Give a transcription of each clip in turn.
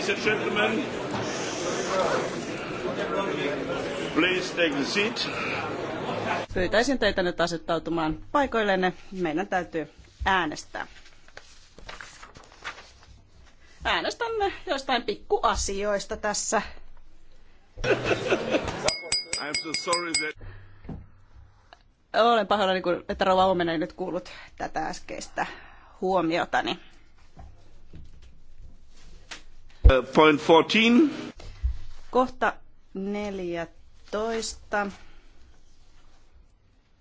Ladies and gentlemen, please take the seat. Pyytäisin teitä nyt asettautumaan paikoillenne. Meidän täytyy äänestää. Äänestämme jostain pikkuasioista tässä. I'm so sorry that... Olen pahoillani, että Rova Omen ei nyt kuullut tätä äskeistä huomiotani. Point 14. Kohta 14.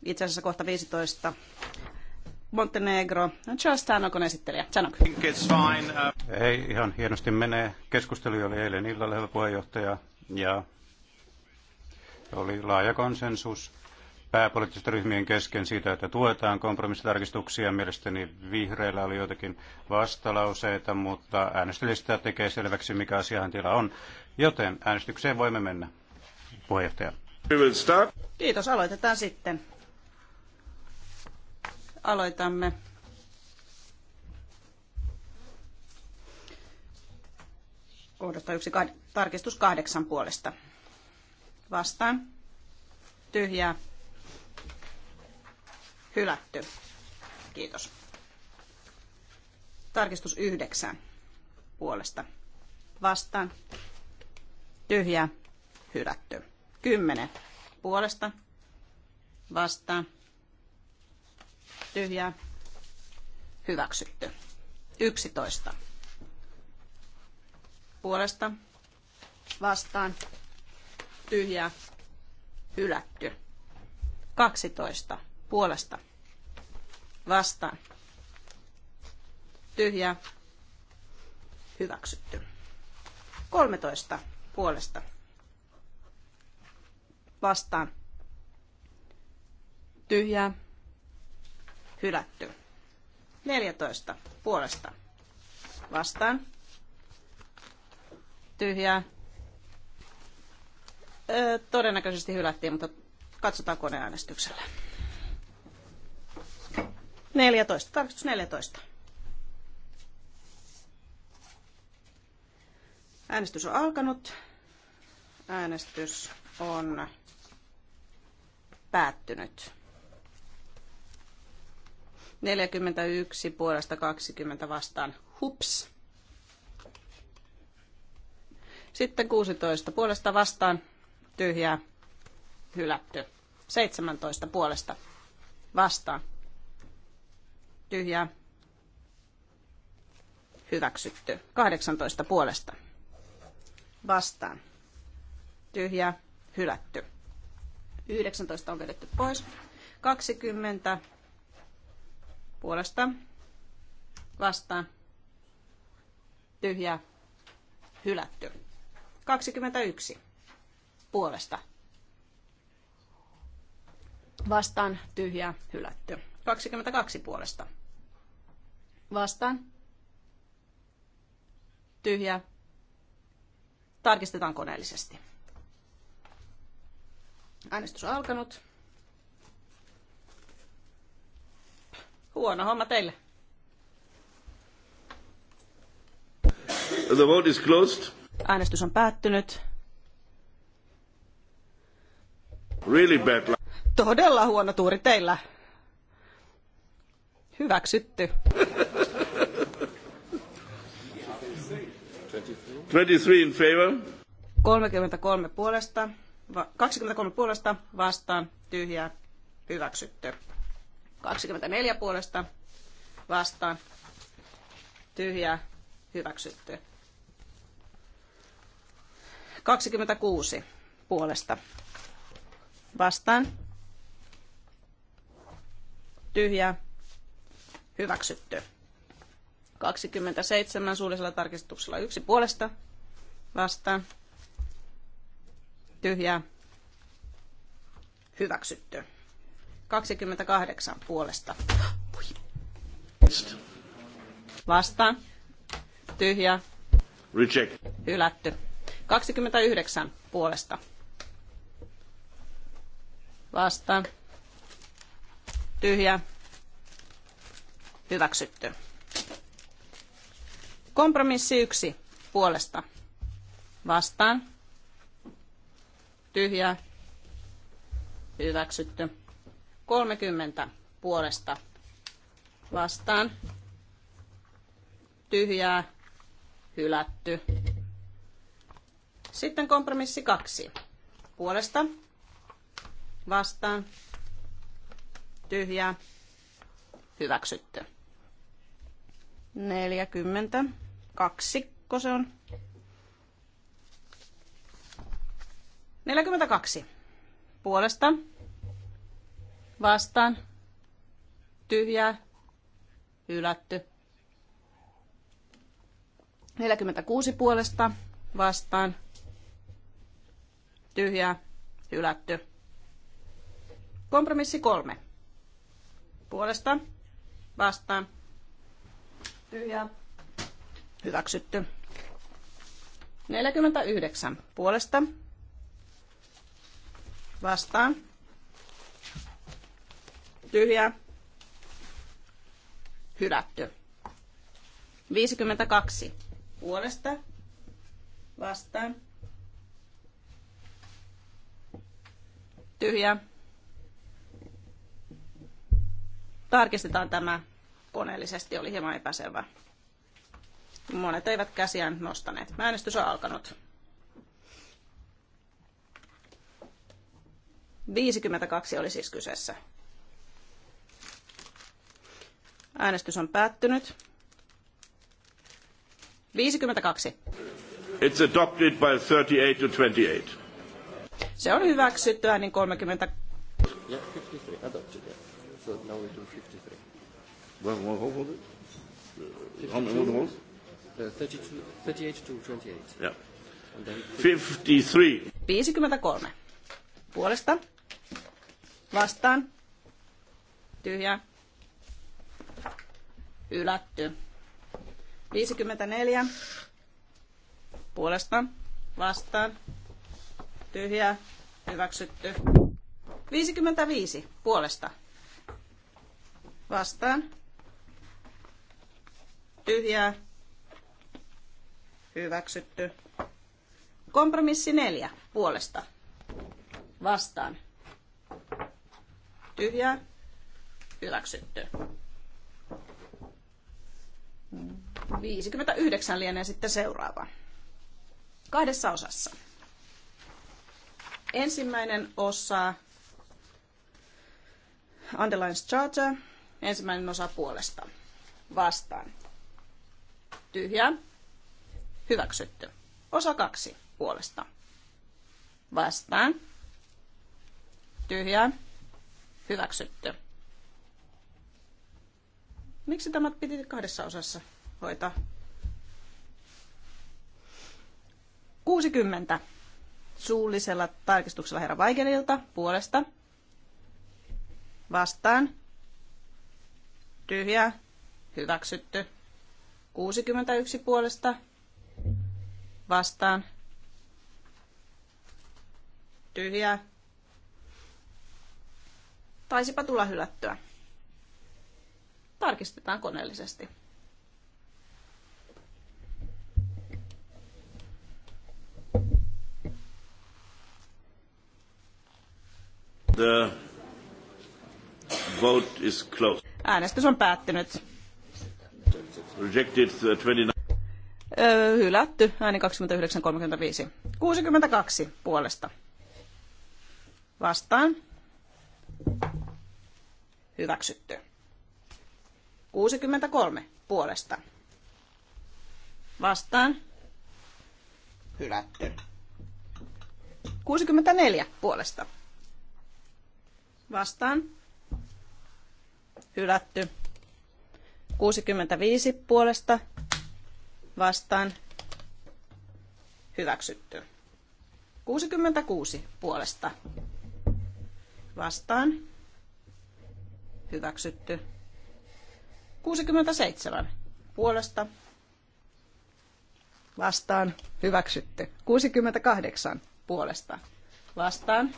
Itse asiassa kohta 15. Montenegro. No, Charles Tanok on esittelijä. Tanok. Uh, Ei, ihan hienosti menee. Keskustelu oli eilen illalla, puheenjohtaja, ja oli laaja konsensus pääpoliittisten ryhmien kesken siitä, että tuetaan kompromissitarkistuksia. Mielestäni vihreillä oli joitakin vastalauseita, mutta äänestyslista tekee selväksi, mikä asiahan tila on. Joten äänestykseen voimme mennä. Puheenjohtaja. Kiitos, aloitetaan sitten. Aloitamme. Kohdasta yksi tarkistus kahdeksan puolesta. Vastaan. Tyhjää Hylätty. Kiitos. Tarkistus yhdeksän puolesta. Vastaan. Tyhjä. Hylätty. Kymmenen puolesta. Vastaan. Tyhjä. Hyväksytty. Yksitoista puolesta. Vastaan. Tyhjä. Hylätty. Kaksitoista. puolesta vastaan. Tyhjää. Hyväksytty. 13 puolesta vastaan. Tyhjää. Hylätty. 14 puolesta vastaan. Tyhjää. todennäköisesti hylättiin, mutta katsotaan koneäänestyksellä. 14, tarkistus 14. Äänestys on alkanut. Äänestys on päättynyt. 41 puolesta 20 vastaan. Hups. Sitten 16 puolesta vastaan. Tyhjää. Hylätty. 17 puolesta vastaan tyhjää hyväksytty. 18 puolesta vastaan tyhjää hylätty. 19 on vedetty pois. 20 puolesta vastaan tyhjää hylätty. 21 puolesta vastaan tyhjää hylätty. 22 puolesta Vastaan. Tyhjä. Tarkistetaan koneellisesti. Äänestys on alkanut. Huono homma teille. The vote is closed. Äänestys on päättynyt. Really bad Todella huono tuuri teillä. Hyväksytty. 23 in favor. 33 puolesta, 23 puolesta vastaan, tyhjää, hyväksytty. 24 puolesta vastaan, tyhjää, hyväksytty. 26 puolesta vastaan, tyhjää, hyväksytty. 27 suullisella tarkistuksella yksi puolesta vastaan. Tyhjää. Hyväksytty. 28 puolesta. Vastaan. Tyhjää. Reject. Hylätty. 29 puolesta. Vastaan. Tyhjää. Hyväksytty. Kompromissi yksi puolesta. Vastaan. Tyhjää. Hyväksytty. 30 puolesta. Vastaan. Tyhjää. Hylätty. Sitten kompromissi kaksi. Puolesta. Vastaan. Tyhjää. Hyväksytty. 40 kaksikko se on. 42. Puolesta. Vastaan. Tyhjää. Hylätty. 46 puolesta. Vastaan. Tyhjää. Hylätty. Kompromissi kolme. Puolesta. Vastaan. Tyhjää. Hyväksytty. 49 puolesta. Vastaan. Tyhjä. Hylätty. 52 puolesta. Vastaan. Tyhjä. Tarkistetaan tämä koneellisesti, oli hieman epäselvä. Monet eivät käsiään nostaneet. Äänestys on alkanut. 52 oli siis kyseessä. Äänestys on päättynyt. 52. It's adopted by 38 to 28. Se on hyväksytty äänin 30. Yeah, 53 adopted. Yeah. So now we do 53. Well, well, hold it? 52. Uh, 53. Puolesta. Vastaan. Tyhjä. Ylätty. 54. Puolesta. Vastaan. Tyhjä. Hyväksytty. 55. Puolesta. Vastaan. Tyhjää Hyväksytty. Kompromissi neljä puolesta. Vastaan. Tyhjä. Hyväksytty. 59 lienee sitten seuraava. Kahdessa osassa. Ensimmäinen osa Underlines Charter, ensimmäinen osa puolesta. Vastaan. Tyhjä. Hyväksytty. Osa kaksi puolesta. Vastaan. Tyhjää. Hyväksytty. Miksi tämä piti kahdessa osassa hoitaa? 60 suullisella tarkistuksella herra Weigerilta puolesta. Vastaan. Tyhjää. Hyväksytty. 61 puolesta vastaan. Tyhjää. Taisipa tulla hylättyä. Tarkistetaan koneellisesti. The vote is closed. Äänestys on päättynyt. Rejected 29. Uh, Öö, hylätty, ääni 29.35. 62 puolesta. Vastaan. Hyväksytty. 63 puolesta. Vastaan. Hylätty. 64 puolesta. Vastaan. Hylätty. 65 puolesta vastaan hyväksytty. 66 puolesta vastaan hyväksytty. 67 puolesta vastaan hyväksytty. 68 puolesta vastaan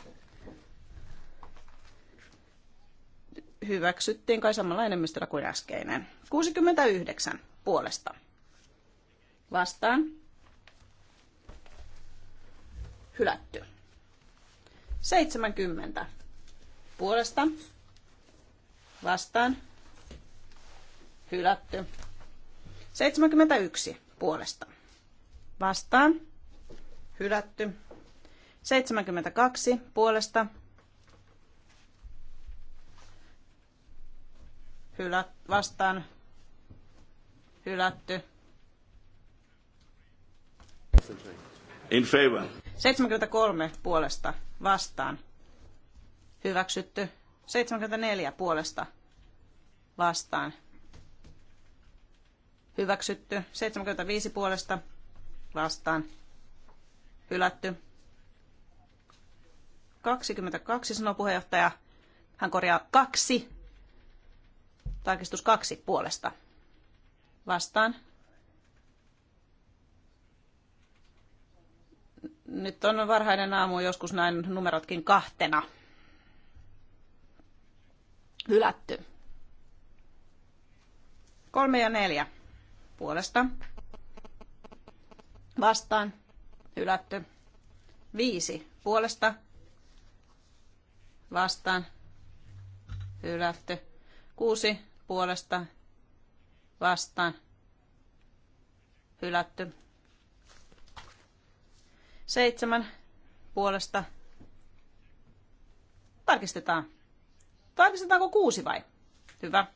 hyväksyttiin kai samalla enemmistöllä kuin äskeinen. 69 puolesta vastaan hylätty. 70 puolesta vastaan hylätty. 71 puolesta vastaan hylätty. 72 puolesta hylä, vastaan hylätty. In favor. 73 puolesta vastaan. Hyväksytty. 74 puolesta vastaan. Hyväksytty. 75 puolesta vastaan. Hylätty. 22 sanoo puheenjohtaja. Hän korjaa kaksi. Tarkistus kaksi puolesta. Vastaan. Nyt on varhainen aamu, joskus näin numerotkin kahtena. Hylätty. Kolme ja neljä puolesta. Vastaan. Hylätty. Viisi puolesta. Vastaan. Hylätty. Kuusi puolesta. Vastaan. Hylätty. Seitsemän puolesta. Tarkistetaan. Tarkistetaanko kuusi vai? Hyvä.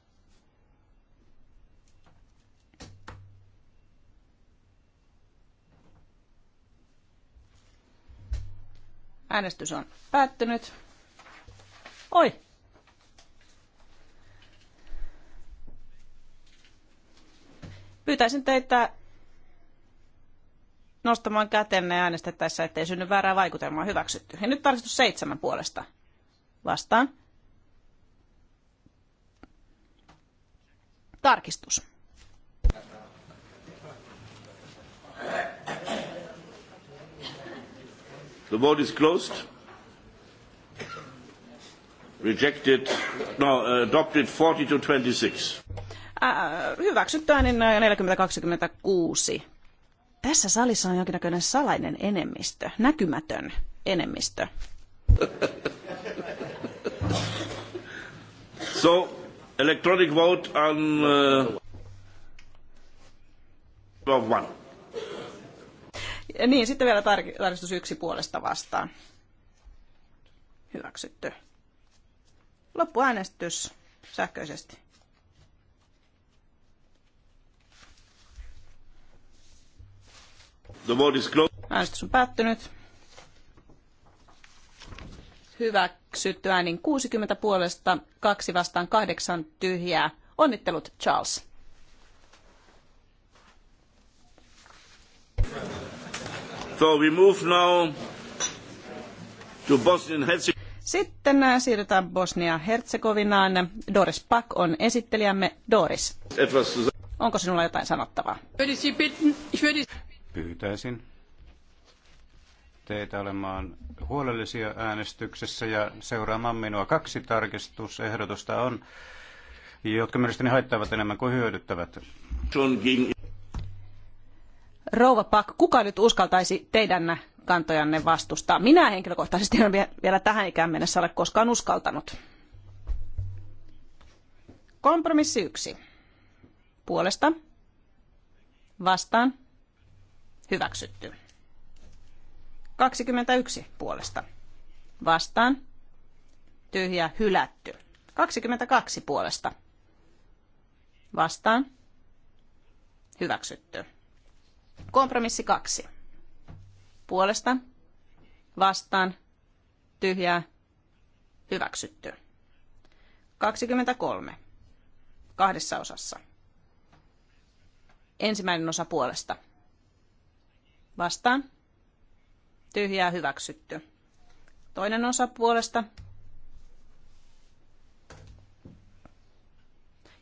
Äänestys on päättynyt. Oi! Pyytäisin teitä nostamaan kätenne äänestettäessä, ettei synny väärää vaikutelmaa hyväksytty. Ja nyt tarkistus seitsemän puolesta. Vastaan. Tarkistus. The vote is closed. Rejected, no, adopted 40 to 26. Äh, hyväksytty äänin 40-26. Tässä salissa on jonkinnäköinen salainen enemmistö, näkymätön enemmistö. So, electronic vote on uh, one. Ja niin, sitten vielä tar- tarkistus yksi puolesta vastaan. Hyväksytty. Loppuäänestys sähköisesti. Äänestys on päättynyt. Hyväksytty äänin 60 puolesta, kaksi vastaan kahdeksan tyhjää. Onnittelut, Charles. So we move now to Sitten äh, siirrytään Bosnia-Herzegovinaan. Doris Pak on esittelijämme. Doris, onko sinulla jotain sanottavaa? pyytäisin teitä olemaan huolellisia äänestyksessä ja seuraamaan minua. Kaksi tarkistusehdotusta on, jotka mielestäni haittavat enemmän kuin hyödyttävät. Rouva Pak, kuka nyt uskaltaisi teidän kantojanne vastustaa? Minä henkilökohtaisesti en vielä tähän ikään mennessä ole koskaan uskaltanut. Kompromissi yksi. Puolesta. Vastaan Hyväksytty. 21 puolesta. Vastaan. Tyhjä hylätty. 22 puolesta. Vastaan. Hyväksytty. Kompromissi 2. Puolesta. Vastaan. Tyhjää. Hyväksytty. 23. Kahdessa osassa. Ensimmäinen osa puolesta. Vastaan. Tyhjää hyväksytty. Toinen osa puolesta.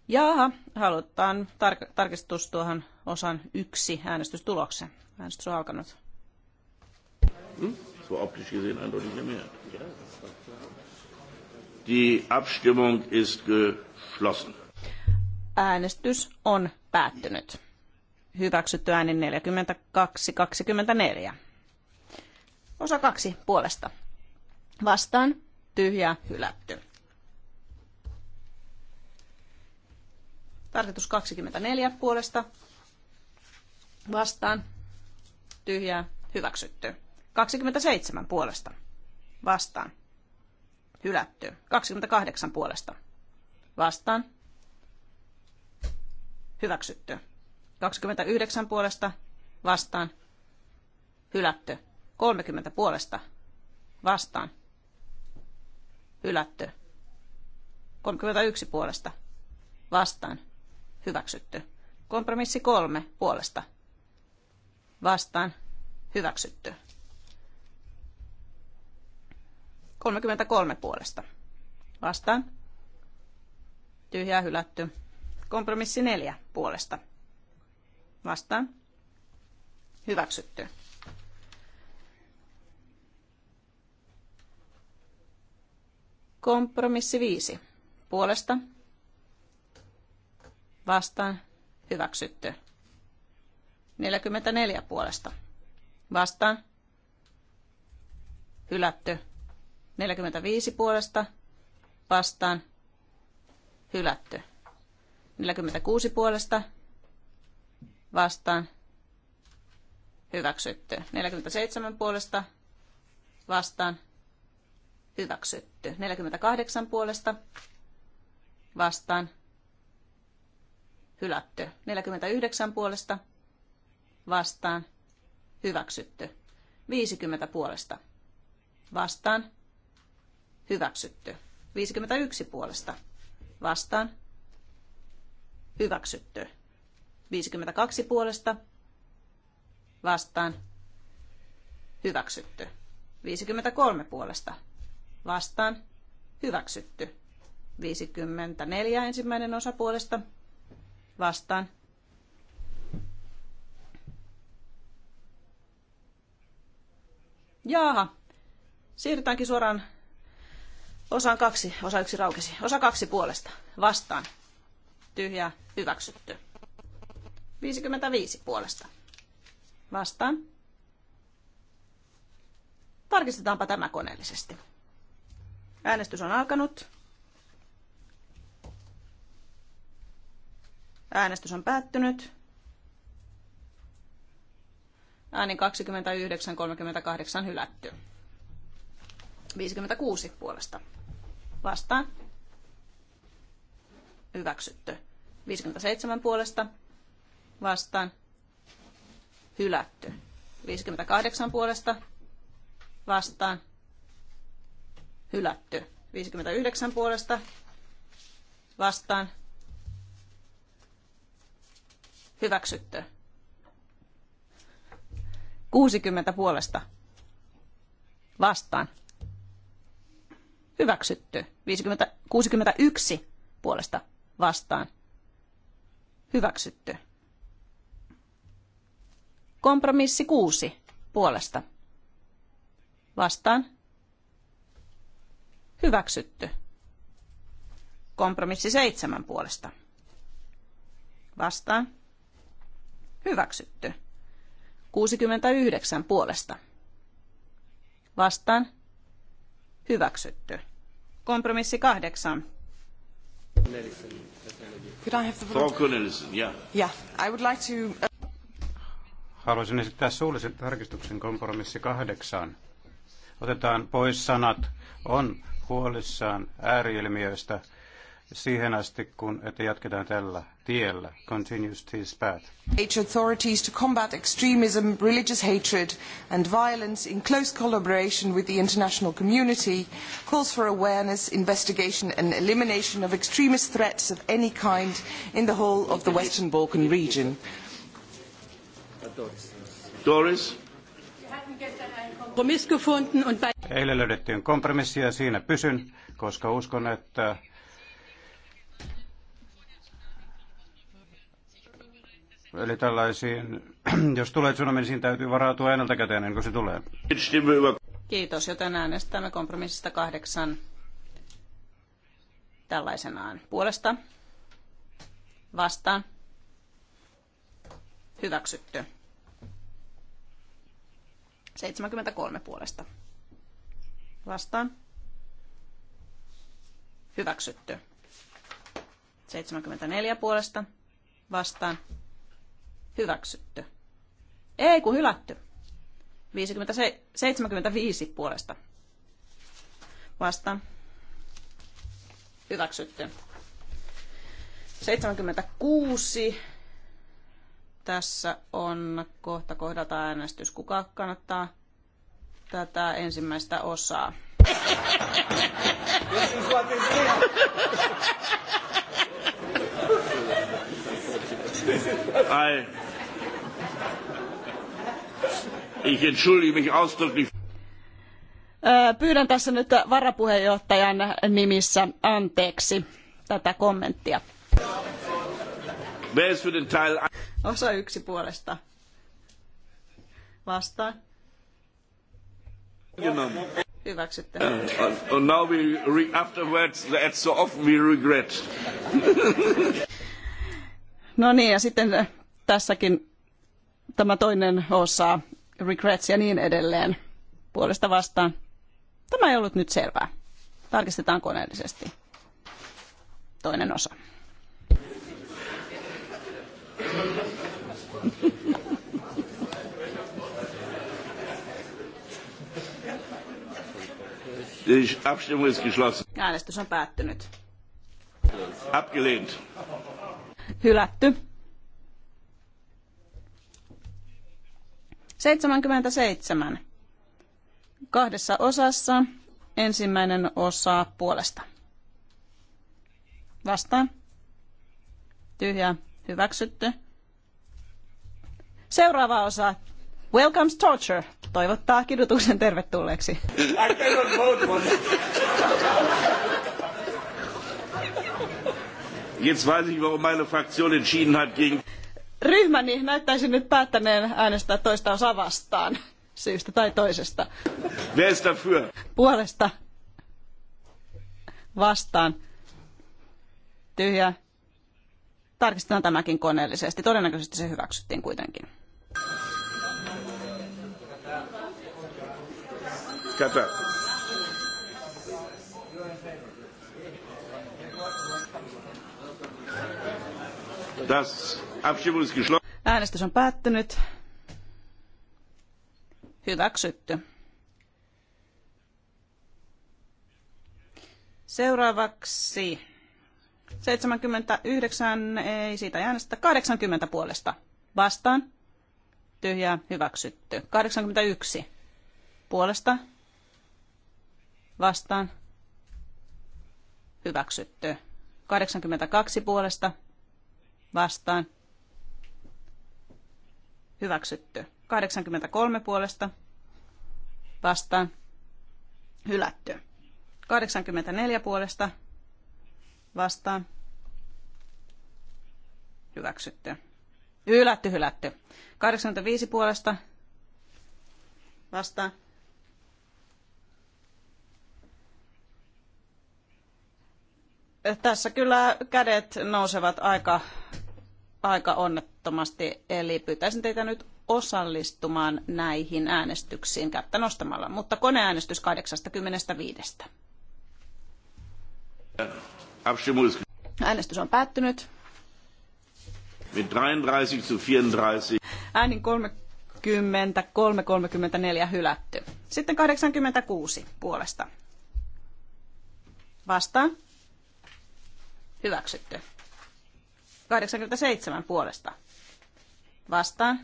Jaaha, halutaan tar- tarkistus tuohon osan yksi äänestystulokseen. Äänestys on alkanut. Hmm? Die Abstimmung ist geschlossen. Äänestys on päättynyt hyväksytty äänin 42-24. Osa kaksi puolesta. Vastaan tyhjä hylätty. Tarkoitus 24 puolesta. Vastaan tyhjä hyväksytty. 27 puolesta. Vastaan hylätty. 28 puolesta. Vastaan hyväksytty. 29 puolesta vastaan. Hylättö. 30 puolesta vastaan. Hylättö. 31 puolesta vastaan. Hyväksytty. Kompromissi 3 puolesta vastaan. Hyväksytty. 33 puolesta vastaan. Tyhjää hylätty. Kompromissi 4 puolesta Vastaan. Hyväksytty. Kompromissi 5. Puolesta. Vastaan. Hyväksytty. 44 puolesta. Vastaan. Hylätty. 45 puolesta. Vastaan. Hylätty. 46 puolesta vastaan hyväksytty. 47 puolesta vastaan hyväksytty. 48 puolesta vastaan hylätty. 49 puolesta vastaan hyväksytty. 50 puolesta vastaan hyväksytty. 51 puolesta vastaan hyväksytty. 52 puolesta vastaan hyväksytty. 53 puolesta vastaan hyväksytty. 54 ensimmäinen osa puolesta vastaan Jaaha. Siirrytäänkin suoraan osaan kaksi. Osa yksi raukesi. Osa kaksi puolesta. Vastaan. tyhjä Hyväksytty. 55 puolesta. Vastaan. Tarkistetaanpa tämä koneellisesti. Äänestys on alkanut. Äänestys on päättynyt. Äänin 29.38 hylätty. 56 puolesta. Vastaan. Hyväksytty. 57 puolesta vastaan hylätty. 58 puolesta vastaan hylätty. 59 puolesta vastaan hyväksytty. 60 puolesta vastaan hyväksytty. 50, 61 puolesta vastaan hyväksytty. Kompromissi kuusi puolesta. Vastaan. Hyväksytty. Kompromissi seitsemän puolesta. Vastaan. Hyväksytty. 69 puolesta. Vastaan. Hyväksytty. Kompromissi kahdeksan. Could I have the vote? Frau yeah. Yeah, I would like to... Uh, Haluaisin esittää suullisen tarkistuksen kompromissi kahdeksaan. Otetaan pois sanat on huolissaan ääriilmiöistä siihen asti, kun että jatketaan tällä tiellä. Continues this path. authorities to combat extremism, religious hatred and violence in close collaboration with the international community calls for awareness, investigation and elimination of extremist threats of any kind in the whole of the Western Balkan region. Doris. Eilen löydettiin kompromissi ja siinä pysyn, koska uskon, että Eli tällaisiin, jos tulee tsunami, niin siinä täytyy varautua käteen, ennen kuin se tulee. Kiitos, joten äänestämme kompromissista kahdeksan tällaisenaan puolesta. Vastaan. Hyväksytty. 73 puolesta. Vastaan. Hyväksytty. 74 puolesta. Vastaan. Hyväksytty. Ei kun hylätty. 50, 75 puolesta. Vastaan. Hyväksytty. 76 tässä on kohta kohdata äänestys. Kuka kannattaa tätä ensimmäistä osaa? Ai. Ich entschuldige mich ausdrücklich. Pyydän tässä nyt varapuheenjohtajan nimissä anteeksi tätä kommenttia. Osa yksi puolesta. Vastaan. Hyväksytty. Uh, now we re, afterwards, that's so often we regret. no niin, ja sitten äh, tässäkin tämä toinen osa, regrets ja niin edelleen, puolesta vastaan. Tämä ei ollut nyt selvää. Tarkistetaan koneellisesti. Toinen osa. Äänestys on päättynyt. Abgelehnt. Hylätty. 77. Kahdessa osassa. Ensimmäinen osa puolesta. Vastaan. Tyhjä. Hyväksytty. Seuraava osa. Welcomes torture. Toivottaa kidutuksen tervetulleeksi. I cannot vote Jetzt weiß ich, warum meine Fraktion entschieden hat gegen... Ryhmäni näyttäisi nyt päättäneen äänestää toista osaa vastaan. Syystä tai toisesta. Wer ist dafür? Puolesta. Vastaan. Tyhjä. Tarkistetaan tämäkin koneellisesti. Todennäköisesti se hyväksyttiin kuitenkin. Κατά. Das Äänestys on päättynyt. Hyväksytty. Seuraavaksi 79, ei siitä äänestä, 80 puolesta. Vastaan tyhjää hyväksytty. 81 puolesta vastaan hyväksytty. 82 puolesta vastaan hyväksytty. 83 puolesta vastaan hylätty. 84 puolesta vastaan hyväksytty. Ylätty, hylätty. 85 puolesta vastaan. Tässä kyllä kädet nousevat aika, aika onnettomasti, eli pyytäisin teitä nyt osallistumaan näihin äänestyksiin kättä nostamalla, mutta koneäänestys 85. Äänestys on päättynyt. Mit 33 zu 34. Äänin 30, 3, 34 hylätty. Sitten 86 puolesta. Vastaan. Hyväksytty. 87 puolesta. Vastaan.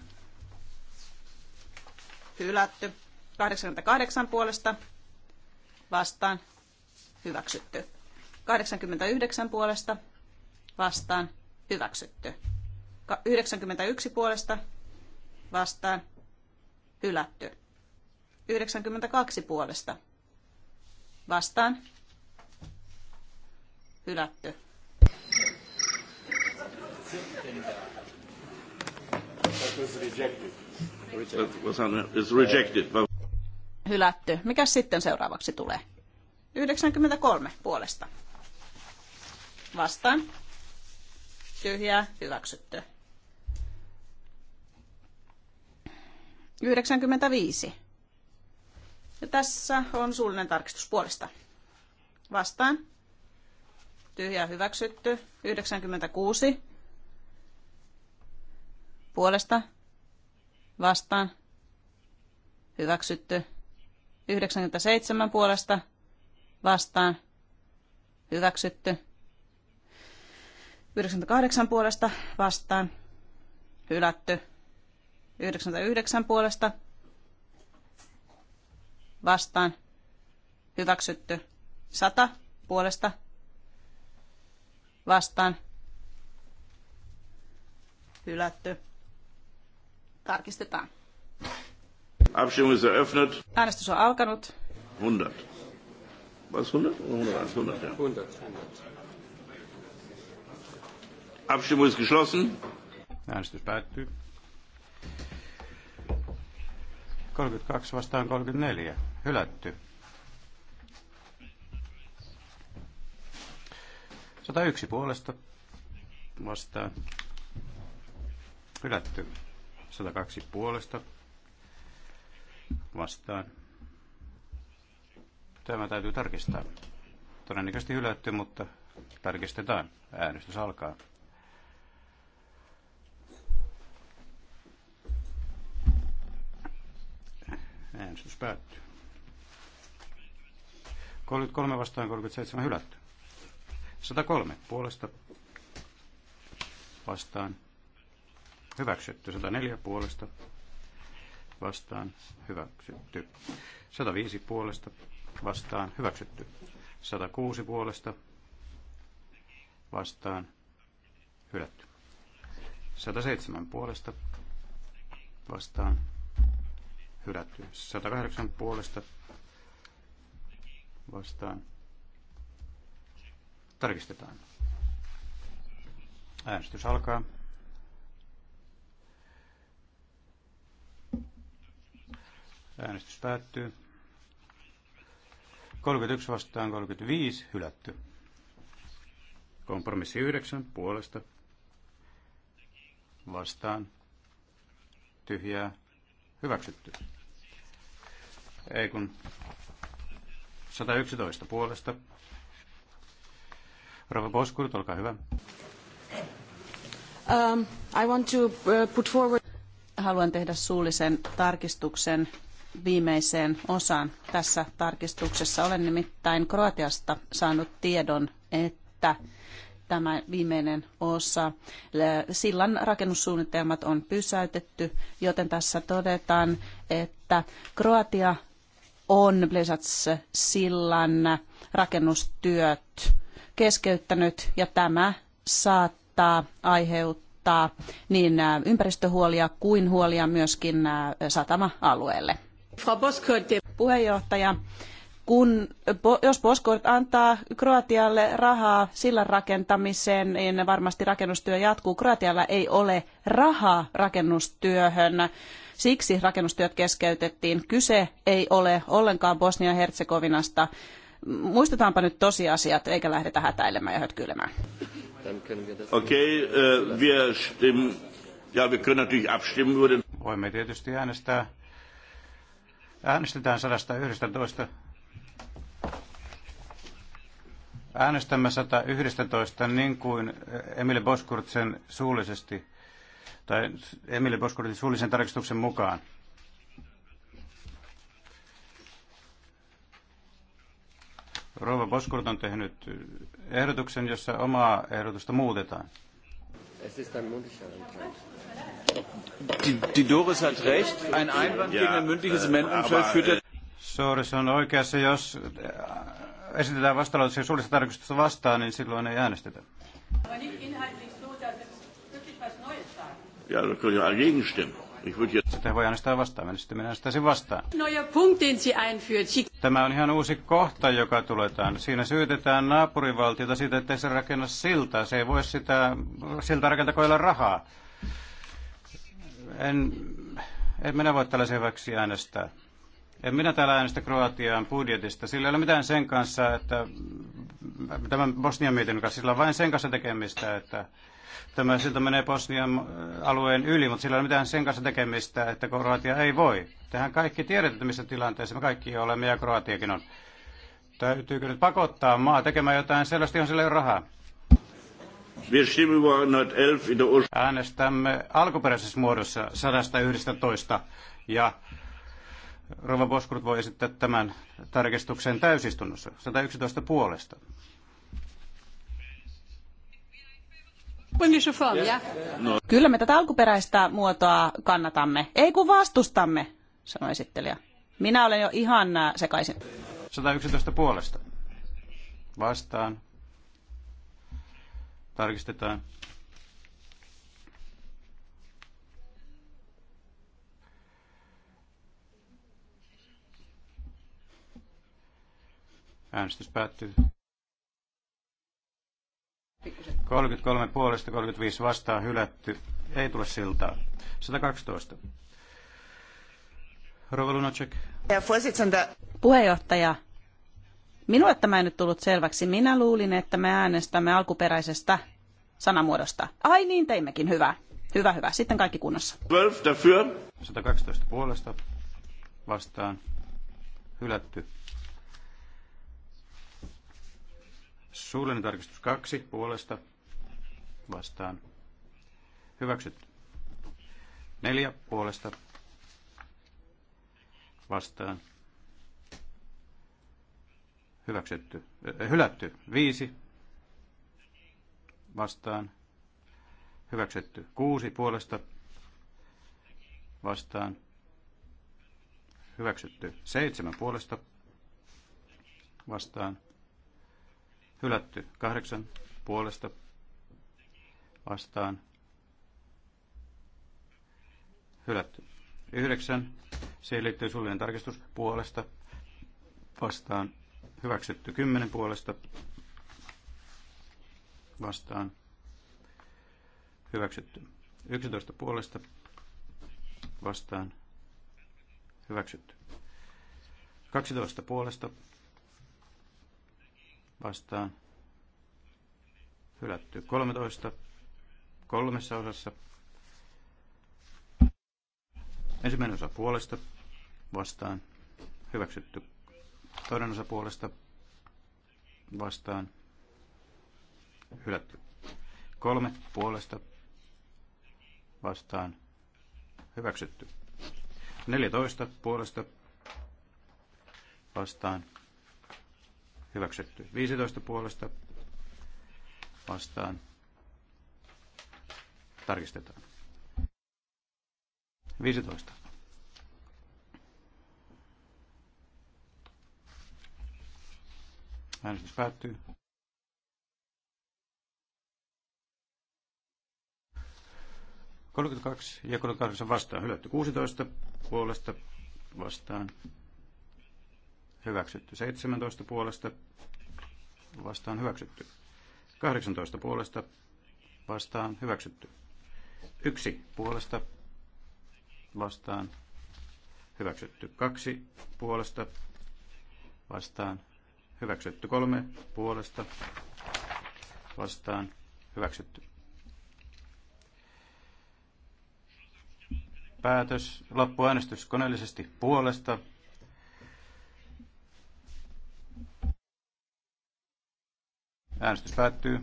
Hylätty. 88 puolesta. Vastaan. Hyväksytty. 89 puolesta. Vastaan. Hyväksytty. 91 puolesta vastaan hylätty. 92 puolesta vastaan hylätty. Hylätty. Mikä sitten seuraavaksi tulee? 93 puolesta. Vastaan. Tyhjää. Hyväksytty. 95. Ja tässä on suullinen tarkistus puolesta. Vastaan. Tyhjä hyväksytty. 96. Puolesta. Vastaan. Hyväksytty. 97 puolesta. Vastaan. Hyväksytty. 98 puolesta. Vastaan. Hylätty. 99 puolesta vastaan hyväksytty 100 puolesta vastaan hylätty. Tarkistetaan. Abstimmung ist eröffnet. Äänestys on alkanut. 100. Was 100? 100, ja. 100. Abstimmung ist geschlossen. Äänestys päättyy. 32 vastaan 34. Hylätty. 101 puolesta vastaan. Hylätty. 102 puolesta vastaan. Tämä täytyy tarkistaa. Todennäköisesti hylätty, mutta tarkistetaan. Äänestys alkaa. Äänestys päättyy. 33 vastaan 37 hylätty. 103 puolesta vastaan hyväksytty. 104 puolesta vastaan hyväksytty. 105 puolesta vastaan hyväksytty. 106 puolesta vastaan hylätty. 107 puolesta vastaan hylätty. 108 puolesta vastaan. Tarkistetaan. Äänestys alkaa. Äänestys päättyy. 31 vastaan 35 hylätty. Kompromissi 9 puolesta vastaan tyhjää Hyväksytty. Ei kun 111 puolesta. Rova Boskurt, olkaa hyvä. Um, I want to uh, put forward... Haluan tehdä suullisen tarkistuksen viimeiseen osaan tässä tarkistuksessa. Olen nimittäin Kroatiasta saanut tiedon, että tämä viimeinen osa. Sillan rakennussuunnitelmat on pysäytetty, joten tässä todetaan, että Kroatia on Blesats-sillan rakennustyöt keskeyttänyt ja tämä saattaa aiheuttaa niin ympäristöhuolia kuin huolia myöskin satama-alueelle. Frau puheenjohtaja, kun, jos Boskort antaa Kroatialle rahaa sillan rakentamiseen, niin varmasti rakennustyö jatkuu. Kroatialla ei ole rahaa rakennustyöhön. Siksi rakennustyöt keskeytettiin. Kyse ei ole ollenkaan Bosnia-Herzegovinasta. Muistetaanpa nyt tosiasiat, eikä lähdetä hätäilemään ja hötkyilemään. Okei, okay, äh, eh, Ja, Voimme tietysti äänestää. Äänestetään 111 Äänestämme 111 niin kuin Emile Boskurtsen suullisesti, tai Emile Boskurtsen suullisen tarkistuksen mukaan. Rouva Boskurt on tehnyt ehdotuksen, jossa omaa ehdotusta muutetaan. Die, Doris hat recht. Ein Einwand gegen ein mündliches äh, Amendment führt äh, Soris on oikeassa, jos äh, esitetään vastalause ja suullista tarkistusta vastaan, niin silloin ei äänestetä. Sitten ja voi äänestää vastaan, niin sitten minä äänestäisin vastaan. Tämä on ihan uusi kohta, joka tuletaan. Siinä syytetään naapurivaltiota siitä, että se rakenna siltaa. Se ei voi sitä siltä rakentaa koilla rahaa. En, en minä voi tällaisen hyväksi äänestää. En minä täällä äänestä Kroatian budjetista. Sillä ei ole mitään sen kanssa, että tämän Bosnian mietinnön kanssa, sillä on vain sen kanssa tekemistä, että tämä siltä menee Bosnian äh, alueen yli, mutta sillä ei ole mitään sen kanssa tekemistä, että Kroatia ei voi. Tehän kaikki tiedetään, että missä tilanteessa me kaikki olemme ja Kroatiakin on. Täytyykö nyt pakottaa maa tekemään jotain sellaista, johon sillä ei ole rahaa? Äänestämme alkuperäisessä muodossa 111 ja Rova Boskurt voi esittää tämän tarkistuksen täysistunnossa 111 puolesta. Kyllä me tätä alkuperäistä muotoa kannatamme. Ei kun vastustamme, sanoi esittelijä. Minä olen jo ihan äh, sekaisin. 111 puolesta. Vastaan. Tarkistetaan. Äänestys päättyy. 33 puolesta, 35 vastaan hylätty. Ei tule siltaa. 112. Rova Lunacek. Puheenjohtaja, minulle tämä ei nyt tullut selväksi. Minä luulin, että me äänestämme alkuperäisestä sanamuodosta. Ai niin, teimmekin. Hyvä. Hyvä, hyvä. Sitten kaikki kunnossa. 12 112 puolesta vastaan. Hylätty. Suullinen tarkistus kaksi puolesta vastaan. Hyväksytty. neljä puolesta vastaan. Hyväksytty. Äh, hylätty. Viisi vastaan. Hyväksytty. kuusi puolesta vastaan. Hyväksytty. seitsemän puolesta vastaan Hylätty. Kahdeksan puolesta vastaan. Hylätty. Yhdeksän. Siihen liittyy suljen tarkistus puolesta vastaan. Hyväksytty. Kymmenen puolesta vastaan. Hyväksytty. Yksitoista puolesta vastaan. Hyväksytty. 12 puolesta vastaan hylätty. 13 kolmessa osassa. Ensimmäinen osa puolesta vastaan hyväksytty. Toinen osa puolesta vastaan hylätty. Kolme puolesta vastaan hyväksytty. 14 puolesta vastaan hyväksytty. 15 puolesta vastaan tarkistetaan. 15. Äänestys päättyy. Kolmekymmentäkaksi ja 38 vastaan hylätty 16 puolesta vastaan hyväksytty. 17 puolesta vastaan hyväksytty. 18 puolesta vastaan hyväksytty. 1 puolesta vastaan hyväksytty. 2 puolesta vastaan hyväksytty. 3 puolesta vastaan hyväksytty. Päätös loppuäänestys koneellisesti puolesta Äänestys päättyy.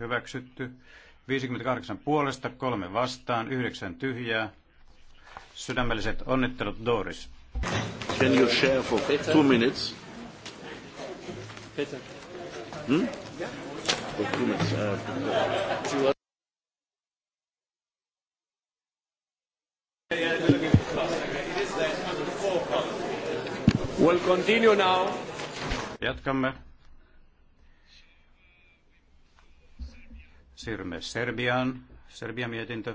Hyväksytty. 58 puolesta, kolme vastaan, yhdeksän tyhjää. Sydämelliset onnittelut Doris. Can you share for two minutes? Peter. Hmm? For two minutes. Uh, continue now. Jatkamme. Siirrymme Serbiaan. Serbian mietintö.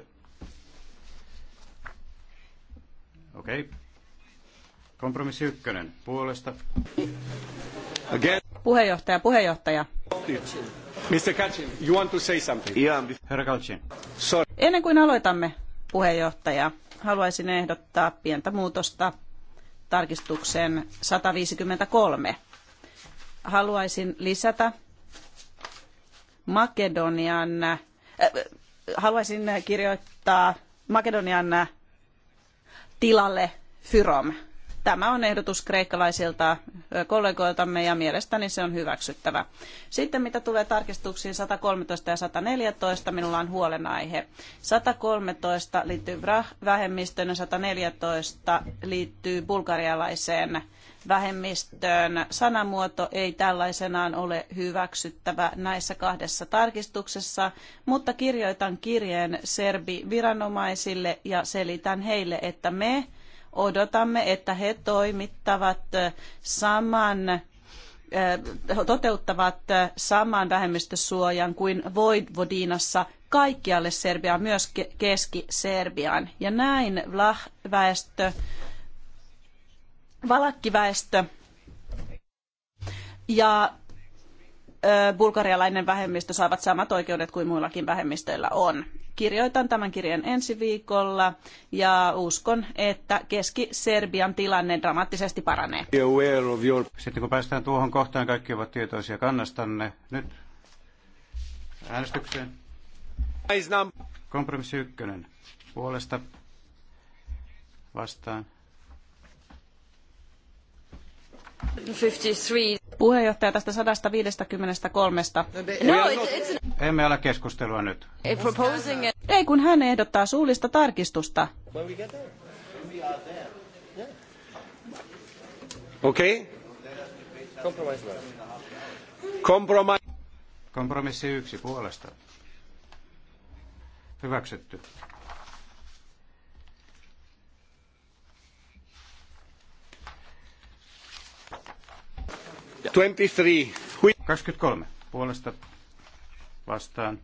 Okei. Okay. Kompromissi ykkönen puolesta. Again. Puheenjohtaja, puheenjohtaja. Mr. Kacin, you want to say something? Yeah. Herra Kacin. Sorry. Ennen kuin aloitamme, puheenjohtaja, haluaisin ehdottaa pientä muutosta tarkistuksen 153. Haluaisin lisätä Makedonian, äh, haluaisin kirjoittaa Makedonian tilalle Fyrom. Tämä on ehdotus kreikkalaisilta kollegoiltamme ja mielestäni se on hyväksyttävä. Sitten mitä tulee tarkistuksiin 113 ja 114, minulla on huolenaihe. 113 liittyy vähemmistöön ja 114 liittyy bulgarialaiseen vähemmistöön. Sanamuoto ei tällaisenaan ole hyväksyttävä näissä kahdessa tarkistuksessa, mutta kirjoitan kirjeen serbi viranomaisille ja selitän heille, että me odotamme, että he toimittavat saman toteuttavat saman vähemmistösuojan kuin Vojvodinassa kaikkialle Serbiaan, myös Keski-Serbiaan. Ja näin Vlah-väestö, valakkiväestö ja bulgarialainen vähemmistö saavat samat oikeudet kuin muillakin vähemmistöillä on. Kirjoitan tämän kirjan ensi viikolla ja uskon, että Keski-Serbian tilanne dramaattisesti paranee. Sitten kun päästään tuohon kohtaan, kaikki ovat tietoisia kannastanne. Nyt äänestykseen. Kompromissi ykkönen. Puolesta vastaan 53. Puheenjohtaja tästä 153. No, no it's, it's... Emme ole keskustelua nyt. Ei kun hän ehdottaa suullista tarkistusta. Okei. Okay. Kompromissi. Kompromissi yksi puolesta. Hyväksytty. 23. 23. Puolesta vastaan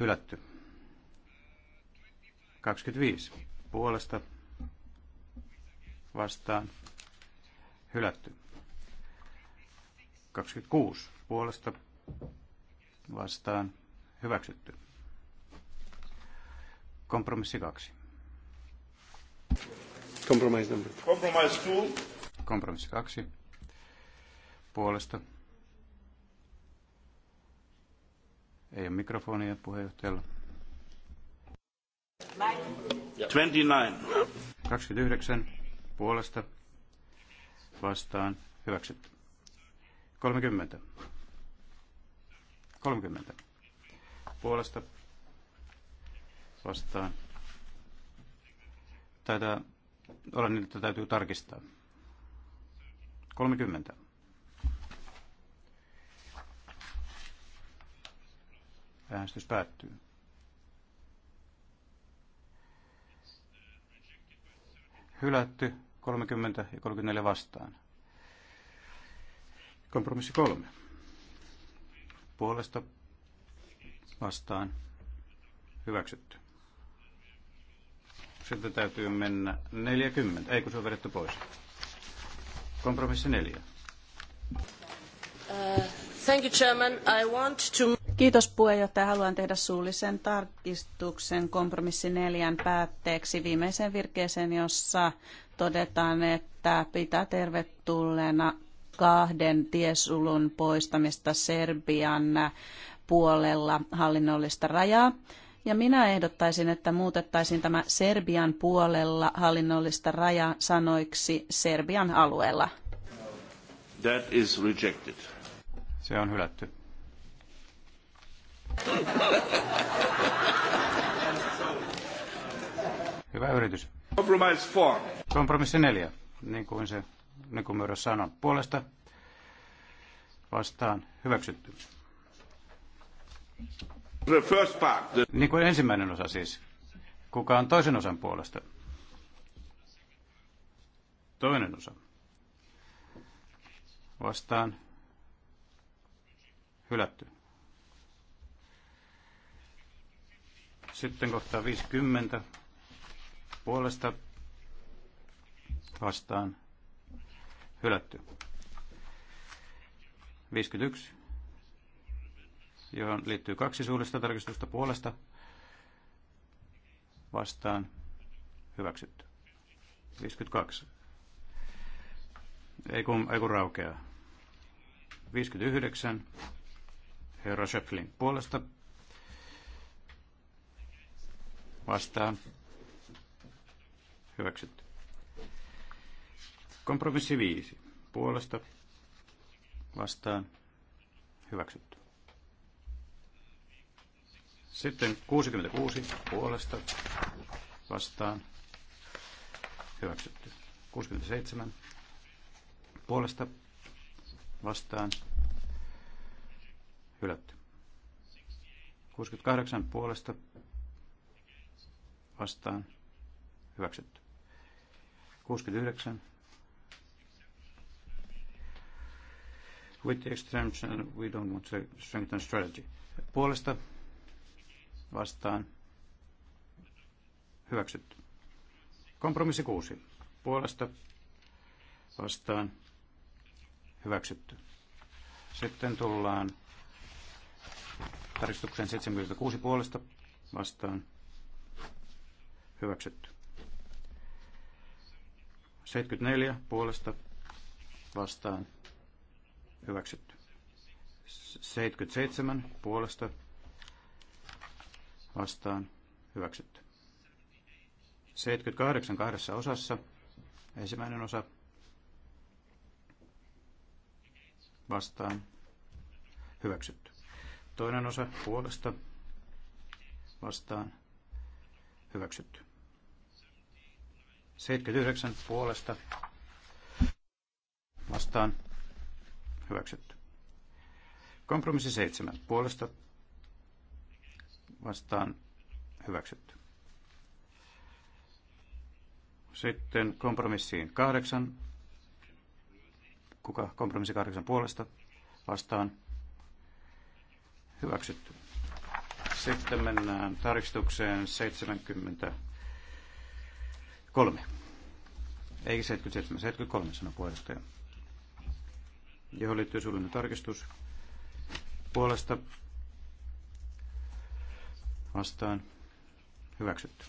hylätty. 25. Puolesta vastaan hylätty. 26. Puolesta vastaan hyväksytty. Kompromissi 2. Compromise number. Compromise 2. Kompromissi 2 puolesta. Ei ole mikrofonia puheenjohtajalla. 29. 29 puolesta vastaan hyväksytty. 30. 30 puolesta vastaan. Taitaa olla niin, että täytyy tarkistaa. 30. Äänestys päättyy. Hylätty 30 ja 34 vastaan. Kompromissi kolme. Puolesta vastaan hyväksytty. Sitten täytyy mennä 40, ei kun se on vedetty pois. Kompromissi neljä. Uh, thank you, Chairman. I want to... Kiitos puheenjohtaja. Haluan tehdä suullisen tarkistuksen kompromissi neljän päätteeksi viimeiseen virkeeseen, jossa todetaan, että pitää tervetulleena kahden tiesulun poistamista Serbian puolella hallinnollista rajaa. Ja minä ehdottaisin, että muutettaisiin tämä Serbian puolella hallinnollista rajaa sanoiksi Serbian alueella. That is rejected. Se on hylätty. Hyvä yritys. Compromise 4. Kompromissi neljä, niin kuin se niin kuin myös sanon. Puolesta vastaan hyväksytty. The first part. The... Niin kuin ensimmäinen osa siis. Kuka on toisen osan puolesta? Toinen osa. Vastaan hylätty. Sitten kohtaa 50 puolesta vastaan hylätty. 51, johon liittyy kaksi suullista tarkistusta puolesta vastaan hyväksytty. 52. Ei kun, ei kun raukeaa. 59. Herra Schöpflin puolesta vastaan hyväksytty. Kompromissi 5 puolesta vastaan hyväksytty. Sitten 66 puolesta vastaan hyväksytty. 67 puolesta vastaan hylätty. 68 puolesta vastaan hyväksytty. 69. With the extension we don't want to strengthen strategy. Puolesta vastaan hyväksytty. Kompromissi 6. Puolesta vastaan hyväksytty. Sitten tullaan tarkistukseen 76 puolesta vastaan Hyväksytty. 74 puolesta vastaan. Hyväksytty. 77 puolesta vastaan. Hyväksytty. 78 kahdessa osassa. Ensimmäinen osa vastaan. Hyväksytty. Toinen osa puolesta vastaan. Hyväksytty. 79 puolesta vastaan hyväksytty. Kompromissi 7 puolesta vastaan hyväksytty. Sitten kompromissiin 8. Kuka kompromissi 8 puolesta vastaan hyväksytty. Sitten mennään tarkistukseen 70 Kolme. Ei 77, 73 sanoi puheenjohtaja. Johon liittyy suullinen tarkistus puolesta vastaan hyväksytty.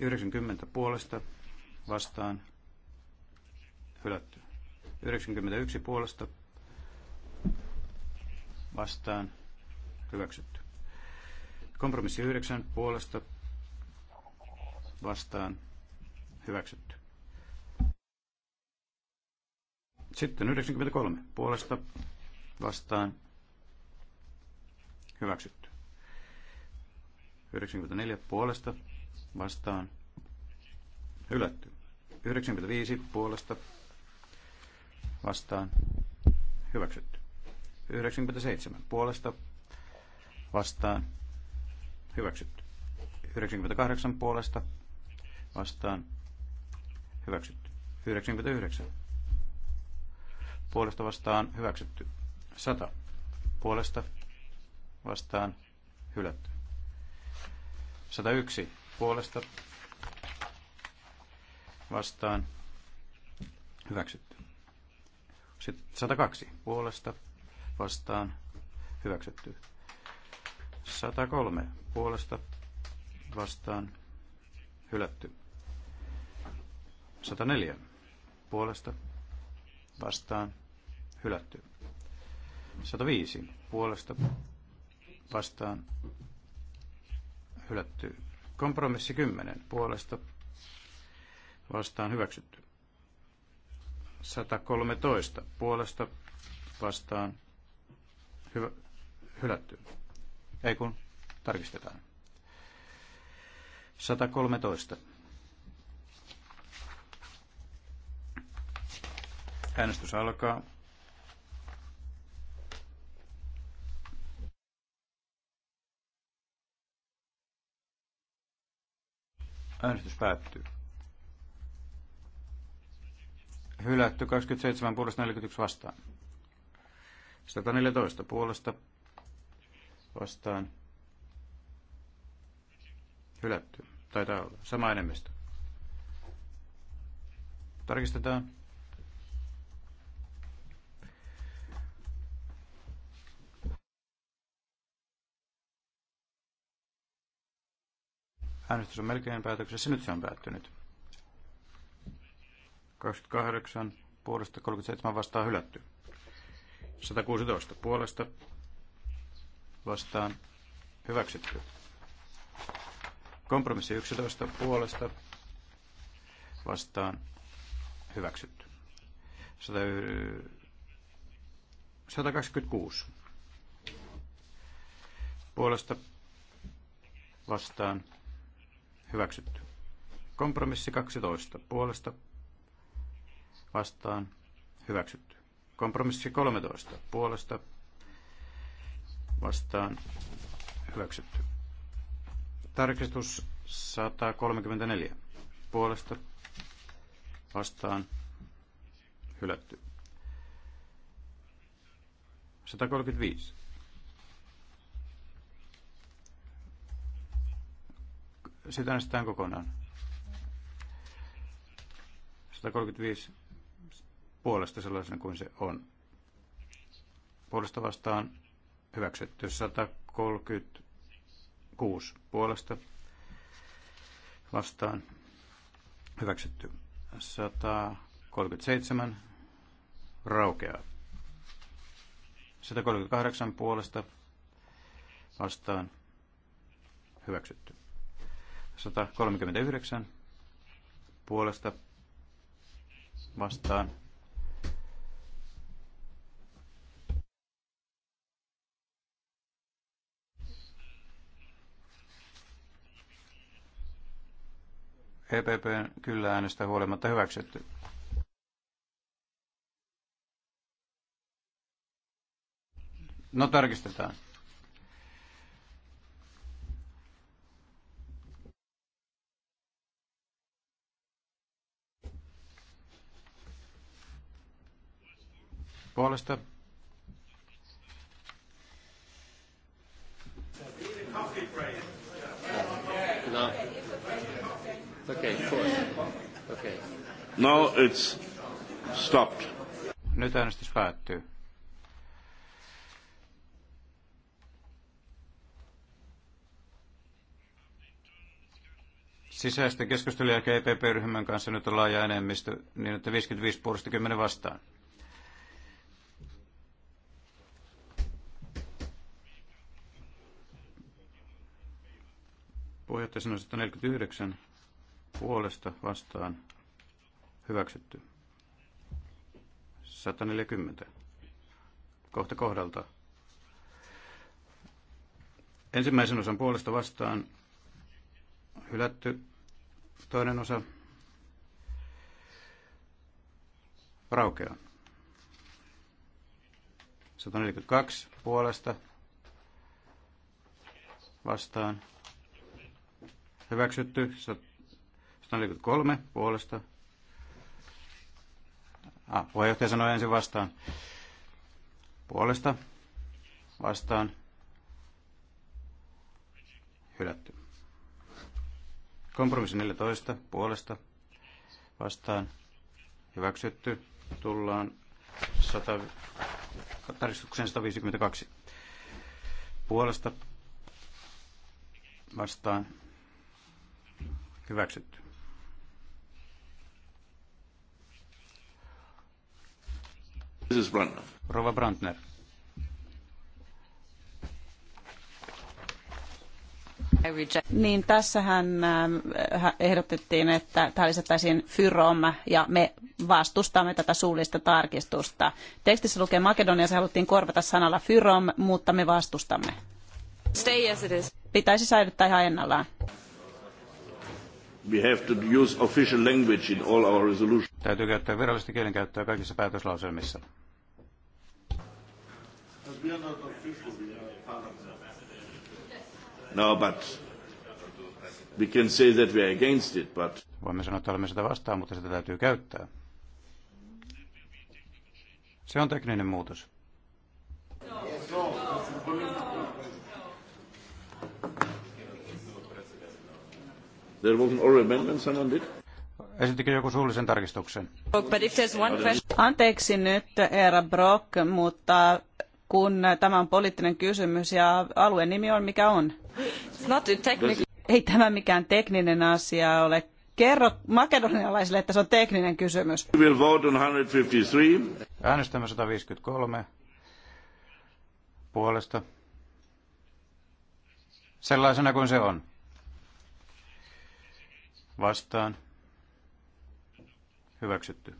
90 puolesta vastaan hylätty. 91 puolesta vastaan hyväksytty. Kompromissi 9 puolesta vastaan hyväksytty. Sitten 93 puolesta vastaan hyväksytty. 94 puolesta vastaan hylätty. 95 puolesta vastaan hyväksytty. 97 puolesta vastaan hyväksytty. 98 puolesta vastaan hyväksytty. 99 puolesta vastaan hyväksytty. 100 puolesta vastaan hylätty. 101 puolesta vastaan hyväksytty. 102 puolesta vastaan hyväksytty. 103 puolesta vastaan hylätty. 104 puolesta vastaan hylätty. 105 puolesta vastaan hylätty. Kompromissi 10 puolesta vastaan hyväksytty. 113 puolesta vastaan hyvä, hylätty. Ei kun tarkistetaan. 113 Äänestys alkaa. Äänestys päättyy. Hylätty 27 puolesta 41 vastaan. 114 puolesta vastaan. Hylätty. Taitaa olla sama enemmistö. Tarkistetaan. Äänestys on melkein päätöksessä. Nyt se on päättynyt. 28 puolesta 37 vastaan hylätty. 116 puolesta vastaan hyväksytty. Kompromissi 11 puolesta vastaan hyväksytty. 126 puolesta vastaan Hyväksytty. Kompromissi 12. Puolesta vastaan. Hyväksytty. Kompromissi 13. Puolesta vastaan. Hyväksytty. Tarkistus 134. Puolesta vastaan. Hylätty. 135 Sitä äänestetään kokonaan. 135 puolesta sellaisena kuin se on. Puolesta vastaan hyväksytty 136 puolesta vastaan hyväksytty 137 raukeaa. 138 puolesta vastaan hyväksytty. 139 puolesta vastaan. EPP kyllä äänestä huolimatta hyväksytty. No tarkistetaan. puolesta. No. it's stopped. Nyt äänestys päättyy. sisäisten keskustelujen jälkeen EPP-ryhmän kanssa nyt on laaja enemmistö, niin että 55 puolesta 10 vastaan. Puheenjohtaja sanoi 149 puolesta vastaan hyväksytty. 140. Kohta kohdalta. Ensimmäisen osan puolesta vastaan hylätty. Toinen osa raukeaa. 142 puolesta vastaan hyväksytty 143 puolesta. Ah, puheenjohtaja sanoi ensin vastaan. Puolesta vastaan hylätty. Kompromissi 14 puolesta vastaan hyväksytty. Tullaan 100, tarkistukseen 152 puolesta vastaan Hyväksytty. Rova Brandner. Niin tässähän äh, ehdotettiin, että tämä lisättäisiin Fyrom ja me vastustamme tätä suullista tarkistusta. Tekstissä lukee Makedonia, se haluttiin korvata sanalla Fyrom, mutta me vastustamme. Stay as it is. Pitäisi säilyttää ihan ennallaan. We have to use official language in all our resolutions. Täytyy käyttää virallista kielenkäyttöä kaikissa päätöslauselmissa. No, but we can say that we are against it, but... Voimme sanoa, että olemme sitä vastaan, mutta sitä täytyy käyttää. Se on tekninen muutos. No. There was an oral amendment someone did? Esittikö joku suullisen tarkistuksen? Anteeksi nyt, Eera Brock, mutta kun tämä on poliittinen kysymys ja alueen nimi on mikä on? Ei tämä mikään tekninen asia ole. Kerro makedonialaisille, että se on tekninen kysymys. will vote on 153. Äänestämme 153 puolesta. Sellaisena kuin se on vastaan hyväksytty.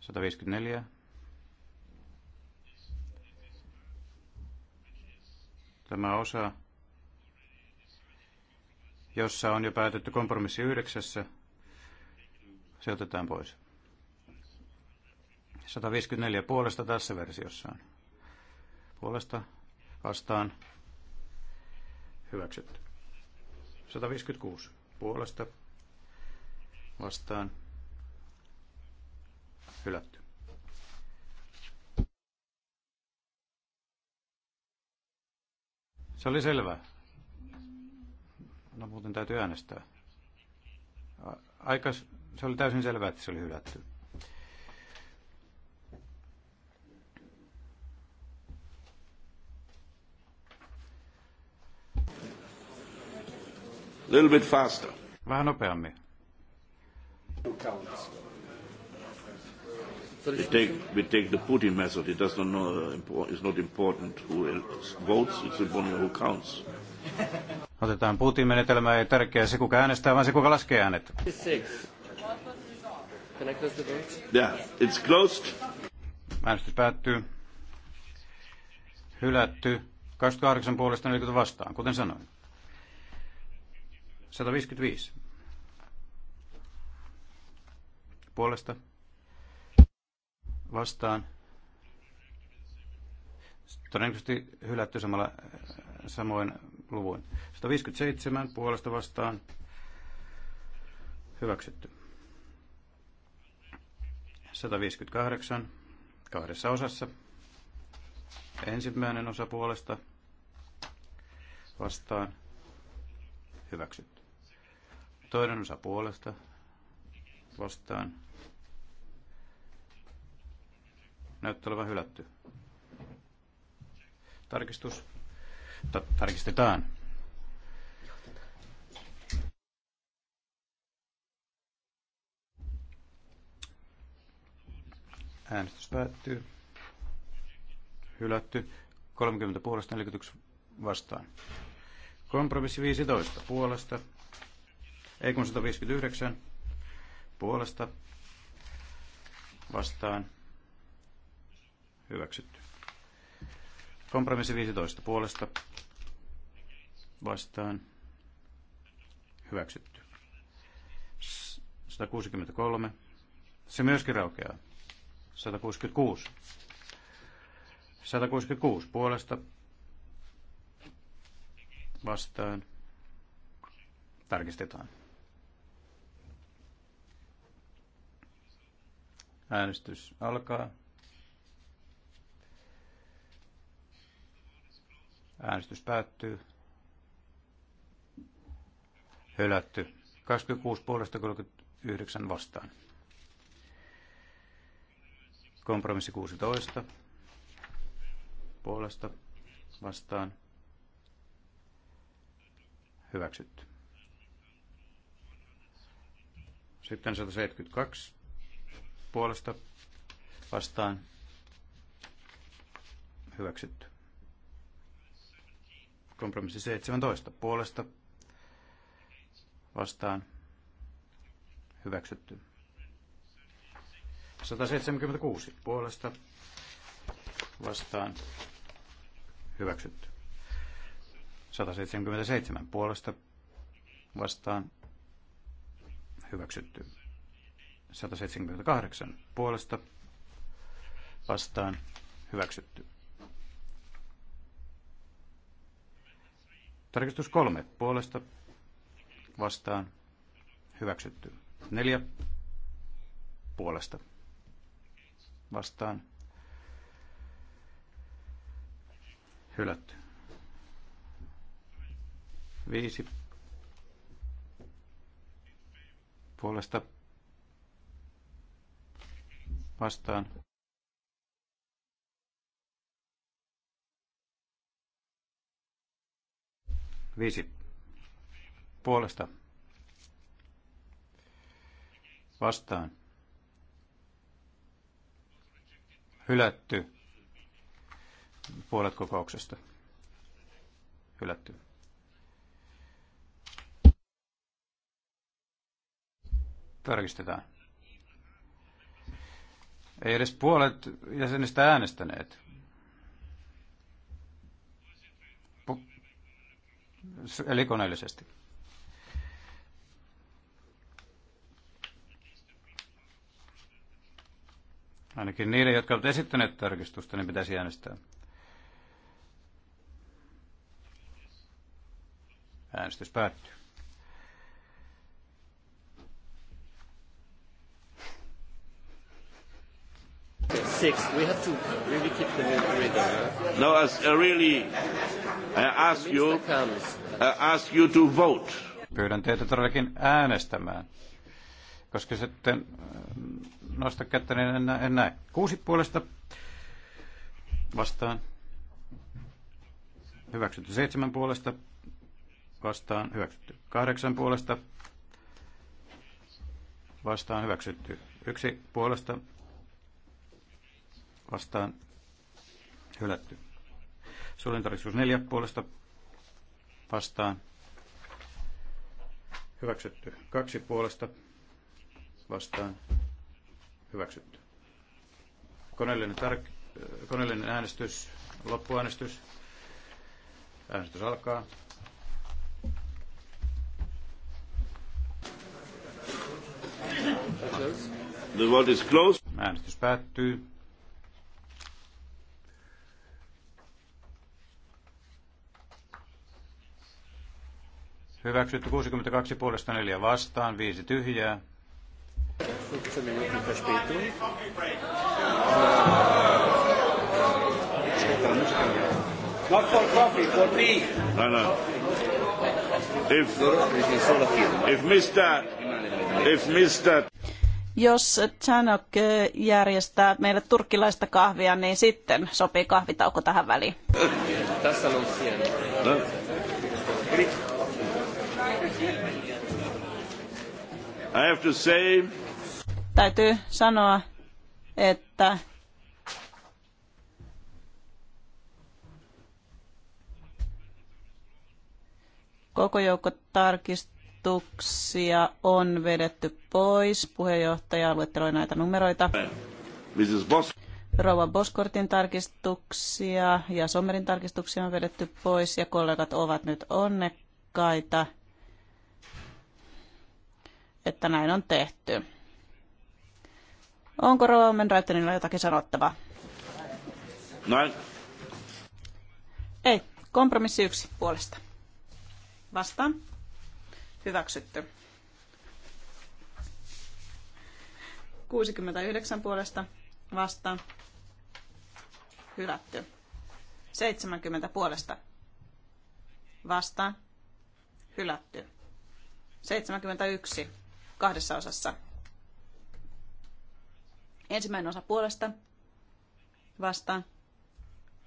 Sata Tämä osa, jossa on jo päätetty kompromissi yhdeksässä, se otetaan pois. 154 puolesta tässä versiossaan. Puolesta vastaan hyväksytty. 156 puolesta vastaan hylätty. Se oli selvä. No muuten täytyy äänestää. Aika, se oli täysin selvää, että se oli hylätty. little bit faster. Vähän nopeammin. We take, we take the Putin method. It does not know, it's not important who votes, it's important who counts. Otetaan Putin menetelmä, ei tärkeä se kuka äänestää, vaan se kuka laskee äänet. Yeah, it's closed. Äänestys päättyy. Hylätty. 28 puolesta 40 vastaan, kuten sanoin. 155. Puolesta. Vastaan. Todennäköisesti hylätty samalla, samoin luvuin. 157 puolesta vastaan. Hyväksytty. 158 kahdessa osassa. Ensimmäinen osa puolesta vastaan hyväksytty. Toinen osa puolesta vastaan. Näyttää olevan hylätty. Tarkistus. Ta- tarkistetaan. Äänestys päättyy. Hylätty. 30 puolesta 41 vastaan. Kompromissi 15 puolesta ei 159 puolesta vastaan hyväksytty. Kompromissi 15 puolesta vastaan hyväksytty. 163. Se myöskin raukeaa. 166. 166 puolesta vastaan tarkistetaan. Äänestys alkaa. Äänestys päättyy. Hylätty. 26 puolesta 39 vastaan. Kompromissi 16 puolesta vastaan. Hyväksytty. Sitten 172 puolesta vastaan hyväksytty. Kompromissi 17 puolesta vastaan hyväksytty. 176 puolesta vastaan hyväksytty. 177 puolesta vastaan hyväksytty. 178 puolesta vastaan hyväksytty. Tarkistus kolme puolesta vastaan hyväksytty. Neljä puolesta vastaan hylätty. Viisi puolesta vastaan. Viisi puolesta vastaan. Hylätty puolet kokouksesta. Hylätty. Tarkistetaan. Ei edes puolet jäsenistä äänestäneet. eli koneellisesti. Ainakin niiden, jotka ovat esittäneet tarkistusta, niin pitäisi äänestää. Äänestys päättyy. six. We have to really keep the rhythm. Huh? No, as, uh, really, I ask you, I ask you to vote. Pyydän teitä todellakin äänestämään, koska sitten äh, nosta kättä, niin en, en näe. Kuusi puolesta vastaan. Hyväksytty seitsemän puolesta vastaan. Hyväksytty kahdeksan puolesta vastaan. Hyväksytty yksi puolesta vastaan hylätty. Suullinen tarkistus neljä puolesta vastaan hyväksytty. Kaksi puolesta vastaan hyväksytty. Koneellinen, tar- koneellinen äänestys, loppuäänestys. Äänestys alkaa. The world is closed. Äänestys päättyy. Hyväksytty 62 puolesta 4 vastaan, 5 tyhjää. Jos Chanok eh, järjestää meille turkkilaista kahvia, niin sitten sopii kahvitauko tähän väliin. Tässä on siellä. I have to say, Täytyy sanoa, että koko joukko tarkistuksia on vedetty pois. Puheenjohtaja luetteloi näitä numeroita. Mrs. Bos- Rouva Boskortin tarkistuksia ja Sommerin tarkistuksia on vedetty pois ja kollegat ovat nyt onnekkaita että näin on tehty. Onko Roman Raittenilla jotakin sanottavaa? Näin. No, Ei. Kompromissi yksi puolesta. Vastaan. Hyväksytty. 69 puolesta vastaan. Hylätty. 70 puolesta vastaan. Hylätty. 71 kahdessa osassa. Ensimmäinen osa puolesta vastaan.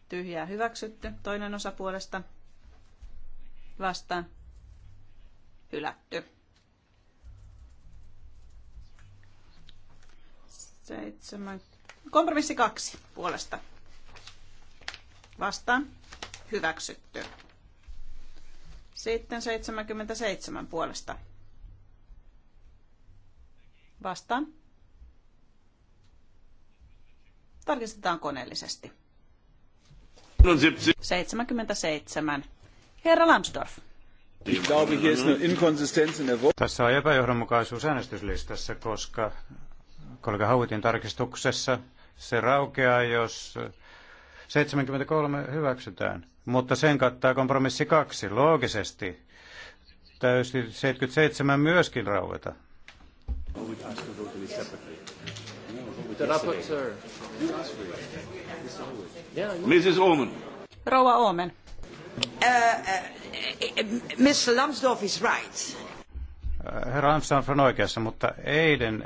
Tyhjää hyväksytty. Toinen osa puolesta vastaan. Hylätty. Seitsemän. Kompromissi kaksi puolesta. Vastaan. Hyväksytty. Sitten 77 puolesta Vastaan. Tarkistetaan koneellisesti. 77. Herra Lambsdorff. Tässä on epäjohdonmukaisuus äänestyslistassa, koska kollega Hauitin tarkistuksessa se raukeaa, jos 73 hyväksytään. Mutta sen kattaa kompromissi kaksi, Loogisesti Täysin 77 myöskin raueta. Well, we ask to vote on it separately. the rapporteur. You asked for it. Mrs. Omen. Yeah, Omen. Rouva Omen. Uh, uh, Mr. Lambsdorff is right. Herra Lambsdorff on oikeassa, mutta eilen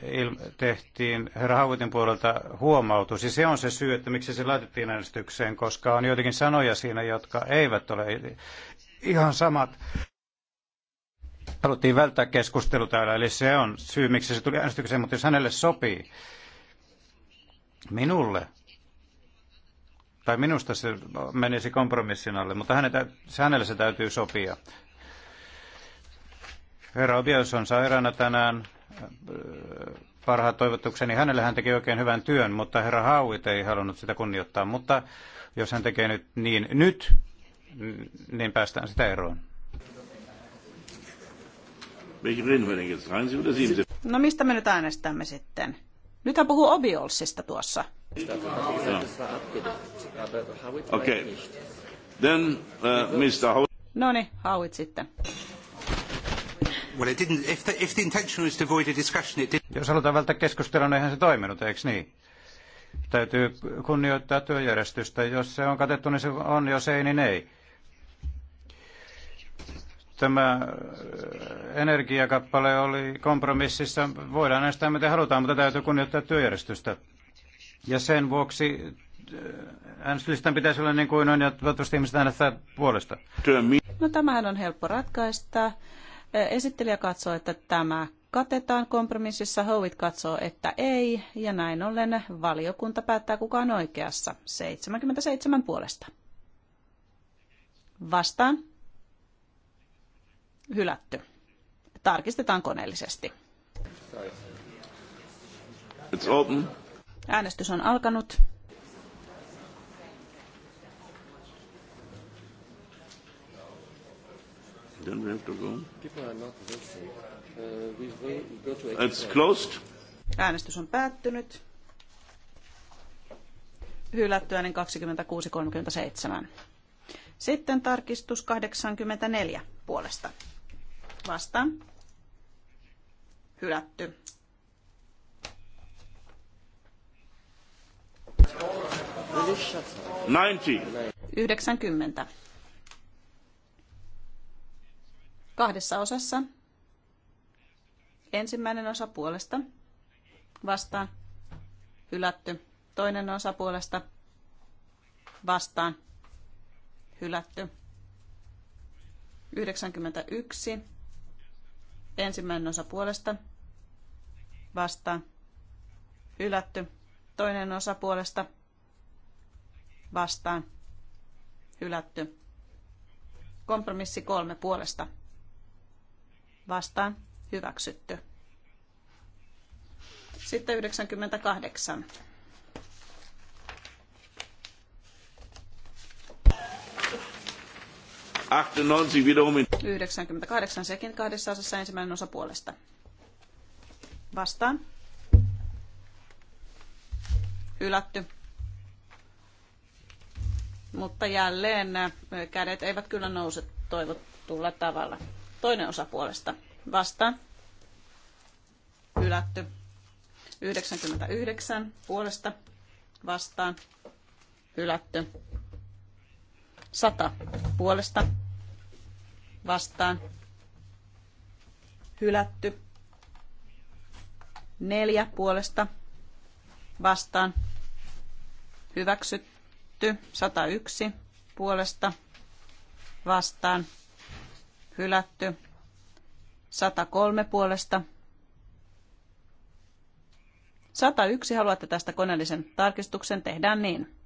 tehtiin herra Hauvitin puolelta huomautus. Ja se on se syy, että miksi se laitettiin äänestykseen, koska on joitakin sanoja siinä, jotka eivät ole ihan samat haluttiin välttää keskustelu täällä, eli se on syy, miksi se tuli äänestykseen, mutta jos hänelle sopii, minulle, tai minusta se menisi kompromissin alle, mutta hänelle, hänelle se täytyy sopia. Herra Obios on sairaana tänään. Äh, parhaat toivotukseni hänelle hän teki oikein hyvän työn, mutta herra Hauit ei halunnut sitä kunnioittaa. Mutta jos hän tekee nyt niin nyt, niin päästään sitä eroon. No mistä me nyt äänestämme sitten? hän puhuu Obiolsista tuossa. Okei. Ah. Okay. Then, uh, Mr. Howitt. No niin, Howitt sitten. Well, it didn't, if the, if the intention was to avoid a discussion, it didn't. Jos halutaan välttää keskustelua, niin eihän se toiminut, eikö niin? Täytyy kunnioittaa työjärjestystä. Jos se on katettu, niin se on. Jos ei, niin ei. Tämä äh, energiakappale oli kompromississa. Voidaan äänestää mitä halutaan, mutta täytyy kunnioittaa työjärjestystä. Ja sen vuoksi äh, äänestyslistan pitäisi olla niin kuin on, ja toivottavasti ihmiset äänestää puolesta. No tämähän on helppo ratkaista. Äh, esittelijä katsoo, että tämä katetaan kompromississa, Howit katsoo, että ei, ja näin ollen valiokunta päättää kukaan oikeassa. 77 puolesta. Vastaan hylätty. Tarkistetaan koneellisesti. It's open. Äänestys on alkanut. Then we have to go. Uh, It's closed. Äänestys on päättynyt. Hylätty äänen 26.37. Sitten tarkistus 84 puolesta. Vastaan. Hylätty. Yhdeksänkymmentä. Kahdessa osassa. Ensimmäinen osa puolesta. Vastaan. Hylätty. Toinen osa puolesta. Vastaan. Hylätty. yksi. Ensimmäinen osa puolesta vastaan. Hylätty. Toinen osa puolesta vastaan. Hylätty. Kompromissi kolme puolesta vastaan. Hyväksytty. Sitten 98 98 wiederum in... 98 sekin kahdessa osassa ensimmäinen osa puolesta. Vastaan. Ylätty. Mutta jälleen äh, kädet eivät kyllä nouse toivottulla tavalla. Toinen osa puolesta. Vastaan. Hylätty. 99 puolesta. Vastaan. Ylätty. 100 puolesta vastaan. Hylätty. Neljä puolesta vastaan. Hyväksytty. 101 puolesta vastaan. Hylätty. 103 puolesta. 101 haluatte tästä koneellisen tarkistuksen, tehdään niin.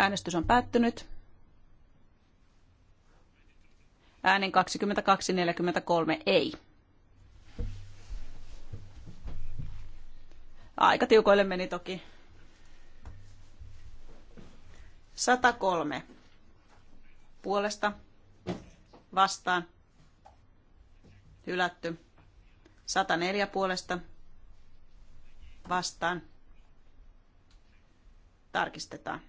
Äänestys on päättynyt. Äänin 22.43 ei. Aika tiukoille meni toki. 103 puolesta vastaan hylätty. 104 puolesta vastaan tarkistetaan.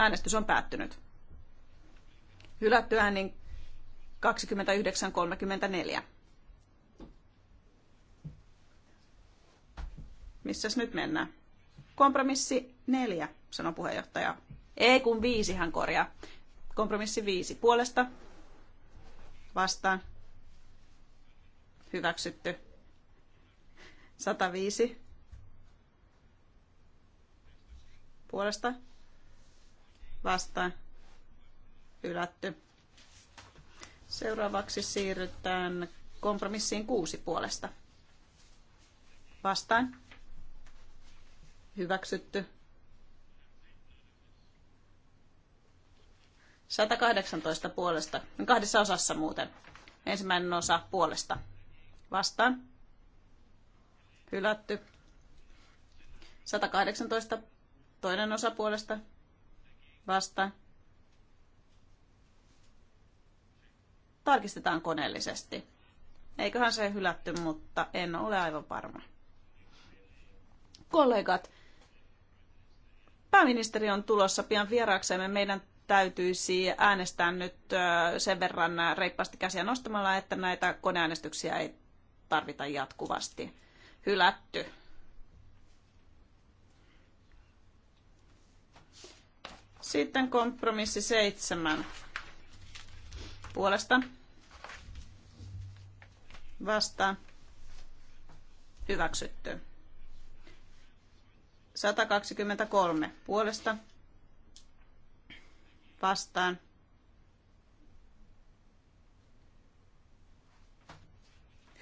Äänestys on päättynyt. Hylätty äänin 29.34. Missäs nyt mennään? Kompromissi neljä, sanoi puheenjohtaja. Ei kun viisi hän korjaa. Kompromissi viisi. Puolesta vastaan. Hyväksytty. 105. Puolesta vastaan ylätty. Seuraavaksi siirrytään kompromissiin kuusi puolesta. Vastaan. Hyväksytty. 118 puolesta. Kahdessa osassa muuten. Ensimmäinen osa puolesta. Vastaan. Hylätty. 118 toinen osa puolesta Vasta. Tarkistetaan koneellisesti. Eiköhän se hylätty, mutta en ole aivan varma. Kollegat, pääministeri on tulossa pian vieraaksemme. Meidän täytyisi äänestää nyt sen verran reippaasti käsiä nostamalla, että näitä koneäänestyksiä ei tarvita jatkuvasti. Hylätty. Sitten kompromissi seitsemän puolesta vastaan hyväksytty. 123 puolesta vastaan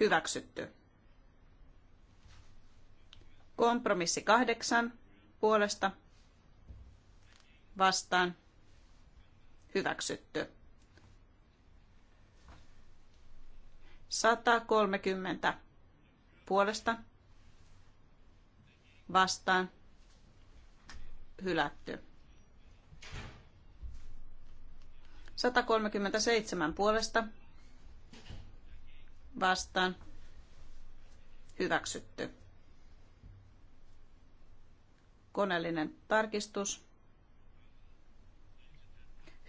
hyväksytty. Kompromissi kahdeksan puolesta vastaan hyväksytty. 130 puolesta vastaan hylätty. 137 puolesta vastaan hyväksytty. Koneellinen tarkistus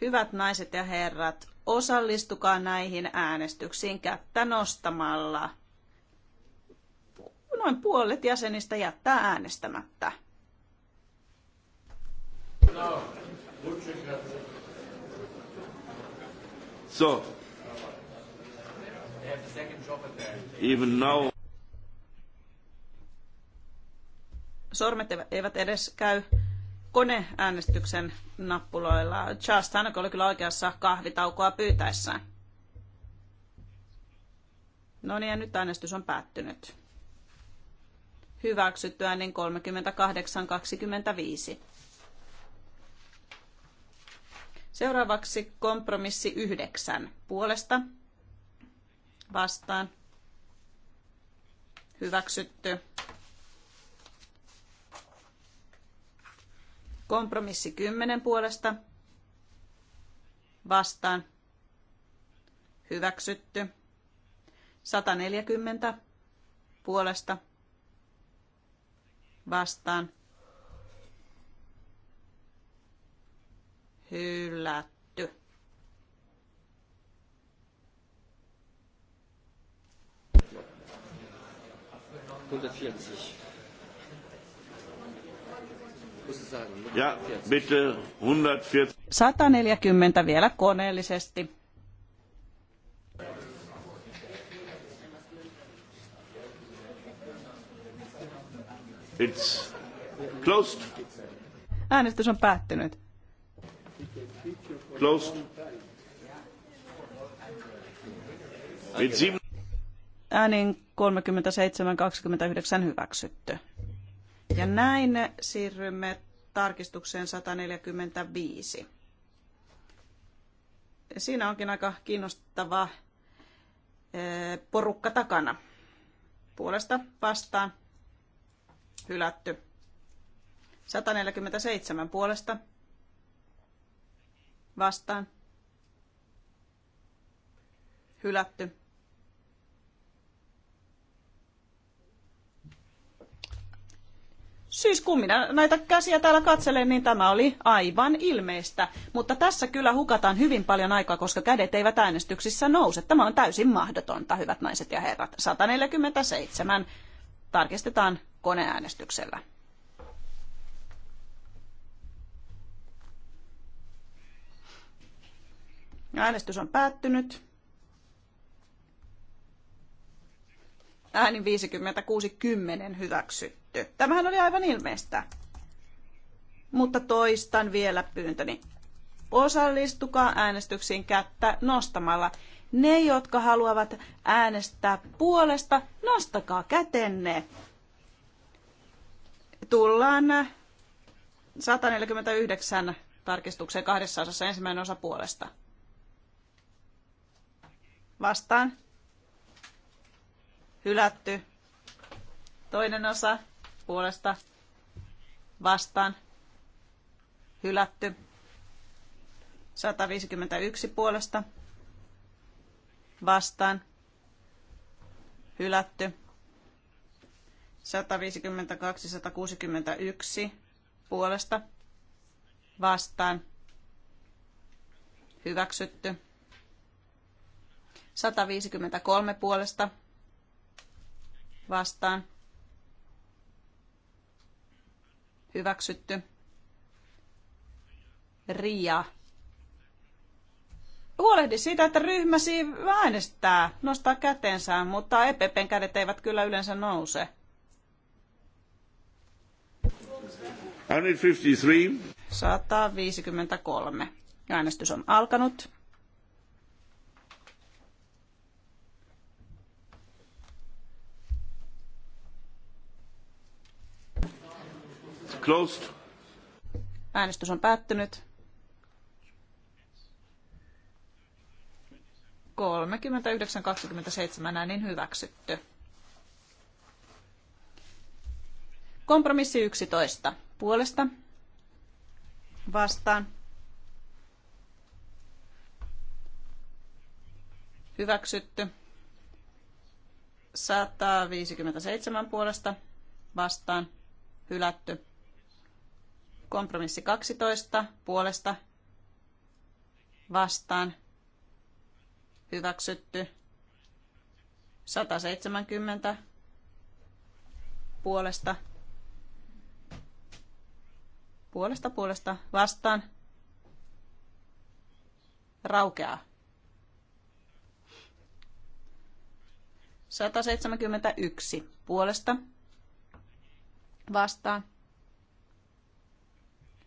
Hyvät naiset ja herrat, osallistukaa näihin äänestyksiin kättä nostamalla. Noin puolet jäsenistä jättää äänestämättä. So, even now. Sormet eivät edes käy koneäänestyksen nappuloilla. Charles Tannock oli kyllä oikeassa kahvitaukoa pyytäessään. No niin, ja nyt äänestys on päättynyt. Hyväksytty äänin 38.25. Seuraavaksi kompromissi 9 puolesta vastaan. Hyväksytty. Kompromissi 10 puolesta vastaan hyväksytty. 140 puolesta vastaan hylätty. Kunde 40. Ja bitte 140. 140 vielä koneellisesti. It's closed. Äänestys on päättynyt. Closed. Äänin 37-29 hyväksytty. Ja näin siirrymme tarkistukseen 145. Siinä onkin aika kiinnostava eh, porukka takana. Puolesta vastaan hylätty. 147 puolesta vastaan hylätty. Siis kun minä näitä käsiä täällä katselen, niin tämä oli aivan ilmeistä. Mutta tässä kyllä hukataan hyvin paljon aikaa, koska kädet eivät äänestyksissä nouse. Tämä on täysin mahdotonta, hyvät naiset ja herrat. 147 tarkistetaan koneäänestyksellä. Äänestys on päättynyt. Äänin 56.10 hyväksytty tehty. Tämähän oli aivan ilmeistä. Mutta toistan vielä pyyntöni. Osallistukaa äänestyksiin kättä nostamalla. Ne, jotka haluavat äänestää puolesta, nostakaa kätenne. Tullaan 149 tarkistukseen kahdessa osassa ensimmäinen osa puolesta. Vastaan. Hylätty. Toinen osa puolesta vastaan hylätty. 151 puolesta vastaan hylätty. 152-161 puolesta vastaan hyväksytty. 153 puolesta vastaan hyväksytty. Ria. Huolehdi siitä, että ryhmäsi äänestää, nostaa kätensä, mutta EPPn kädet eivät kyllä yleensä nouse. 153. 153. Äänestys on alkanut. closed. Äänestys on päättynyt. 39.27 äänin hyväksytty. Kompromissi 11. Puolesta. Vastaan. Hyväksytty. 157 puolesta. Vastaan. Hylätty. Kompromissi 12 puolesta vastaan hyväksytty 170 puolesta puolesta puolesta vastaan raukeaa. 171 puolesta vastaan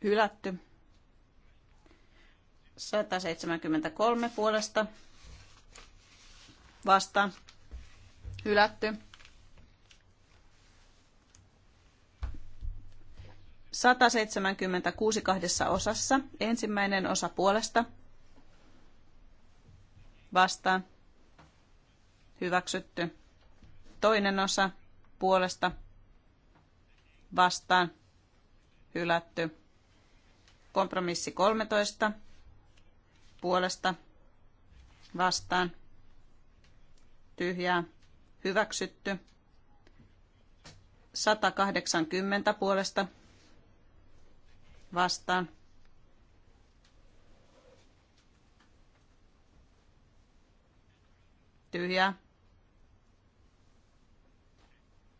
hylätty. 173 puolesta vastaan hylätty. 176 kahdessa osassa. Ensimmäinen osa puolesta vastaan hyväksytty. Toinen osa puolesta vastaan hylätty. Kompromissi 13 puolesta vastaan tyhjää hyväksytty. 180 puolesta vastaan tyhjää.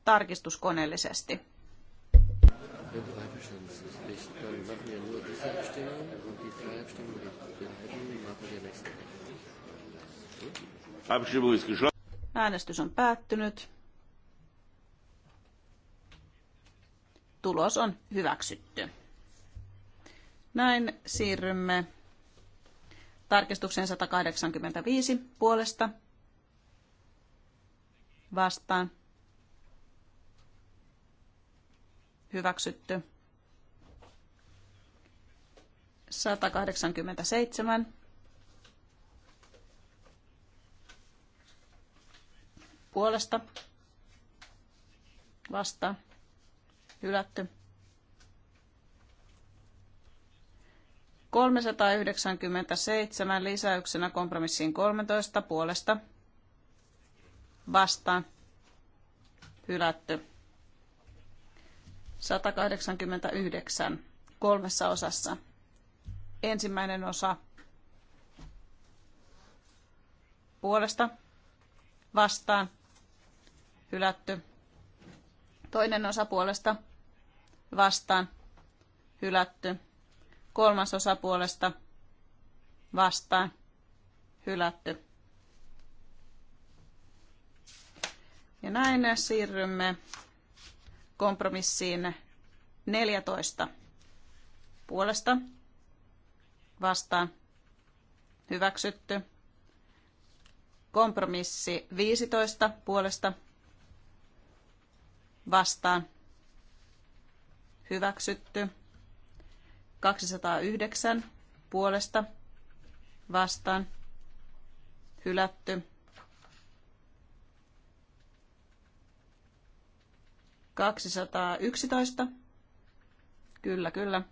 Tarkistus koneellisesti diese und die freie Abstimmung bleiben. Machen nächste Abstimmung ist geschlossen. Äänestys on päättynyt. Tulos on hyväksytty. Näin siirrymme tarkistukseen 185 puolesta vastaan. Hyväksytty. 187. Puolesta. Vasta. Hylätty. 397 lisäyksenä kompromissiin 13 puolesta. Vasta. Hylätty. 189 kolmessa osassa. Ensimmäinen osa puolesta vastaan hylätty. Toinen osa puolesta vastaan hylätty. Kolmas osa puolesta vastaan hylätty. Ja näin siirrymme kompromissiin 14 puolesta vastaan hyväksytty. Kompromissi 15 puolesta vastaan hyväksytty. 209 puolesta vastaan hylätty. 211. Kyllä, kyllä.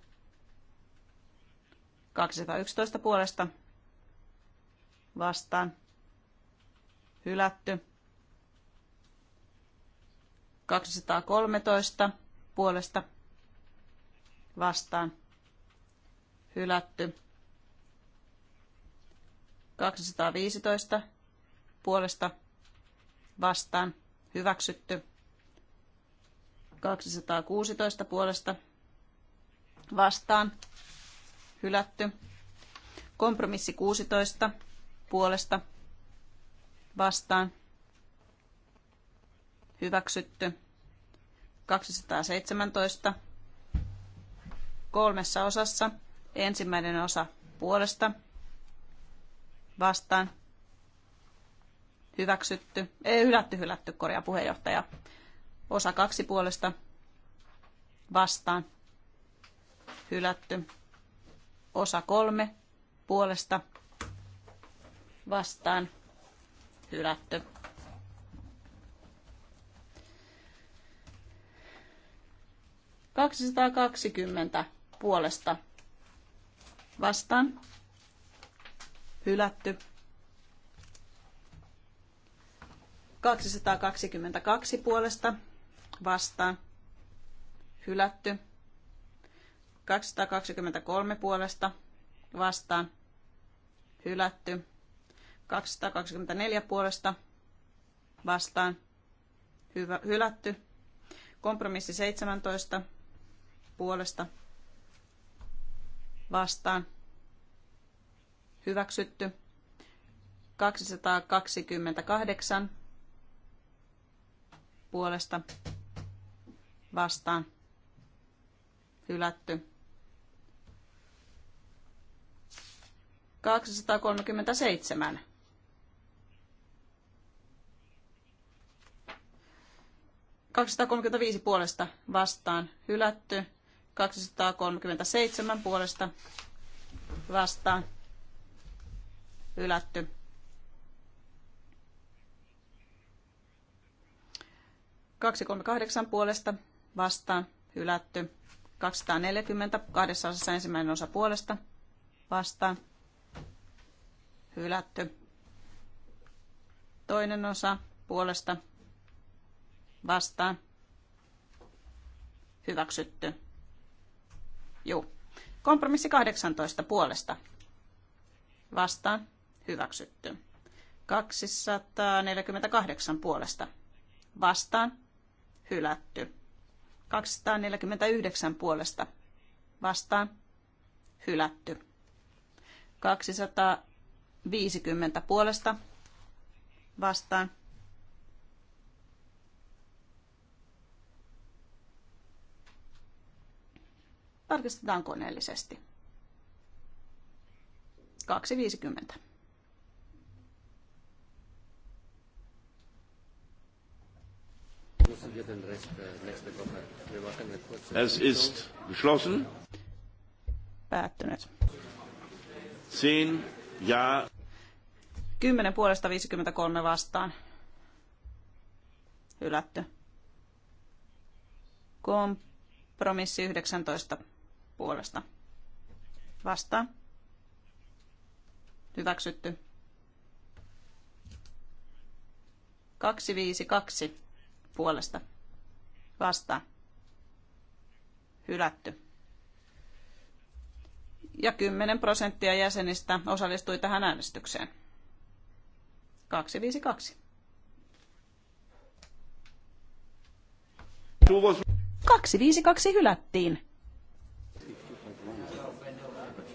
211 puolesta vastaan. Hylätty. 213 puolesta vastaan. Hylätty. 215 puolesta vastaan. Hyväksytty. 216 puolesta vastaan hylätty. Kompromissi 16 puolesta vastaan hyväksytty. 217 kolmessa osassa. Ensimmäinen osa puolesta vastaan hyväksytty, ei hylätty, hylätty korjaa puheenjohtaja. Osa kaksi puolesta vastaan hylätty osa kolme puolesta vastaan hylätty. Kaksisataakaksikymmentä puolesta vastaan hylätty. 222 puolesta vastaan hylätty. 223 puolesta vastaan hylätty. 224 puolesta vastaan hyvä, hylätty. Kompromissi 17 puolesta vastaan hyväksytty. 228 puolesta vastaan hylätty. 237. Kaksisataakolmekymmentäviisi puolesta vastaan hylätty. 237 puolesta vastaan hylätty. Kaksi puolesta vastaan hylätty. 240 kahdessa osassa ensimmäinen osa puolesta vastaan hylätty. Toinen osa puolesta vastaan hyväksytty. Juu. Kompromissi 18 puolesta vastaan hyväksytty. 248 puolesta vastaan hylätty. 249 puolesta vastaan hylätty. 200 50 puolesta vastaan. Tarkistetaan koneellisesti. 250. Es ist geschlossen. Päättynyt. Zehn ja 10 puolesta 53 vastaan. Hylätty. Kompromissi 19 puolesta. Vastaan. Hyväksytty. 252 puolesta. Vastaan. Hylätty. Ja 10 prosenttia jäsenistä osallistui tähän äänestykseen. 252. 252 hylättiin.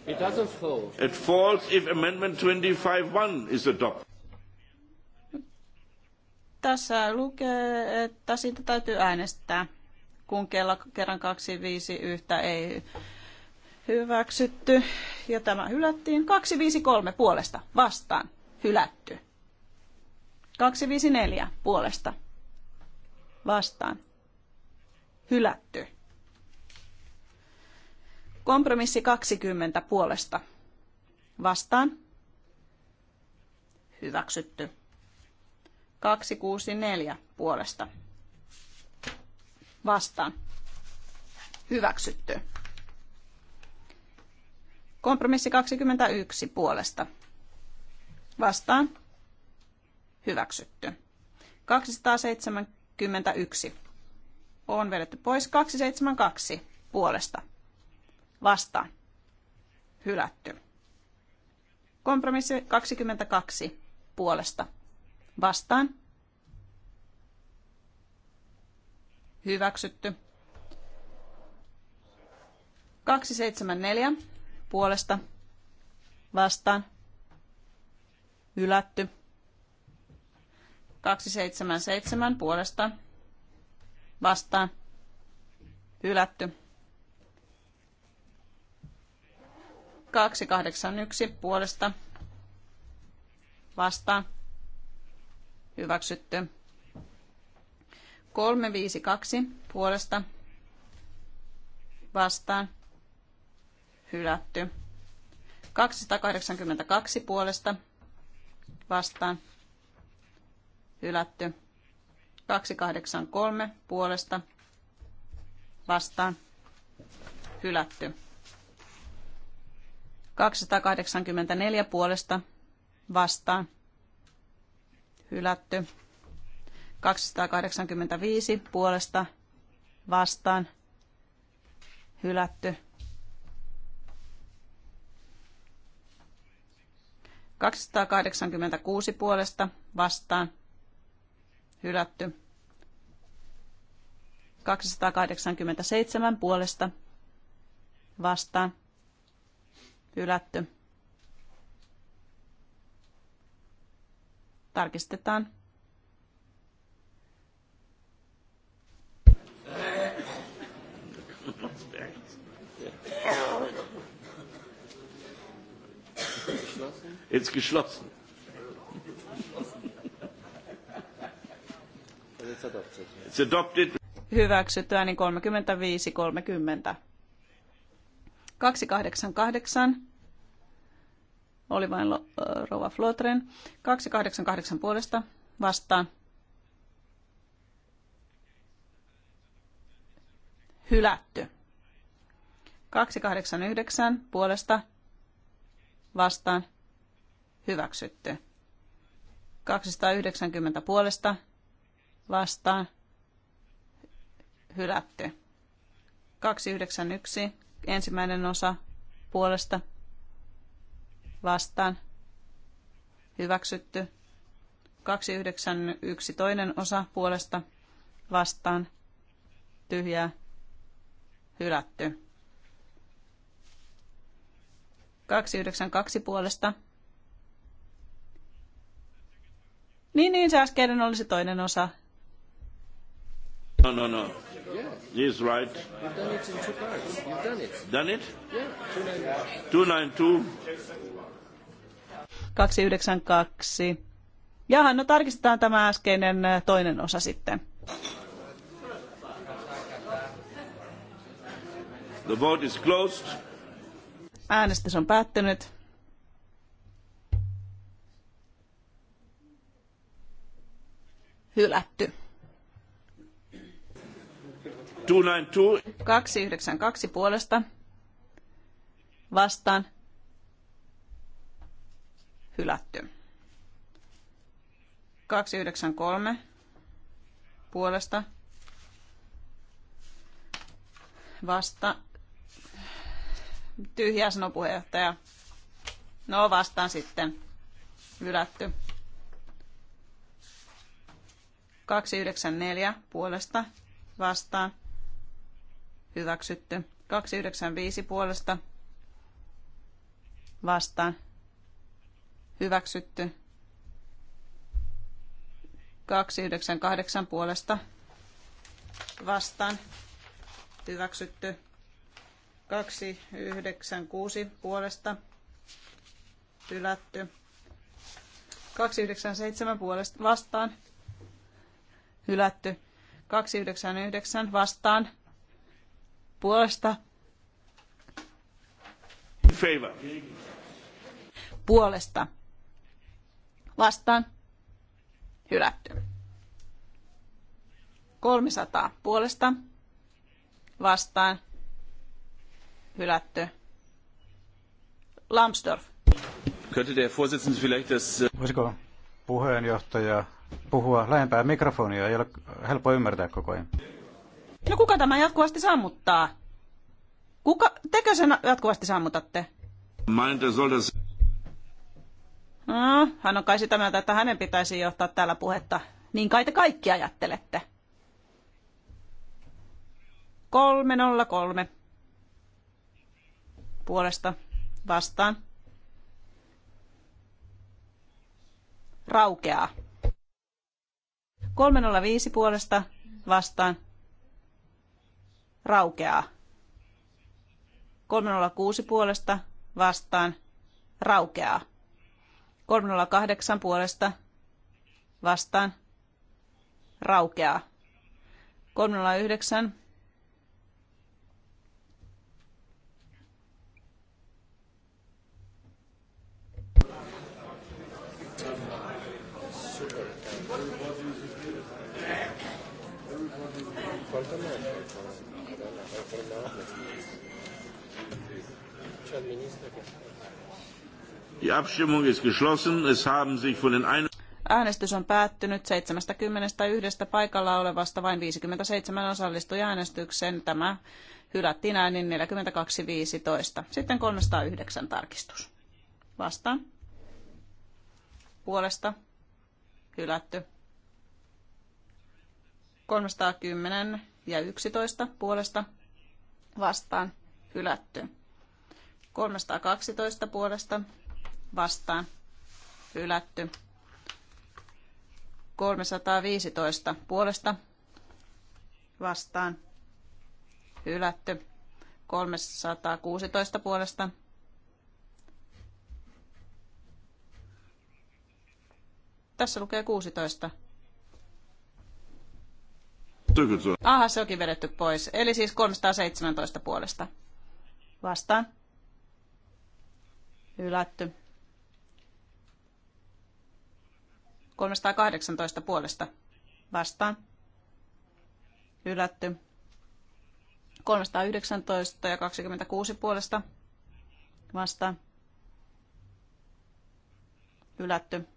It doesn't fall. It falls if amendment 25.1 is adopted. Tässä lukee, että siitä täytyy äänestää, kun kello kerran 251 ei hyväksytty. Ja tämä hylättiin 253 puolesta vastaan. Hylätty. 254 puolesta. Vastaan. Hylätty. Kompromissi 20 puolesta. Vastaan. Hyväksytty. 264 puolesta. Vastaan. Hyväksytty. Kompromissi 21 puolesta. Vastaan hyväksytty. 271 on vedetty pois. 272 puolesta vastaan hylätty. Kompromissi 22 puolesta vastaan hyväksytty. 274 puolesta vastaan hylätty. 277 puolesta vastaan hylätty. 281 puolesta vastaan hyväksytty. 352 puolesta vastaan hylätty. 282 puolesta vastaan hylätty. 283 puolesta vastaan hylätty. 284 puolesta vastaan hylätty. 285 puolesta vastaan hylätty. 286 puolesta vastaan hylätty hylätty. 287 puolesta vastaan hylätty. Tarkistetaan. It's geschlossen. It's adopted. Hyväksytty ääni 35 30. 288 oli vain Rova Flotren. 288 puolesta vastaan. Hylätty. 289 puolesta vastaan hyväksytty. 290 puolesta vastaan hylätty. 291 ensimmäinen osa puolesta vastaan hyväksytty. 291 toinen osa puolesta vastaan tyhjää hylätty. 292 puolesta. Niin, niin, se äskeinen oli se toinen osa. No, no, no. Yeah. He's right. You've done it in two parts. You've done it. Done it? Yeah. 292. 292. Jaha, no tarkistetaan tämä äskeinen toinen osa sitten. The vote is closed. Äänestys on päättynyt. Hylätty. 292 puolesta vastaan hylätty. 293 puolesta vasta tyhjä sanoi puheenjohtaja. No vastaan sitten hylätty. 294 puolesta vastaan hyväksytty. 295 puolesta vastaan hyväksytty. 298 puolesta vastaan hyväksytty. 296 puolesta hylätty. 297 puolesta vastaan hylätty. 299 vastaan puolesta. Favor. Puolesta. Vastaan. Hylätty. 300 puolesta. Vastaan. Hylätty. Lambsdorff. Könnte der Vorsitzende vielleicht das... Äh, Voisiko puheenjohtaja puhua lähempää mikrofonia? Ei ole helppo ymmärtää koko ajan. No kuka tämä jatkuvasti sammuttaa? Kuka, tekö sen jatkuvasti sammutatte? Meinte soltas... No, hän on kai sitä mieltä, että hänen pitäisi johtaa täällä puhetta. Niin kai te kaikki ajattelette. 303 puolesta vastaan. Raukeaa. 305 puolesta vastaan raukeaa. 306 puolesta vastaan raukeaa. 308 puolesta vastaan raukeaa. 309 Äänestys on päättynyt 71 paikalla olevasta vain 57 osallistui äänestykseen. Tämä hylättiin äänin 42.15. Sitten 309 tarkistus. Vastaan. Puolesta. Hylätty. 310 ja 11 puolesta vastaan hylätty. 312 puolesta vastaan ylätty, 315 puolesta vastaan ylätty, 316 puolesta Tässä lukee 16. Aha, se onkin vedetty pois. Eli siis 317 puolesta. Vastaan. Hylätty. 318 puolesta vastaan. Hylätty. 319 ja 26 puolesta vastaan. Hylätty.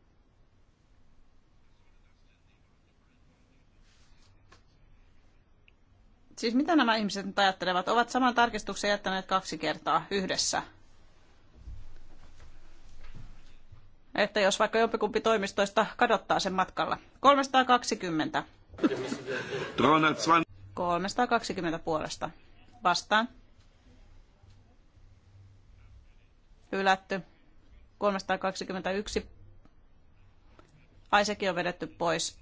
Siis mitä nämä ihmiset nyt ajattelevat? Ovat saman tarkistuksen jättäneet kaksi kertaa yhdessä. että jos vaikka jompikumpi toimistoista kadottaa sen matkalla. 320. 320 puolesta. Vastaan. Hylätty. 321. Ai sekin on vedetty pois.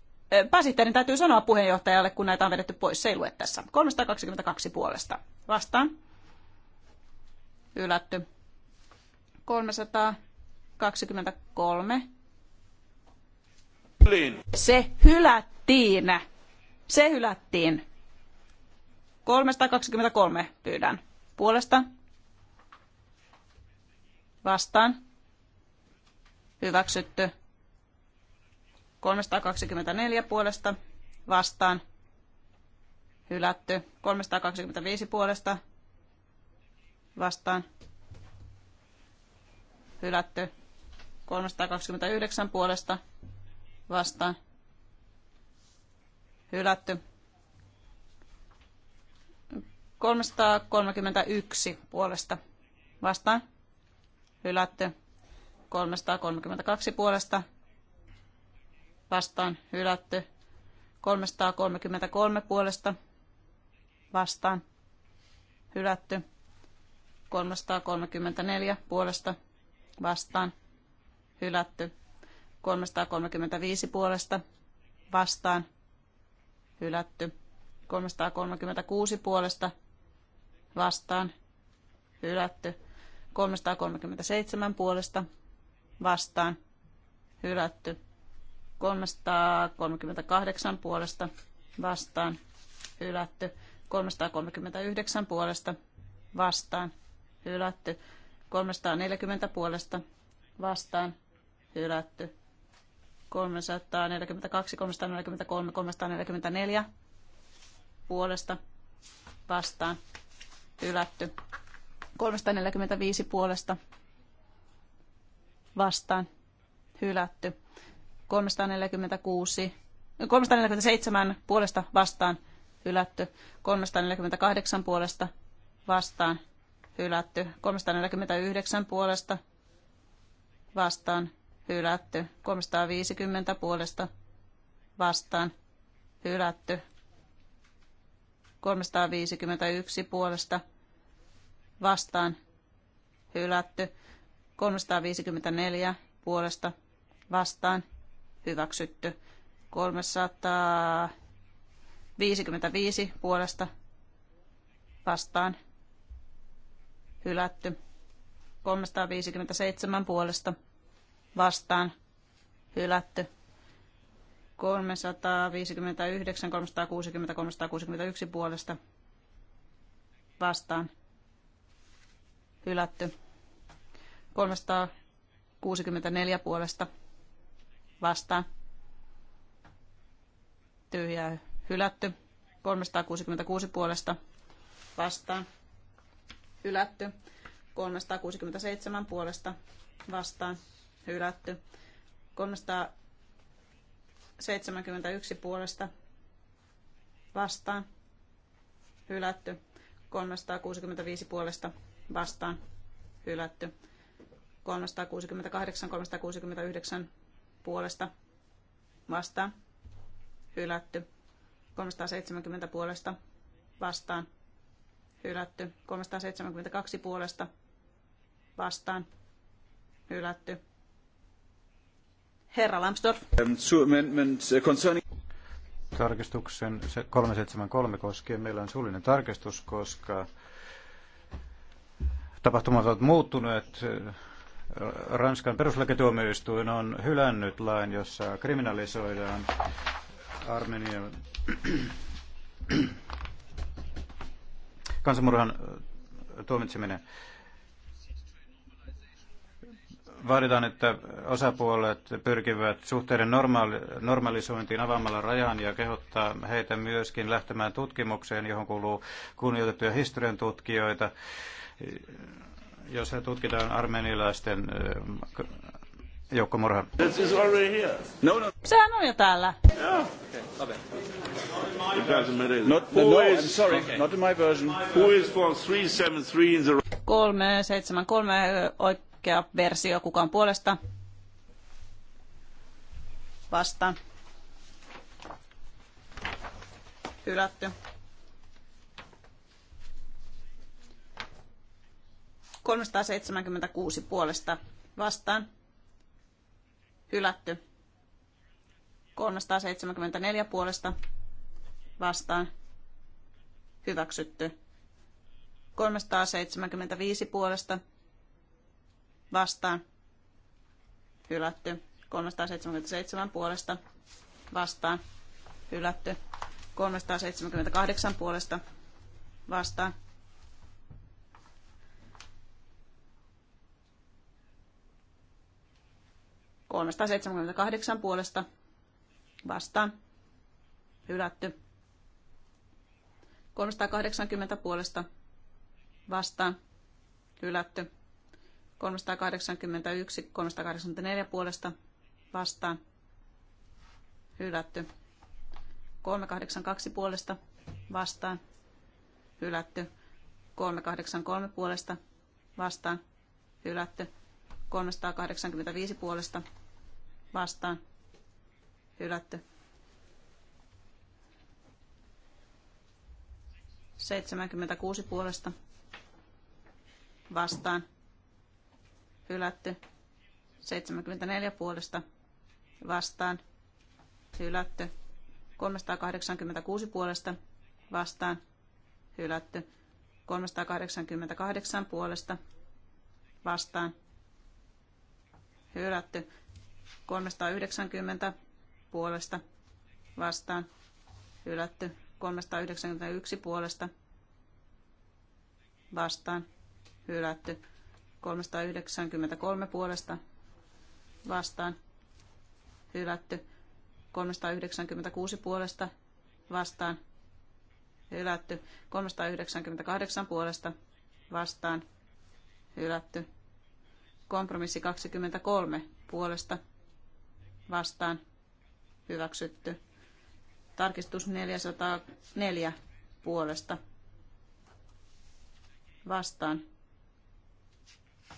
Pääsihteerin täytyy sanoa puheenjohtajalle, kun näitä on vedetty pois. Se ei lue tässä. 322 puolesta. Vastaan. Hylätty. 300. 23. Se hylättiin. Se hylättiin. 323 pyydän. Puolesta. Vastaan. Hyväksytty. 324 puolesta. Vastaan. Hylätty. 325 puolesta. Vastaan. Hylätty. 329 puolesta vastaan. Hylätty. 331 puolesta vastaan. Hylätty. 332 puolesta vastaan. Hylätty. 333 puolesta vastaan. Hylätty. 334 puolesta vastaan hylätty. 335 puolesta vastaan hylätty. 336 puolesta vastaan hylätty. 337 puolesta vastaan hylätty. 338 puolesta vastaan hylätty. 339 puolesta vastaan hylätty. 340 puolesta vastaan hylätty hylätty. 342, 343, 344 puolesta vastaan hylätty. 345 puolesta vastaan hylätty. 346, 347 puolesta vastaan hylätty. 348 puolesta vastaan hylätty. 349 puolesta vastaan hylätty. 350 puolesta vastaan hylätty. 351 puolesta vastaan hylätty. 354 puolesta vastaan hyväksytty. 355 puolesta vastaan hylätty. 357 puolesta vastaan hylätty. 359, 360, 361 puolesta vastaan hylätty. 364 puolesta vastaan tyhjää hylätty. 366 puolesta vastaan hylätty. 367 puolesta vastaan hylätty. 371 puolesta vastaan hylätty. 365 puolesta vastaan hylätty. 368, 369 puolesta vastaan hylätty. 370 puolesta vastaan hylätty. 372 puolesta vastaan hylätty. Herra Lambsdorff. Ähm, äh, Tarkistuksen 373 koskien meillä on suullinen tarkistus, koska tapahtumat ovat muuttuneet. Äh, Ranskan peruslakituomioistuin on hylännyt lain, jossa kriminalisoidaan Armenian kansanmurhan äh, tuomitseminen vaaditaan, että osapuolet pyrkivät suhteiden normaali- normalisointiin avaamalla rajan ja kehottaa heitä myöskin lähtemään tutkimukseen, johon kuuluu kunnioitettuja historian tutkijoita, jos he tutkitaan armenialaisten joukkomurha. No, no. Sehän on jo täällä. Yeah. Okay. Not, 373 oikea versio. Kuka on puolesta? Vasta. Hylätty. 376 puolesta vastaan. Hylätty. 374 puolesta vastaan. Hyväksytty. 375 puolesta vastaan hylätty. 377 puolesta vastaan hylätty. 378 puolesta vastaan kolmesta seitsemänkymmentäkahdeksan puolesta vastaan hylätty. kahdeksankymmentä puolesta vastaan hylätty. 381, 384 puolesta vastaan. Hylätty. 382 puolesta vastaan. Hylätty. 383 puolesta vastaan. Hylätty. 385 puolesta vastaan. Hylätty. 76 puolesta vastaan hylätty. 74 puolesta vastaan hylätty. 386 puolesta vastaan hylätty. 388 puolesta vastaan hylätty. 390 puolesta vastaan hylätty. 391 puolesta vastaan hylätty. 393 puolesta vastaan hylätty. 396 puolesta vastaan hylätty. 398 puolesta vastaan hylätty. Kompromissi 23 puolesta vastaan hyväksytty. Tarkistus 404 puolesta vastaan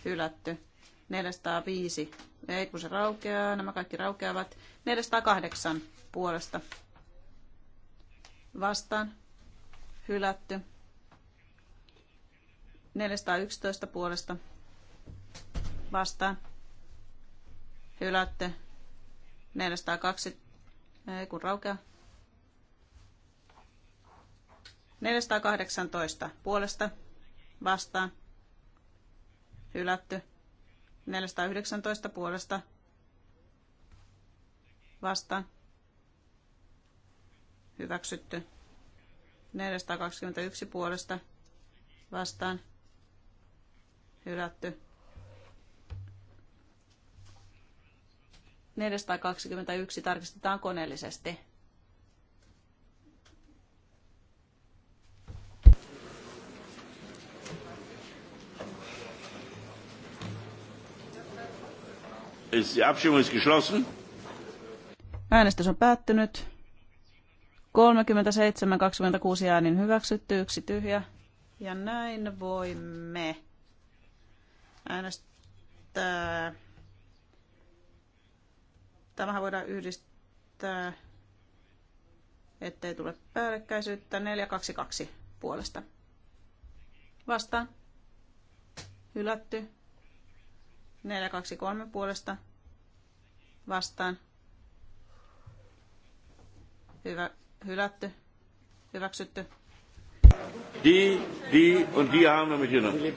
hylätty. 405, ei kun se raukeaa, nämä kaikki raukeavat. 408 puolesta vastaan, hylätty. 411 puolesta vastaan, hylätty. 402, ei kun raukea. 418 puolesta vastaan, hylätty. 419 puolesta vastaan hyväksytty. 421 puolesta vastaan hylätty. 421 tarkistetaan koneellisesti. Äänestys on päättynyt. 37-26 äänin hyväksytty, yksi tyhjä. Ja näin voimme äänestää. Tämähän voidaan yhdistää, ettei tule päällekkäisyyttä. 422 puolesta. Vastaan. Hylätty. 423 puolesta vastaan. Hyvä, hylätty, hyväksytty. Die, die und die haben wir mitgenommen.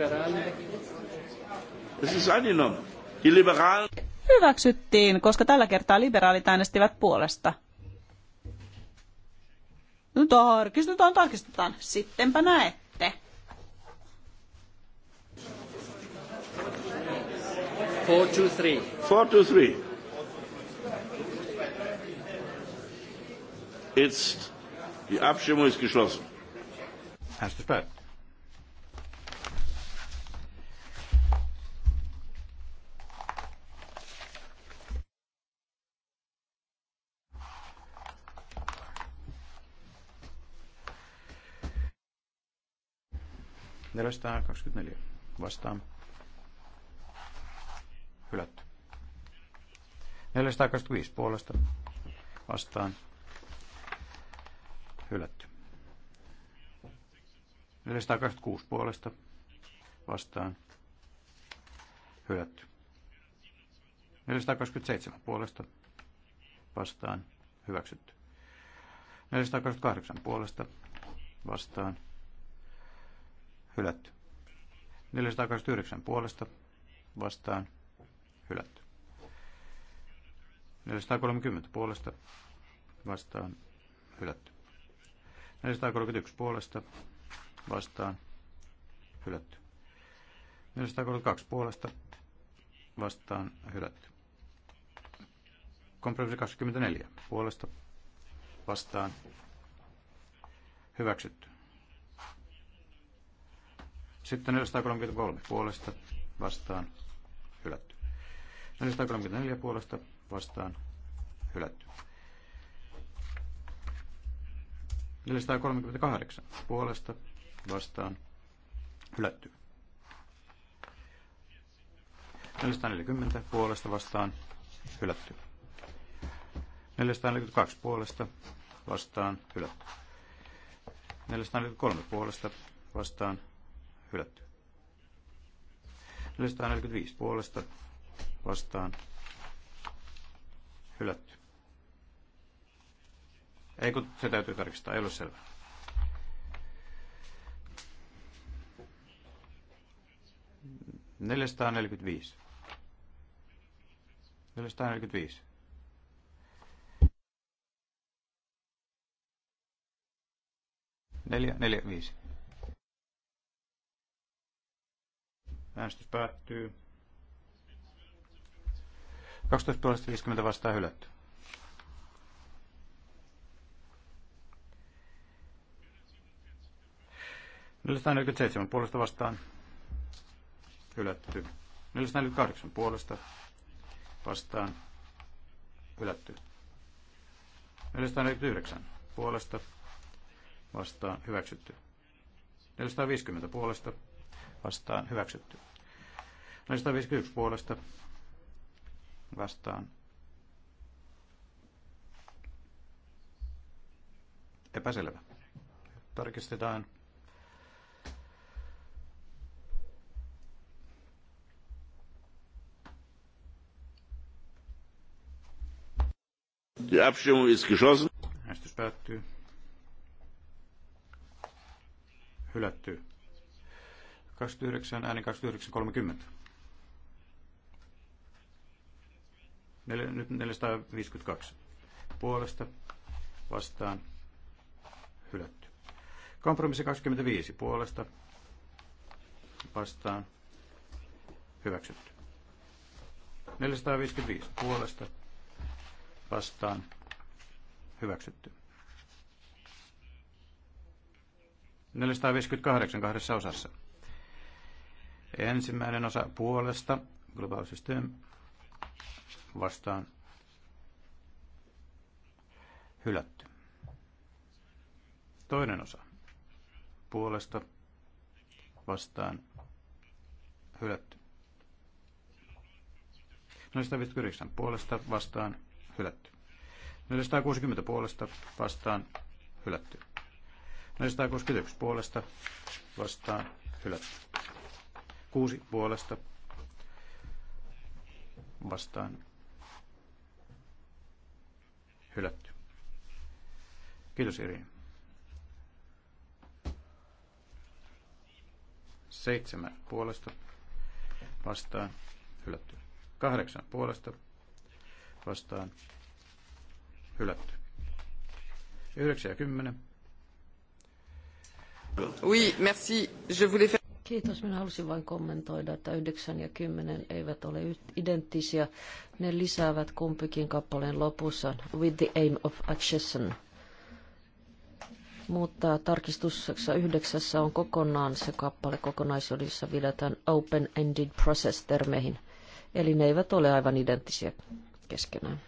Das ist angenommen. Die Liberalen... Hyväksyttiin, koska tällä kertaa liberaalit äänestivät puolesta. No tarkistetaan, tarkistetaan. Sittenpä näet. Four, two, three. Four, two, three. Jetzt die Abstimmung ist geschlossen. Äänestys päättyy. Neljästä 24 vastaan. Hylätty. 425 puolesta vastaan. Hylätty. 426 puolesta vastaan. Hylätty. 427 puolesta vastaan. Hyväksytty. 428 puolesta vastaan. Hylätty. 429 puolesta vastaan. hylätty hylätty. 430 puolesta vastaan hylätty. 431 puolesta vastaan hylätty. 432 puolesta vastaan hylätty. Kompromissi 24 puolesta vastaan hyväksytty. Sitten 433 puolesta vastaan 434 puolesta vastaan hylätty. 438 puolesta vastaan hylätty. 440 puolesta vastaan hylätty. 442 puolesta vastaan hylätty. 443 puolesta vastaan hylätty. 445 puolesta vastaan hylätty. Ei kun se täytyy tarkistaa, ei ole selvää. Neljästaan neljäkymmentäviisi. 445. Neljä, neljä, viisi. Äänestys päättyy. 12 puolesta 50 vastaan hylätty. seitsemän puolesta vastaan hylätty. 448 puolesta vastaan hylätty. 449 puolesta vastaan hyväksytty. 450 puolesta vastaan hyväksytty. 451 puolesta vastaan. Epäselvä. Tarkistetaan. Die Abstimmung ist geschlossen. Äänestys päättyy. Hylätty. 29 ääni 30. nyt 452 puolesta vastaan hylätty. Kompromissi 25 puolesta vastaan hyväksytty. 455 puolesta vastaan hyväksytty. 458 kahdessa osassa. Ensimmäinen osa puolesta, Global System vastaan hylätty. Toinen osa puolesta vastaan hylätty. 459 puolesta vastaan hylätty. 460 puolesta vastaan hylätty. 461 puolesta vastaan hylätty. 6 puolesta vastaan Hylätty. Kiitos Iri. Seitsemän puolesta vastaan. Hylätty. Kahdeksan puolesta vastaan. Hylätty. Yhdeksän ja kymmenen. Oui, merci. Je voulais faire... Kiitos. Minä halusin vain kommentoida, että 9 ja 10 eivät ole identtisiä. Ne lisäävät kumpikin kappaleen lopussa with the aim of accession. Mutta tarkistuksessa yhdeksässä on kokonaan se kappale kokonaisuudessa vidataan open-ended process-termeihin. Eli ne eivät ole aivan identtisiä keskenään.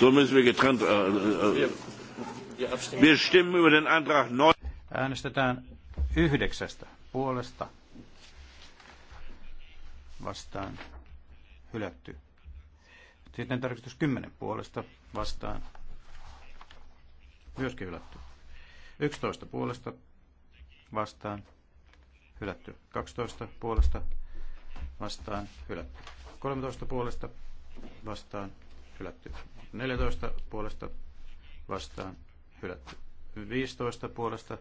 So müssen wir uh, uh, uh, Wir stimmen über den Antrag 9. Äänestetään yhdeksästä puolesta vastaan hylätty. Sitten tarkistus 10 puolesta vastaan myöskin hylätty. 11 puolesta vastaan hylätty. 12 puolesta vastaan hylätty. 13 puolesta vastaan hylätty. 14 puolesta vastaan hylätty. 15 puolesta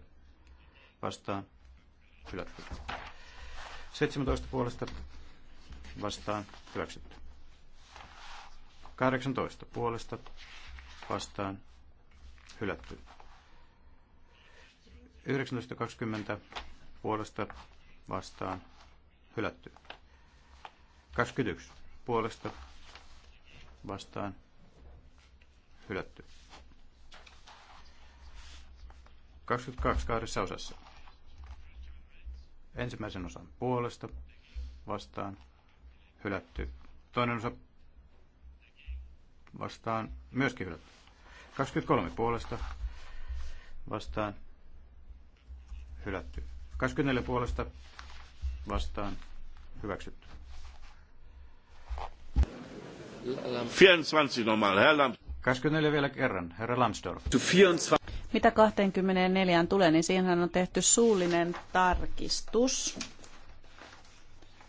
vastaan hylätty. 17 puolesta vastaan hyväksytty. 18 puolesta vastaan hylätty. 19.20 puolesta vastaan hylätty. 21 puolesta vastaan hylätty. 22 kahdessa osassa. Ensimmäisen osan puolesta vastaan hylätty. Toinen osa vastaan myöskin hylätty. 23 puolesta vastaan hylätty. 24 puolesta vastaan hyväksytty. 24 normaal, herra 24 vielä kerran, herra Lambsdorff. Mitä 24 tulee, niin siihen on tehty suullinen tarkistus.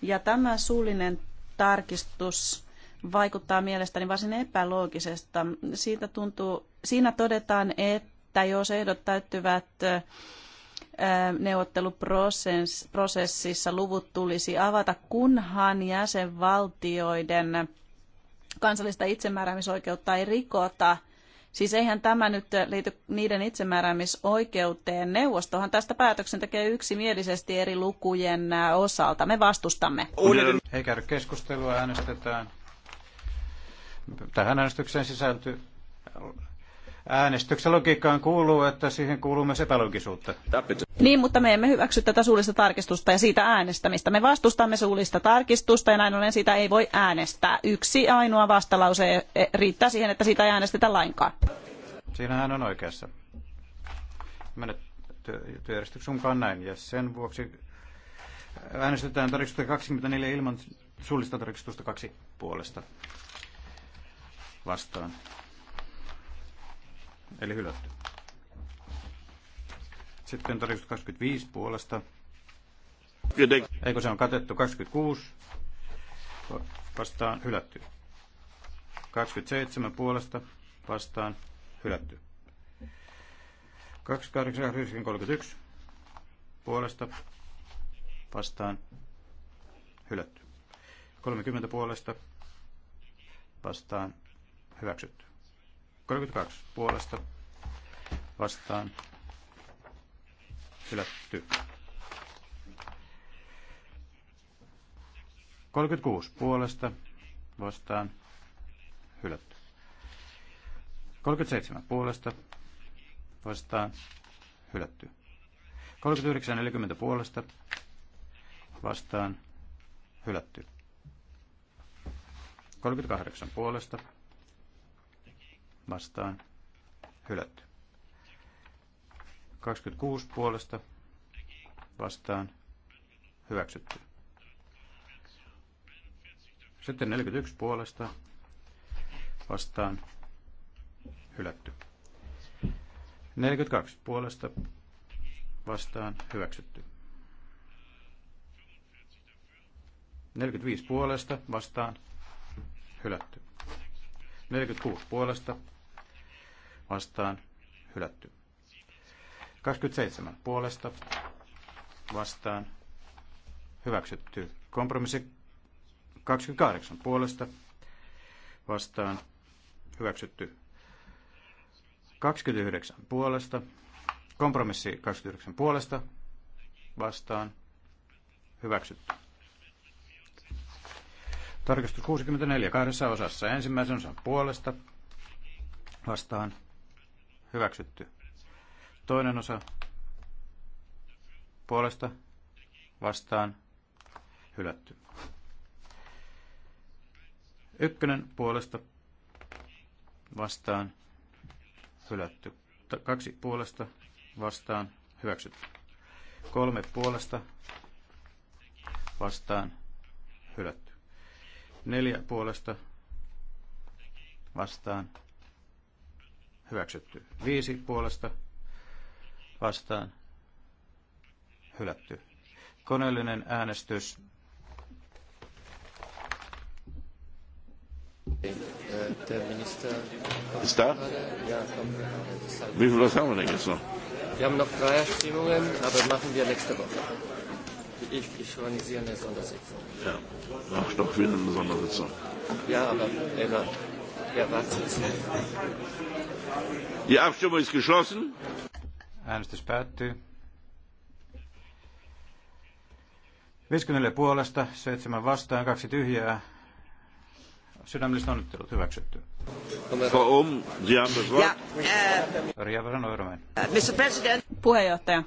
Ja tämä suullinen tarkistus vaikuttaa mielestäni varsin epäloogisesta. Siitä tuntuu, siinä todetaan, että jos ehdot täyttyvät neuvotteluprosessissa luvut tulisi avata, kunhan jäsenvaltioiden kansallista itsemääräämisoikeutta ei rikota – Siis eihän tämä nyt liity niiden itsemääräämisoikeuteen. Neuvostohan tästä päätöksen tekee yksimielisesti eri lukujen osalta. Me vastustamme. Ei käydä keskustelua, äänestetään. Tähän äänestykseen sisältyy Äänestyksen logiikkaan kuuluu, että siihen kuuluu myös epälogisuutta. Niin, mutta me emme hyväksy tätä suullista tarkistusta ja siitä äänestämistä. Me vastustamme suullista tarkistusta ja näin ollen siitä ei voi äänestää. Yksi ainoa vastalause riittää siihen, että siitä ei äänestetä lainkaan. hän on oikeassa. Menet työjärjestyksen mukaan näin ja sen vuoksi äänestetään tarkistusta 24 ilman suullista tarkistusta kaksi puolesta vastaan Eli hylätty. Sitten tarkistus 25 puolesta. Eikö se on katettu 26? Vastaan hylätty. 27 puolesta vastaan hylätty. 28.31 puolesta vastaan hylätty. 30 puolesta vastaan hyväksytty. 32 puolesta vastaan hylätty. 36 puolesta vastaan hylätty. 37 puolesta vastaan hylätty. 39 40 puolesta vastaan hylätty. 38 puolesta vastaan hylätty. 26 puolesta vastaan hyväksytty. Sitten 41 puolesta vastaan hylätty. 42 puolesta vastaan hyväksytty. 45 puolesta vastaan hylätty. 46 puolesta vastaan hylätty. 27 puolesta vastaan hyväksytty. Kompromissi 28 puolesta vastaan hyväksytty. 29 puolesta. Kompromissi 29 puolesta vastaan hyväksytty. Tarkistus 64 kahdessa osassa. Ensimmäisen osan puolesta vastaan Hyväksytty. Toinen osa puolesta vastaan hylätty. Ykkönen puolesta vastaan hylätty. Kaksi puolesta vastaan hyväksytty. Kolme puolesta vastaan hylätty. Neljä puolesta vastaan hyväksytty. Viisi puolesta vastaan hylätty. Koneellinen äänestys. Está? Wie haben wir denn jetzt noch? Wir haben noch drei Abstimmungen, aber machen wir nächste Woche. Ich, ich organisiere eine Sondersitzung. Ja, ach doch, wieder eine Sondersitzung. Ja, aber egal. Ja, wartet? Die Abstimmung ist geschlossen. Äänestys päättyy. 54 puolesta, 7 vastaan, 2 tyhjää. Sydämelliset onnittelut hyväksytty. Warum? Sie haben das Wort. Ja, äh, Mr. Äh, President. Puheenjohtaja.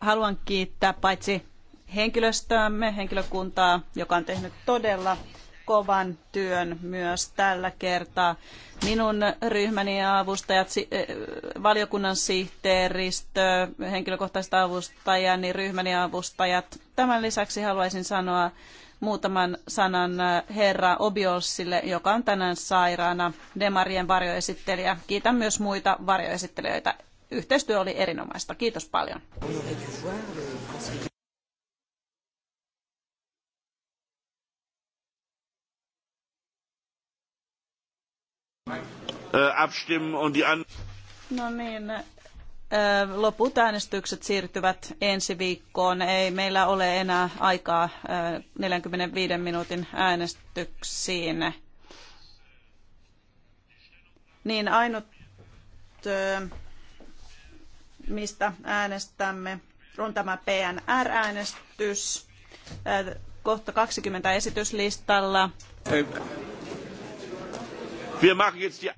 Haluan kiittää paitsi henkilöstöämme, henkilökuntaa, joka on tehnyt todella kovan työn myös tällä kertaa. Minun ryhmäni avustajat, eh, valiokunnan sihteeristö, henkilökohtaiset avustajani, ryhmäni avustajat. Tämän lisäksi haluaisin sanoa muutaman sanan herra Obiolsille, joka on tänään sairaana Demarien varjoesittelijä. Kiitän myös muita varjoesittelijöitä. Yhteistyö oli erinomaista. Kiitos paljon. Äh, abstimmen und die anderen... No niin, äh, loput äänestykset siirtyvät ensi viikkoon. Ei meillä ole enää aikaa 45 äh, minuutin äänestyksiin. Niin ainut, mistä äänestämme, on tämä PNR-äänestys. Kohta 20 esityslistalla. Wir machen jetzt die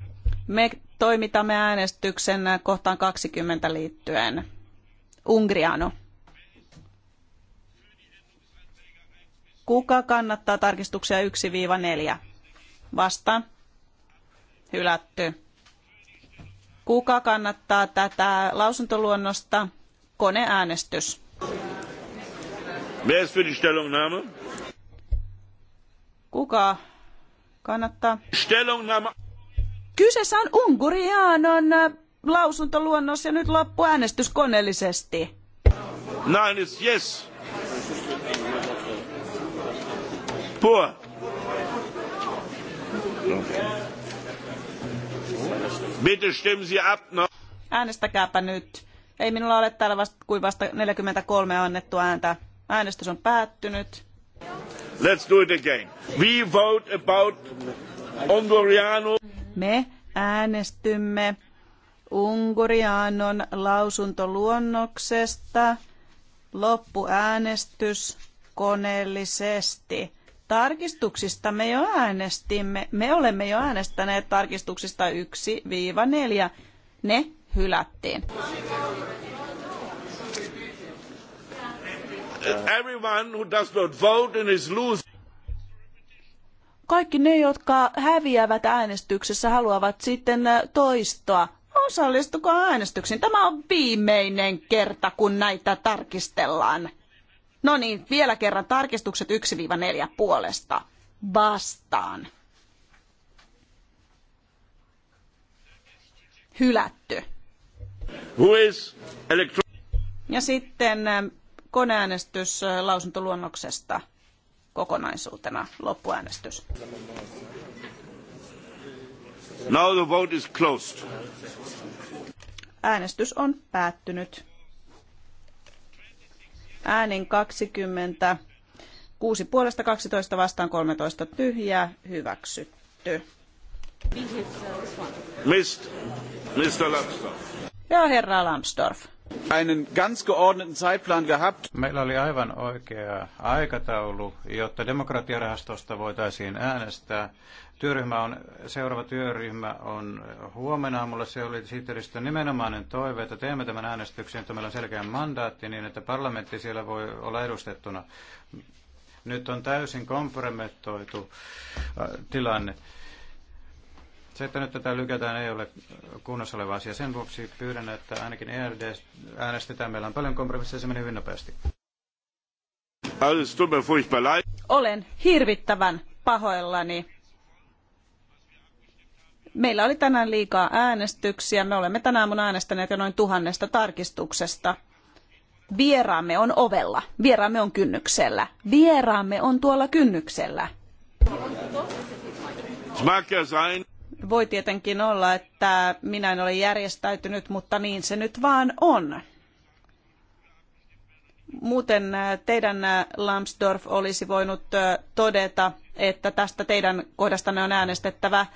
me toimitamme äänestyksen kohtaan 20 liittyen. Ungriano. Kuka kannattaa tarkistuksia 1-4? Vasta. Hylätty. Kuka kannattaa tätä lausuntoluonnosta? Koneäänestys. Kuka kannattaa? Stellungnahme. Kyseessä on Unkuriaanon äh, lausuntoluonnos ja nyt loppuäänestys koneellisesti. Nein ist yes. Pua. Bitte stimmen Sie ab. No. Äänestäkääpä nyt. Ei minulla ole täällä vasta, kuin vasta 43 annettua ääntä. Äänestys on päättynyt. Let's do it again. We vote about Ungoriano. Me äänestymme Unkuriaannon lausuntoluonnoksesta loppuäänestys koneellisesti. Tarkistuksista me jo äänestimme. Me olemme jo äänestäneet tarkistuksista 1-4. Ne hylättiin. Everyone who does not vote and is losing kaikki ne, jotka häviävät äänestyksessä, haluavat sitten toistoa. Osallistukaa äänestyksiin. Tämä on viimeinen kerta, kun näitä tarkistellaan. No niin, vielä kerran tarkistukset 1-4 puolesta. Vastaan. Hylätty. Who is ja sitten koneäänestys lausuntoluonnoksesta kokonaisuutena loppuäänestys. Now the vote is closed. Äänestys on päättynyt. Äänin 20, 6 puolesta 12 vastaan 13 tyhjää hyväksytty. Mist, Mr. Lambsdorff. Ja herra Lambsdorff einen ganz geordneten Zeitplan gehabt. Meillä oli aivan oikea aikataulu, jotta demokratiarahastosta voitaisiin äänestää. Työryhmä on, seuraava työryhmä on huomenna aamulla. Se oli sihteeristön nimenomainen toive, että teemme tämän äänestyksen, että meillä on selkeä mandaatti niin, että parlamentti siellä voi olla edustettuna. Nyt on täysin kompromettoitu äh, tilanne. Se, että nyt tätä lykätään, ei ole kunnossa oleva asia. Sen vuoksi pyydän, että ainakin ERD äänestetään. Meillä on paljon kompromisseja, se meni hyvin nopeasti. Olen hirvittävän pahoillani. Meillä oli tänään liikaa äänestyksiä. Me olemme tänään mun äänestäneet jo noin tuhannesta tarkistuksesta. Vieraamme on ovella. Vieraamme on kynnyksellä. Vieraamme on tuolla kynnyksellä. Es sain. Voi tietenkin olla, että minä en ole järjestäytynyt, mutta niin se nyt vaan on. Muuten äh, teidän äh, Lambsdorff olisi voinut äh, todeta, että tästä teidän kohdastanne on äänestettävä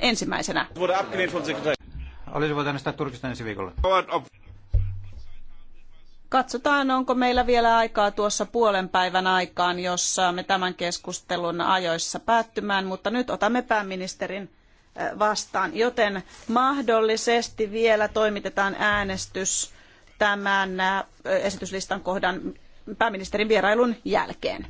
ensimmäisenä. Olisi voitu äänestää Turkista ensi viikolla. Katsotaan, onko meillä vielä aikaa tuossa puolen päivän aikaan, jossa me tämän keskustelun ajoissa päättymään, mutta nyt otamme pääministerin vastaan. Joten mahdollisesti vielä toimitetaan äänestys tämän esityslistan kohdan pääministerin vierailun jälkeen.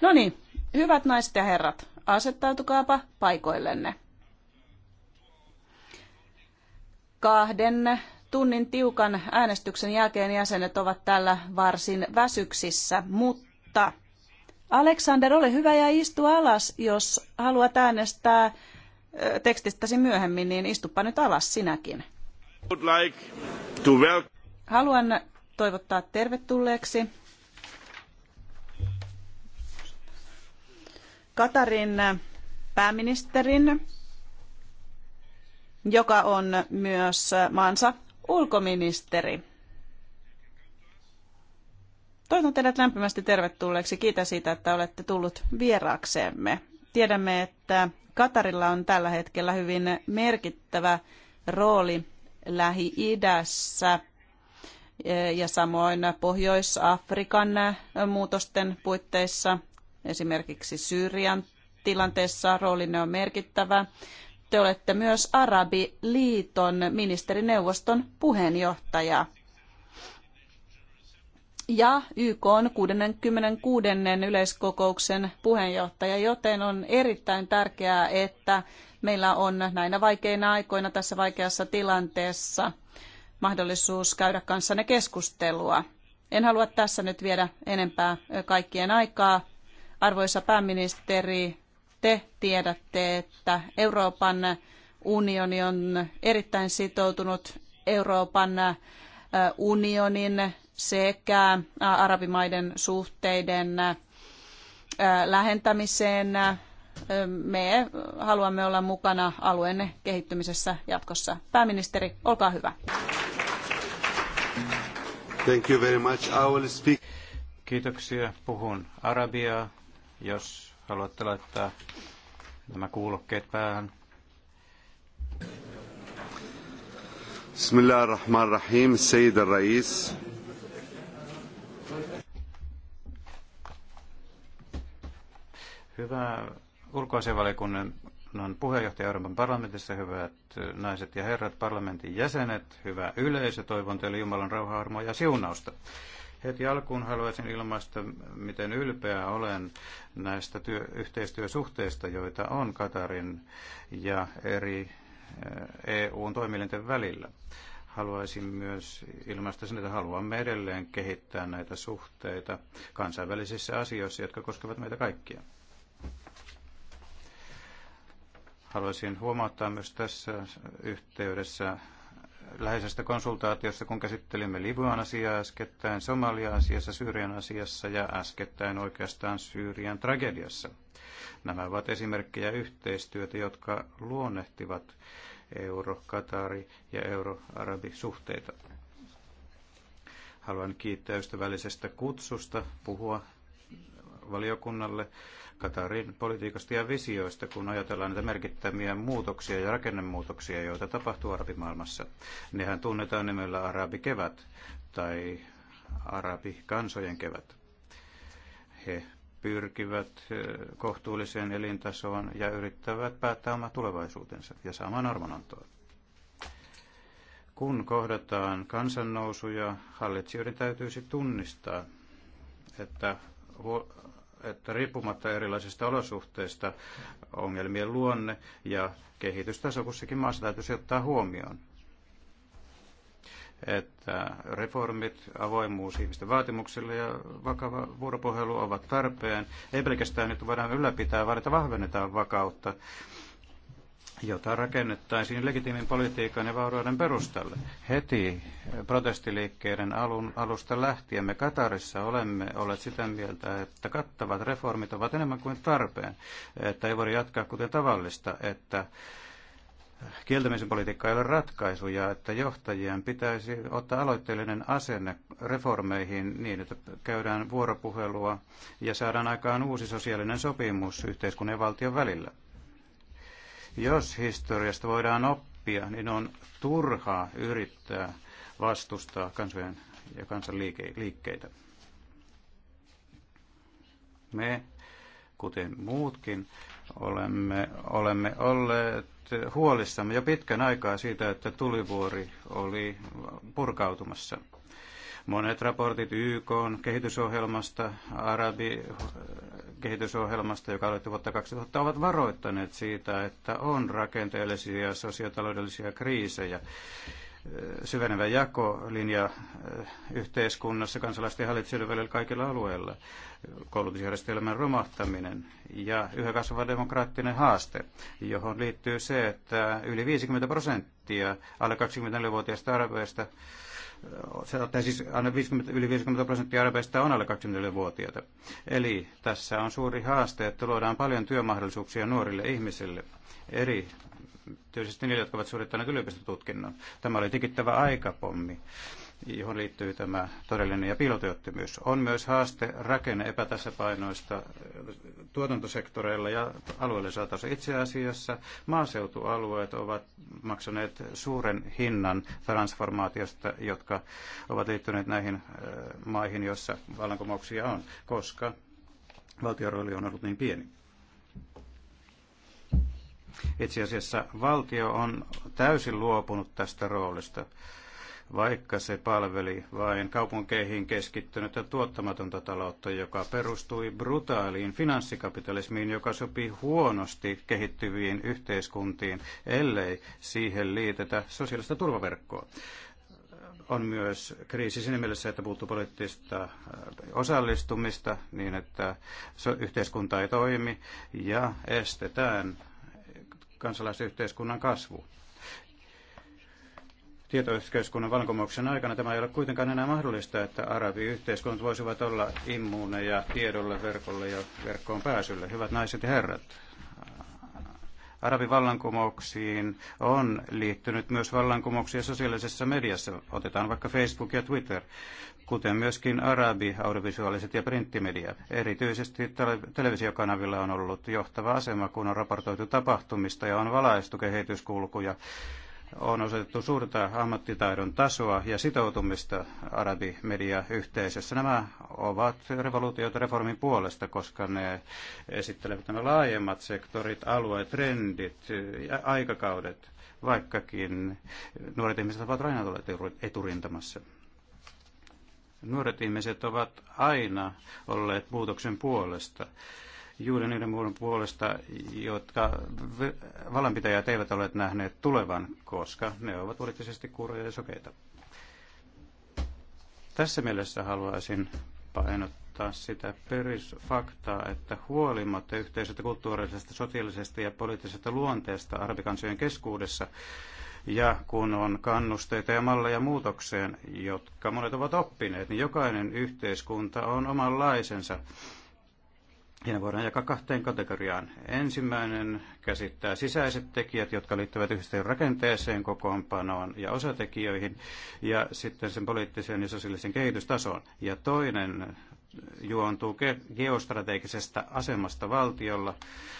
No niin, hyvät naiset ja herrat, asettautukaapa paikoillenne. Kahden tunnin tiukan äänestyksen jälkeen jäsenet ovat täällä varsin väsyksissä, mutta Alexander, ole hyvä ja istu alas, jos haluat äänestää tekstistäsi myöhemmin, niin istuppa nyt alas sinäkin. Haluan toivottaa tervetulleeksi Katarin pääministerin, joka on myös maansa ulkoministeri. Toivotan teidät lämpimästi tervetulleeksi. Kiitä siitä, että olette tullut vieraaksemme. Tiedämme, että Katarilla on tällä hetkellä hyvin merkittävä rooli Lähi-idässä ja samoin Pohjois-Afrikan muutosten puitteissa esimerkiksi Syyrian tilanteessa roolinne on merkittävä. Te olette myös Arabiliiton ministerineuvoston puheenjohtaja ja YK on 66. yleiskokouksen puheenjohtaja, joten on erittäin tärkeää, että meillä on näinä vaikeina aikoina tässä vaikeassa tilanteessa mahdollisuus käydä kanssanne keskustelua. En halua tässä nyt viedä enempää kaikkien aikaa. Arvoisa pääministeri, te tiedätte, että Euroopan unioni on erittäin sitoutunut Euroopan unionin sekä arabimaiden suhteiden lähentämiseen. Me haluamme olla mukana alueen kehittymisessä jatkossa. Pääministeri, olkaa hyvä. Thank you very much. I will speak. Kiitoksia. Puhun arabiaa jos haluatte laittaa nämä kuulokkeet päähän. بسم الله Rahim, الرحيم السيد الرئيس Hyvä ulkoasianvaliokunnan puheenjohtaja Euroopan parlamentissa, hyvät naiset ja herrat, parlamentin jäsenet, hyvä yleisö, toivon teille Jumalan rauhaa, armoa ja siunausta. Heti alkuun haluaisin ilmaista, miten ylpeä olen näistä työ- yhteistyösuhteista, joita on Katarin ja eri EUn eh, e toimielinten välillä. Haluaisin myös ilmaista sen, että haluamme edelleen kehittää näitä suhteita kansainvälisissä asioissa, jotka koskevat meitä kaikkia. Haluaisin huomauttaa myös tässä yhteydessä läheisestä konsultaatiossa, kun käsittelimme Libyan asiaa äskettäin, Somalia-asiassa, Syyrian asiassa ja äskettäin oikeastaan Syyrian tragediassa. Nämä ovat esimerkkejä yhteistyötä, jotka luonnehtivat euro-Katari- ja euro-Arabi-suhteita. Haluan kiittää ystävällisestä kutsusta puhua valiokunnalle Katarin politiikasta ja visioista, kun ajatellaan näitä merkittäviä muutoksia ja rakennemuutoksia, joita tapahtuu arabimaailmassa. Nehän tunnetaan nimellä arabikevät tai arabikansojen kevät. He pyrkivät eh, kohtuulliseen elintasoon ja yrittävät päättää oma tulevaisuutensa ja saamaan armonantoa. Kun kohdataan kansannousuja, hallitsijoiden täytyisi tunnistaa, että että riippumatta erilaisista olosuhteista ongelmien luonne ja kehitystaso kussakin maassa täytyisi ottaa huomioon. Että reformit, avoimuus ihmisten vaatimuksille ja vakava vuoropuhelu ovat tarpeen. Ei pelkästään, että voidaan ylläpitää, vaan että vahvennetaan vakautta jota rakennettaisiin legitiimin politiikan ja vaurauden perustalle. Heti protestiliikkeiden alun, alusta lähtien me Katarissa olemme olleet sitä mieltä, että kattavat reformit ovat enemmän kuin tarpeen, että ei voi jatkaa kuten tavallista, että kieltämisen politiikka ei ole ratkaisu ja että johtajien pitäisi ottaa aloitteellinen asenne reformeihin niin, että käydään vuoropuhelua ja saadaan aikaan uusi sosiaalinen sopimus yhteiskunnan ja valtion välillä jos historiasta voidaan oppia, niin on turhaa yrittää vastustaa kansojen ja kansan liikkeitä. Me, kuten muutkin, olemme, olemme olleet huolissamme jo pitkän aikaa siitä, että tulivuori oli purkautumassa. Monet raportit YK kehitysohjelmasta, arabi kehitysohjelmasta, joka aloitti vuotta 2000, ovat varoittaneet siitä, että on rakenteellisia sosiotaloudellisia kriisejä syvenevä jakolinja äh, yhteiskunnassa kansalaisten ja hallitsijoiden välillä kaikilla alueilla, koulutusjärjestelmän romahtaminen ja yhä kasvava demokraattinen haaste, johon liittyy se, että yli 50 prosenttia alle 24-vuotiaista arveista se ottaa siis aina 50, yli 50 prosenttia arabeista on alle 24-vuotiaita. Eli tässä on suuri haaste, että luodaan paljon työmahdollisuuksia nuorille ihmisille eri tietysti niille, jotka ovat suorittaneet yliopistotutkinnon. Tämä oli tikittävä aikapommi johon liittyy tämä todellinen ja piilotyöttömyys. On myös haaste rakenne epätasapainoista tuotantosektoreilla ja alueellisella tasolla. Itse asiassa maaseutualueet ovat maksaneet suuren hinnan transformaatiosta, jotka ovat liittyneet näihin äh, maihin, joissa vallankumouksia on, koska valtion rooli on ollut niin pieni. Itse asiassa valtio on täysin luopunut tästä roolista vaikka se palveli vain kaupunkeihin keskittynyttä tuottamatonta taloutta, joka perustui brutaaliin finanssikapitalismiin, joka sopii huonosti kehittyviin yhteiskuntiin, ellei siihen liitetä sosiaalista turvaverkkoa on myös kriisi siinä mielessä, että puuttuu poliittista äh, osallistumista niin, että yhteiskunta ei toimi ja estetään kansalaisyhteiskunnan kasvu tietoyhteiskunnan vallankumouksen aikana tämä ei ole kuitenkaan enää mahdollista, että arabiyhteiskunnat voisivat olla immuuneja tiedolle, verkolle ja verkkoon pääsylle. Hyvät naiset ja herrat, arabivallankumouksiin on liittynyt myös vallankumouksia sosiaalisessa mediassa, otetaan vaikka Facebook ja Twitter, kuten myöskin arabi, audiovisuaaliset ja printtimedia. Erityisesti tele- televisiokanavilla on ollut johtava asema, kun on raportoitu tapahtumista ja on valaistu kehityskulkuja on osoitettu suurta ammattitaidon tasoa ja sitoutumista arabimediayhteisössä. Nämä ovat revoluutioita reformin puolesta, koska ne esittelevät nämä laajemmat sektorit, alueet, trendit, aikakaudet, vaikkakin nuoret ihmiset ovat aina olleet eturintamassa. Nuoret ihmiset ovat aina olleet muutoksen puolesta juuri niiden muodon puolesta, jotka vallanpitäjät eivät ole nähneet tulevan, koska ne ovat poliittisesti kuuroja ja sokeita. Tässä mielessä haluaisin painottaa sitä perusfaktaa, että huolimatta yhteisestä kulttuurisesta, sotilisesta ja poliittisesta luonteesta arabikansojen keskuudessa, ja kun on kannusteita ja malleja muutokseen, jotka monet ovat oppineet, niin jokainen yhteiskunta on omanlaisensa ja ne voidaan jakaa kahteen kategoriaan. Ensimmäinen käsittää sisäiset tekijät, jotka liittyvät yhteen rakenteeseen, kokoonpanoon ja osatekijöihin, ja sitten sen poliittiseen ja sosiaalisen kehitystasoon. Ja toinen juontuu geostrategisesta asemasta valtiolla,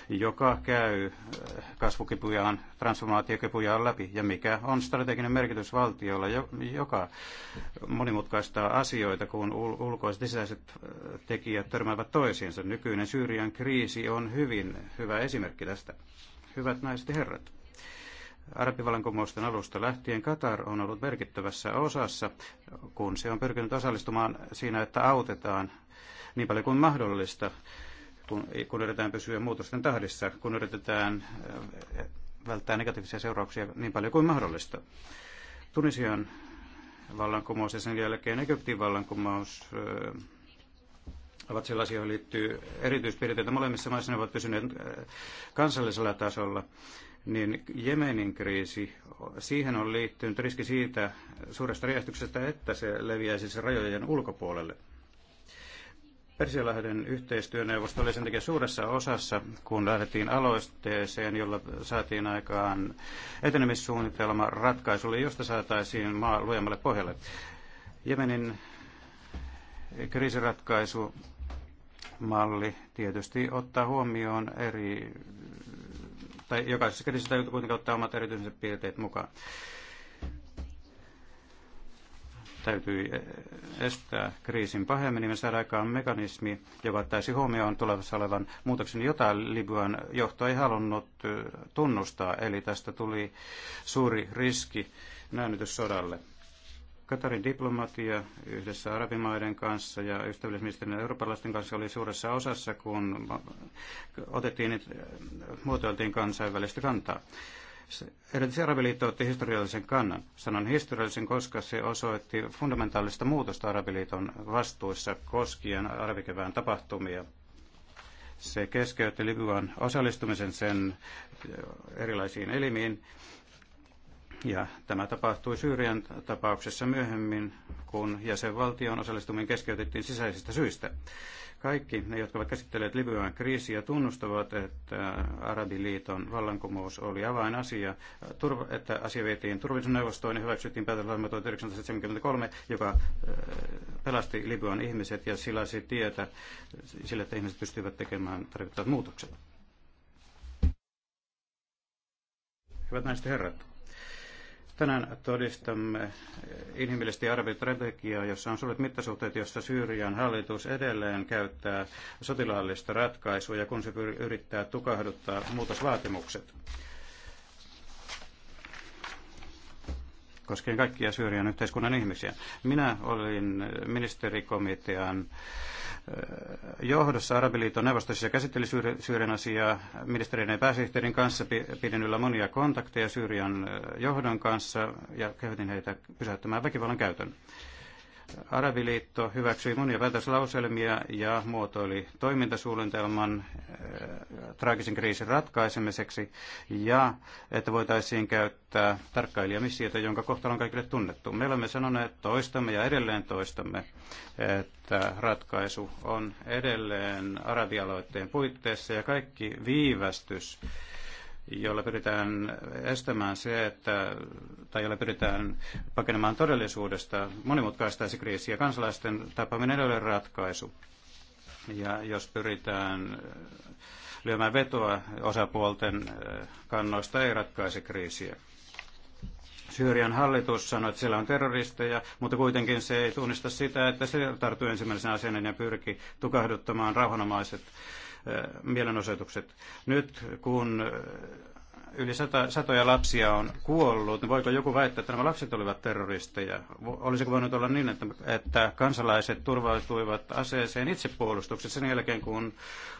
joka käy äh, kasvukipujaan, transformaatiokipujaan läpi, ja mikä on strateginen merkitys valtiolla, joka monimutkaistaa asioita, kun ulkoiset sisäiset äh, tekijät törmäävät toisiinsa. Nykyinen Syyrian kriisi on hyvin hyvä esimerkki tästä. Hyvät naiset ja herrat. Arabivallankumousten alusta lähtien Katar on ollut merkittävässä osassa, kun se on pyrkinyt osallistumaan siinä, että autetaan niin paljon kuin mahdollista, kun, kun yritetään pysyä muutosten tahdissa, kun yritetään eh, välttää negatiivisia seurauksia niin paljon kuin mahdollista. Tunisian vallankumous ja sen jälkeen Egyptin vallankumous eh, ovat sellaisia, joihin liittyy erityispiirteitä. Molemmissa maissa ne ovat pysyneet eh, kansallisella tasolla niin Jemenin kriisi, siihen on liittynyt riski siitä suuresta räjähdyksestä, että se leviäisi se rajojen ulkopuolelle. Persialahden yhteistyöneuvosto oli sen takia suuressa osassa, kun lähdettiin aloitteeseen, jolla saatiin aikaan etenemissuunnitelma ratkaisulle, josta saataisiin maa lujemmalle pohjalle. Jemenin kriisiratkaisumalli tietysti ottaa huomioon eri tai jokaisessa kädessä täytyy kuitenkin ottaa omat erityiset piirteet mukaan. Täytyy eh, estää kriisin pahemmin, niin saadaan aikaan mekanismi, joka ottaisi huomioon tulevassa olevan muutoksen, jota Libyan johto ei halunnut eh, tunnustaa. Eli tästä tuli suuri riski näännytyssodalle. Katarin diplomatia yhdessä arabimaiden kanssa ja ystävällisministeriön eurooppalaisten kanssa oli suuressa osassa, kun otettiin, muotoiltiin kansainvälistä kantaa. Erityisesti Arabiliitto otti historiallisen kannan. Sanon historiallisen, koska se osoitti fundamentaalista muutosta Arabiliiton vastuissa koskien arabikevään tapahtumia. Se keskeytti Libyan osallistumisen sen erilaisiin elimiin ja tämä tapahtui Syyrian tapauksessa myöhemmin, kun jäsenvaltion osallistuminen keskeytettiin sisäisistä syistä. Kaikki ne, jotka ovat käsitelleet Libyan kriisiä, tunnustavat, että Arabiliiton vallankumous oli avainasia, että asia vietiin turvallisuusneuvostoon ja hyväksyttiin päätöslaima 1973, joka äh, pelasti Libyan ihmiset ja silasi tietä sille, että ihmiset pystyivät tekemään tarvittavat muutokset. Hyvät naiset ja herrat, Tänään todistamme inhimillisesti arviotrategiaa, jossa on suuret mittasuhteet, jossa Syyrian hallitus edelleen käyttää sotilaallista ratkaisua ja kun se yrittää tukahduttaa muutosvaatimukset. koskien kaikkia Syyrian yhteiskunnan ihmisiä. Minä olin ministerikomitean johdossa Arabiliiton neuvostossa ja käsitteli Syyrian asiaa ministerin ja pääsihteerin kanssa. Pidin yllä monia kontakteja Syyrian johdon kanssa ja kehotin heitä pysäyttämään väkivallan käytön. Arabiliitto hyväksyi monia päätöslauselmia ja muotoili toimintasuunnitelman äh, traagisen kriisin ratkaisemiseksi ja että voitaisiin käyttää tarkkailijamissiota, jonka kohtalo on kaikille tunnettu. Me olemme sanoneet toistamme ja edelleen toistamme, että ratkaisu on edelleen arabialoitteen puitteissa ja kaikki viivästys jolla pyritään estämään se, että, tai jolla pyritään pakenemaan todellisuudesta, kriisi ja Kansalaisten tapaaminen ei ole ratkaisu. Ja jos pyritään lyömään vetoa osapuolten eh, kannoista, ei ratkaise kriisiä. Syyrian hallitus sanoi, että siellä on terroristeja, mutta kuitenkin se ei tunnista sitä, että se tarttuu ensimmäisenä asiana ja pyrki tukahduttamaan rauhanomaiset mielenosoitukset. Nyt kun yli sata, satoja lapsia on kuollut, niin voiko joku väittää, että nämä lapset olivat terroristeja? Olisiko voinut olla niin, että, että kansalaiset turvautuivat aseeseen itsepuolustuksen sen jälkeen, kun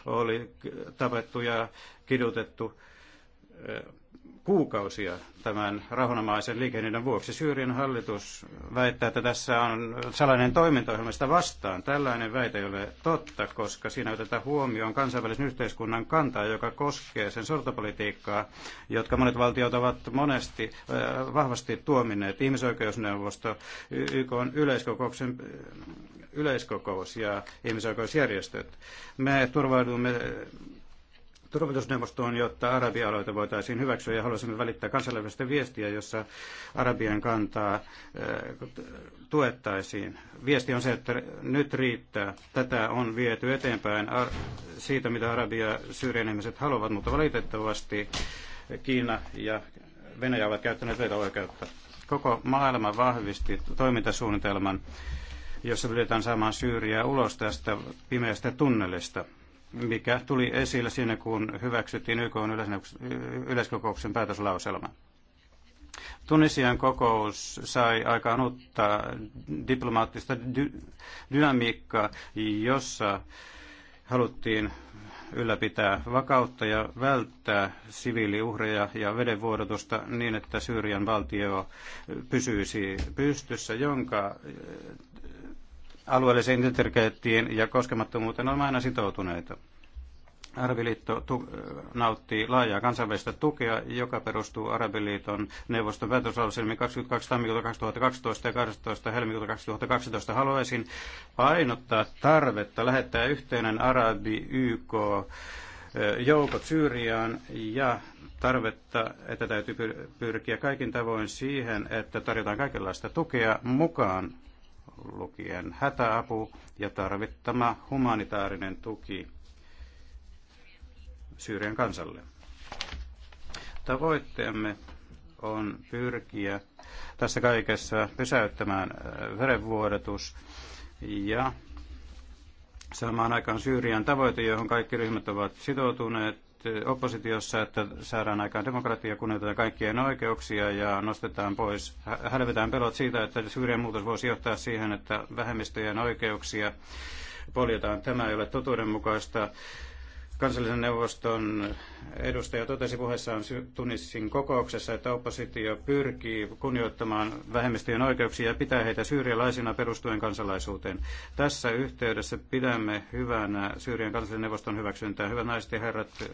oli tapettu ja kidutettu kuukausia tämän rauhanomaisen liikennöiden vuoksi. Syyrian hallitus väittää, että tässä on salainen toimintaohjelma sitä vastaan. Tällainen väite ei ole totta, koska siinä otetaan huomioon kansainvälisen yhteiskunnan kantaa, joka koskee sen sortopolitiikkaa, jotka monet valtiot ovat monesti äh, vahvasti tuomineet. Ihmisoikeusneuvosto, YK on yleiskokouksen yleiskokous ja ihmisoikeusjärjestöt. Me turvaudumme turvallisuusneuvostoon, jotta Arabia-aloite voitaisiin hyväksyä ja haluaisimme välittää kansainvälistä viestiä, jossa Arabian kantaa äh, tuettaisiin. Viesti on se, että nyt riittää. Tätä on viety eteenpäin siitä, mitä Arabia Syyrian ihmiset haluavat, mutta valitettavasti Kiina ja Venäjä ovat käyttäneet veto-oikeutta. Koko maailma vahvisti toimintasuunnitelman jossa pyritään saamaan Syyriä ulos tästä pimeästä tunnelista mikä tuli esille siinä, kun hyväksyttiin YK yleiskokouksen päätöslauselma. Tunisian kokous sai aikaan uutta diplomaattista dy- dynamiikkaa, jossa haluttiin ylläpitää vakautta ja välttää siviiliuhreja ja vedenvuodotusta niin, että Syyrian valtio pysyisi pystyssä, jonka Alueellisen integriteettiin ja koskemattomuuteen olemme aina sitoutuneita. Arabiliitto tu- nauttii laajaa kansainvälistä tukea, joka perustuu Arabiliiton neuvoston päätöslauselmiin 22. tammikuuta 2012 ja 12. helmikuuta 2012. Haluaisin painottaa tarvetta lähettää yhteinen Arabi YK joukot Syyriaan ja tarvetta, että täytyy pyrkiä kaikin tavoin siihen, että tarjotaan kaikenlaista tukea mukaan lukien hätäapu ja tarvittama humanitaarinen tuki Syyrian kansalle. Tavoitteemme on pyrkiä tässä kaikessa pysäyttämään äh, verenvuodatus ja samaan aikaan Syyrian tavoite, johon kaikki ryhmät ovat sitoutuneet, Eh, oppositiossa, että saadaan aikaan demokratia, kunnioitetaan kaikkien oikeuksia ja nostetaan pois, hälvetään pelot siitä, että Syyrian muutos voisi johtaa siihen, että vähemmistöjen oikeuksia poljetaan. Tämä ei ole totuudenmukaista Kansallisen neuvoston edustaja totesi puheessaan Tunisin kokouksessa, että oppositio pyrkii kunnioittamaan vähemmistöjen oikeuksia ja pitää heitä syyrialaisina perustuen kansalaisuuteen. Tässä yhteydessä pidämme hyvänä Syyrian kansallisen neuvoston hyväksyntää. Hyvät naiset ja herrat,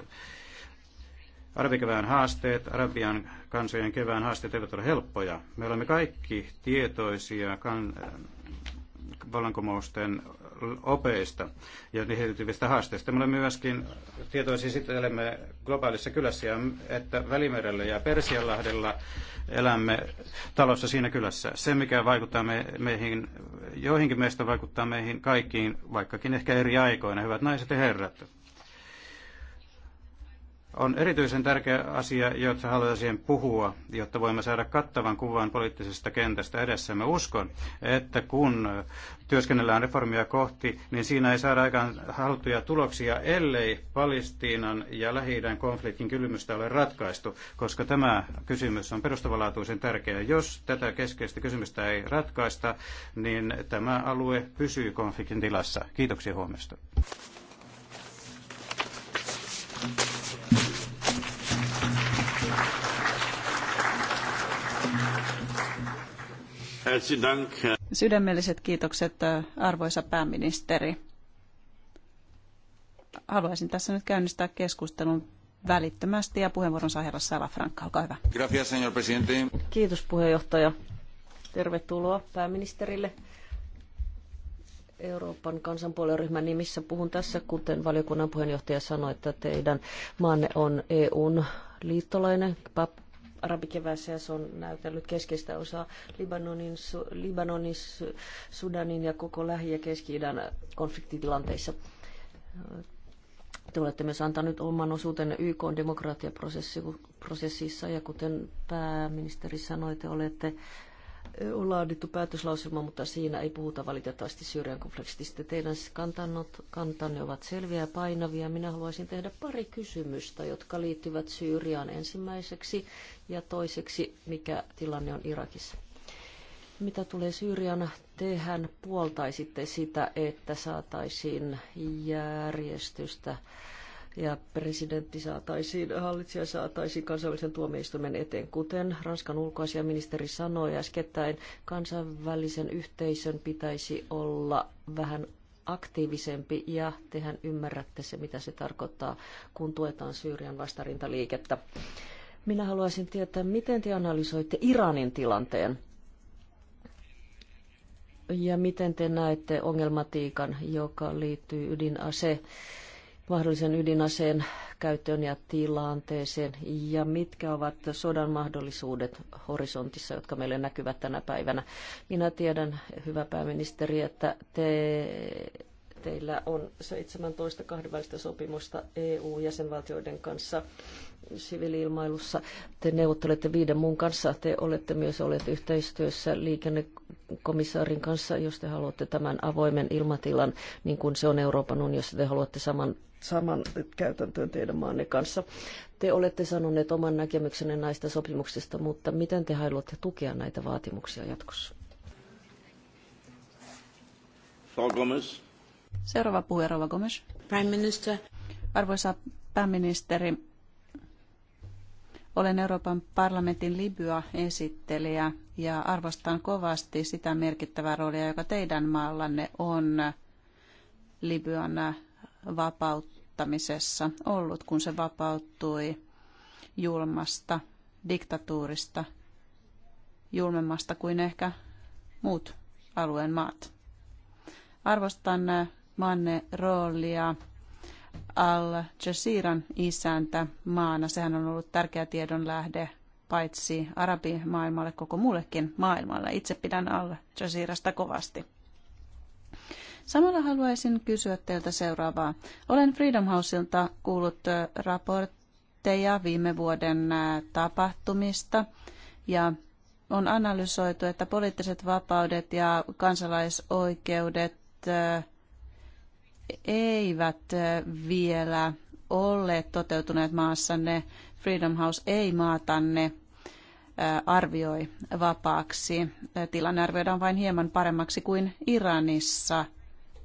Arabikevään haasteet, Arabian kansojen kevään haasteet eivät ole helppoja. Me olemme kaikki tietoisia kan- vallankumousten opeista ja niihin liittyvistä haasteista. Me olemme myöskin tietoisia siitä, että globaalissa kylässä että Välimerellä ja Persianlahdella elämme talossa siinä kylässä. Se, mikä vaikuttaa me, meihin, joihinkin meistä vaikuttaa meihin kaikkiin, vaikkakin ehkä eri aikoina, hyvät naiset ja herrat on erityisen tärkeä asia, jotta haluaisin puhua, jotta voimme saada kattavan kuvan poliittisesta kentästä edessämme. Uskon, että kun työskennellään reformia kohti, niin siinä ei saada aikaan haluttuja tuloksia, ellei Palestiinan ja lähi konfliktin kylmystä ole ratkaistu, koska tämä kysymys on perustavanlaatuisen tärkeä. Jos tätä keskeistä kysymystä ei ratkaista, niin tämä alue pysyy konfliktin tilassa. Kiitoksia huomiosta. Sydämelliset kiitokset, äh, arvoisa pääministeri. Haluaisin tässä nyt käynnistää keskustelun välittömästi ja puheenvuoron saa herra Salafranca. Olkaa hyvä. Gracias, señor presidente. Kiitos puheenjohtaja. Tervetuloa pääministerille. Euroopan kansanpuolueryhmän nimissä puhun tässä, kuten valiokunnan puheenjohtaja sanoi, että teidän maanne on EUn liittolainen, arabikeväässä ja se on näytellyt keskeistä osaa Libanonin, Su, Libanonin Sudanin ja koko Lähi- ja Keski-idän konfliktitilanteissa. Te olette myös antanut oman osuutenne YK demokratiaprosessissa ja kuten pääministeri sanoi, te olette on laadittu päätöslauselma, mutta siinä ei puhuta valitettavasti Syyrian konfliktista. Teidän kantannot, kantanne ovat selviä ja painavia. Minä haluaisin tehdä pari kysymystä, jotka liittyvät Syyriaan ensimmäiseksi ja toiseksi, mikä tilanne on Irakissa. Mitä tulee Syyrian, tehän puoltaisitte sitä, että saataisiin järjestystä ja presidentti saataisiin, hallitsija saataisiin kansainvälisen tuomioistuimen eteen. Kuten Ranskan ulkoasiaministeri sanoi äskettäin, kansainvälisen yhteisön pitäisi olla vähän aktiivisempi ja tehän ymmärrätte se, mitä se tarkoittaa, kun tuetaan Syyrian vastarintaliikettä. Minä haluaisin tietää, miten te analysoitte Iranin tilanteen? Ja miten te näette ongelmatiikan, joka liittyy ydinase mahdollisen ydinaseen käyttöön ja tilanteeseen ja mitkä ovat sodan mahdollisuudet horisontissa, jotka meille näkyvät tänä päivänä. Minä tiedän, hyvä pääministeri, että te, teillä on 17 kahdenvälistä sopimusta EU-jäsenvaltioiden kanssa siviiliilmailussa. Te neuvottelette viiden muun kanssa. Te olette myös olleet yhteistyössä liikennekomissaarin kanssa, jos te haluatte tämän avoimen ilmatilan, niin kuin se on Euroopan unionissa. Te haluatte saman saman käytäntöön teidän maanne kanssa. Te olette sanoneet oman näkemyksenne näistä sopimuksista, mutta miten te haluatte tukea näitä vaatimuksia jatkossa? Seuraava puhuja, Rova Gomes. Prime Minister. Arvoisa pääministeri, olen Euroopan parlamentin Libya-esittelijä ja arvostan kovasti sitä merkittävää roolia, joka teidän maallanne on Libyan vapauttamisessa ollut, kun se vapauttui julmasta diktatuurista, julmemmasta kuin ehkä muut alueen maat. Arvostan manne roolia Al-Jazeeran isäntä maana. Sehän on ollut tärkeä tiedonlähde paitsi arabimaailmalle, koko muullekin maailmalle. Itse pidän Al-Jazeerasta kovasti. Samalla haluaisin kysyä teiltä seuraavaa. Olen Freedom Houseilta kuullut äh, raportteja viime vuoden äh, tapahtumista ja on analysoitu, että poliittiset vapaudet ja kansalaisoikeudet äh, eivät vielä ole toteutuneet maassanne. Freedom House ei maatanne arvioi vapaaksi. Tilanne arvioidaan vain hieman paremmaksi kuin Iranissa –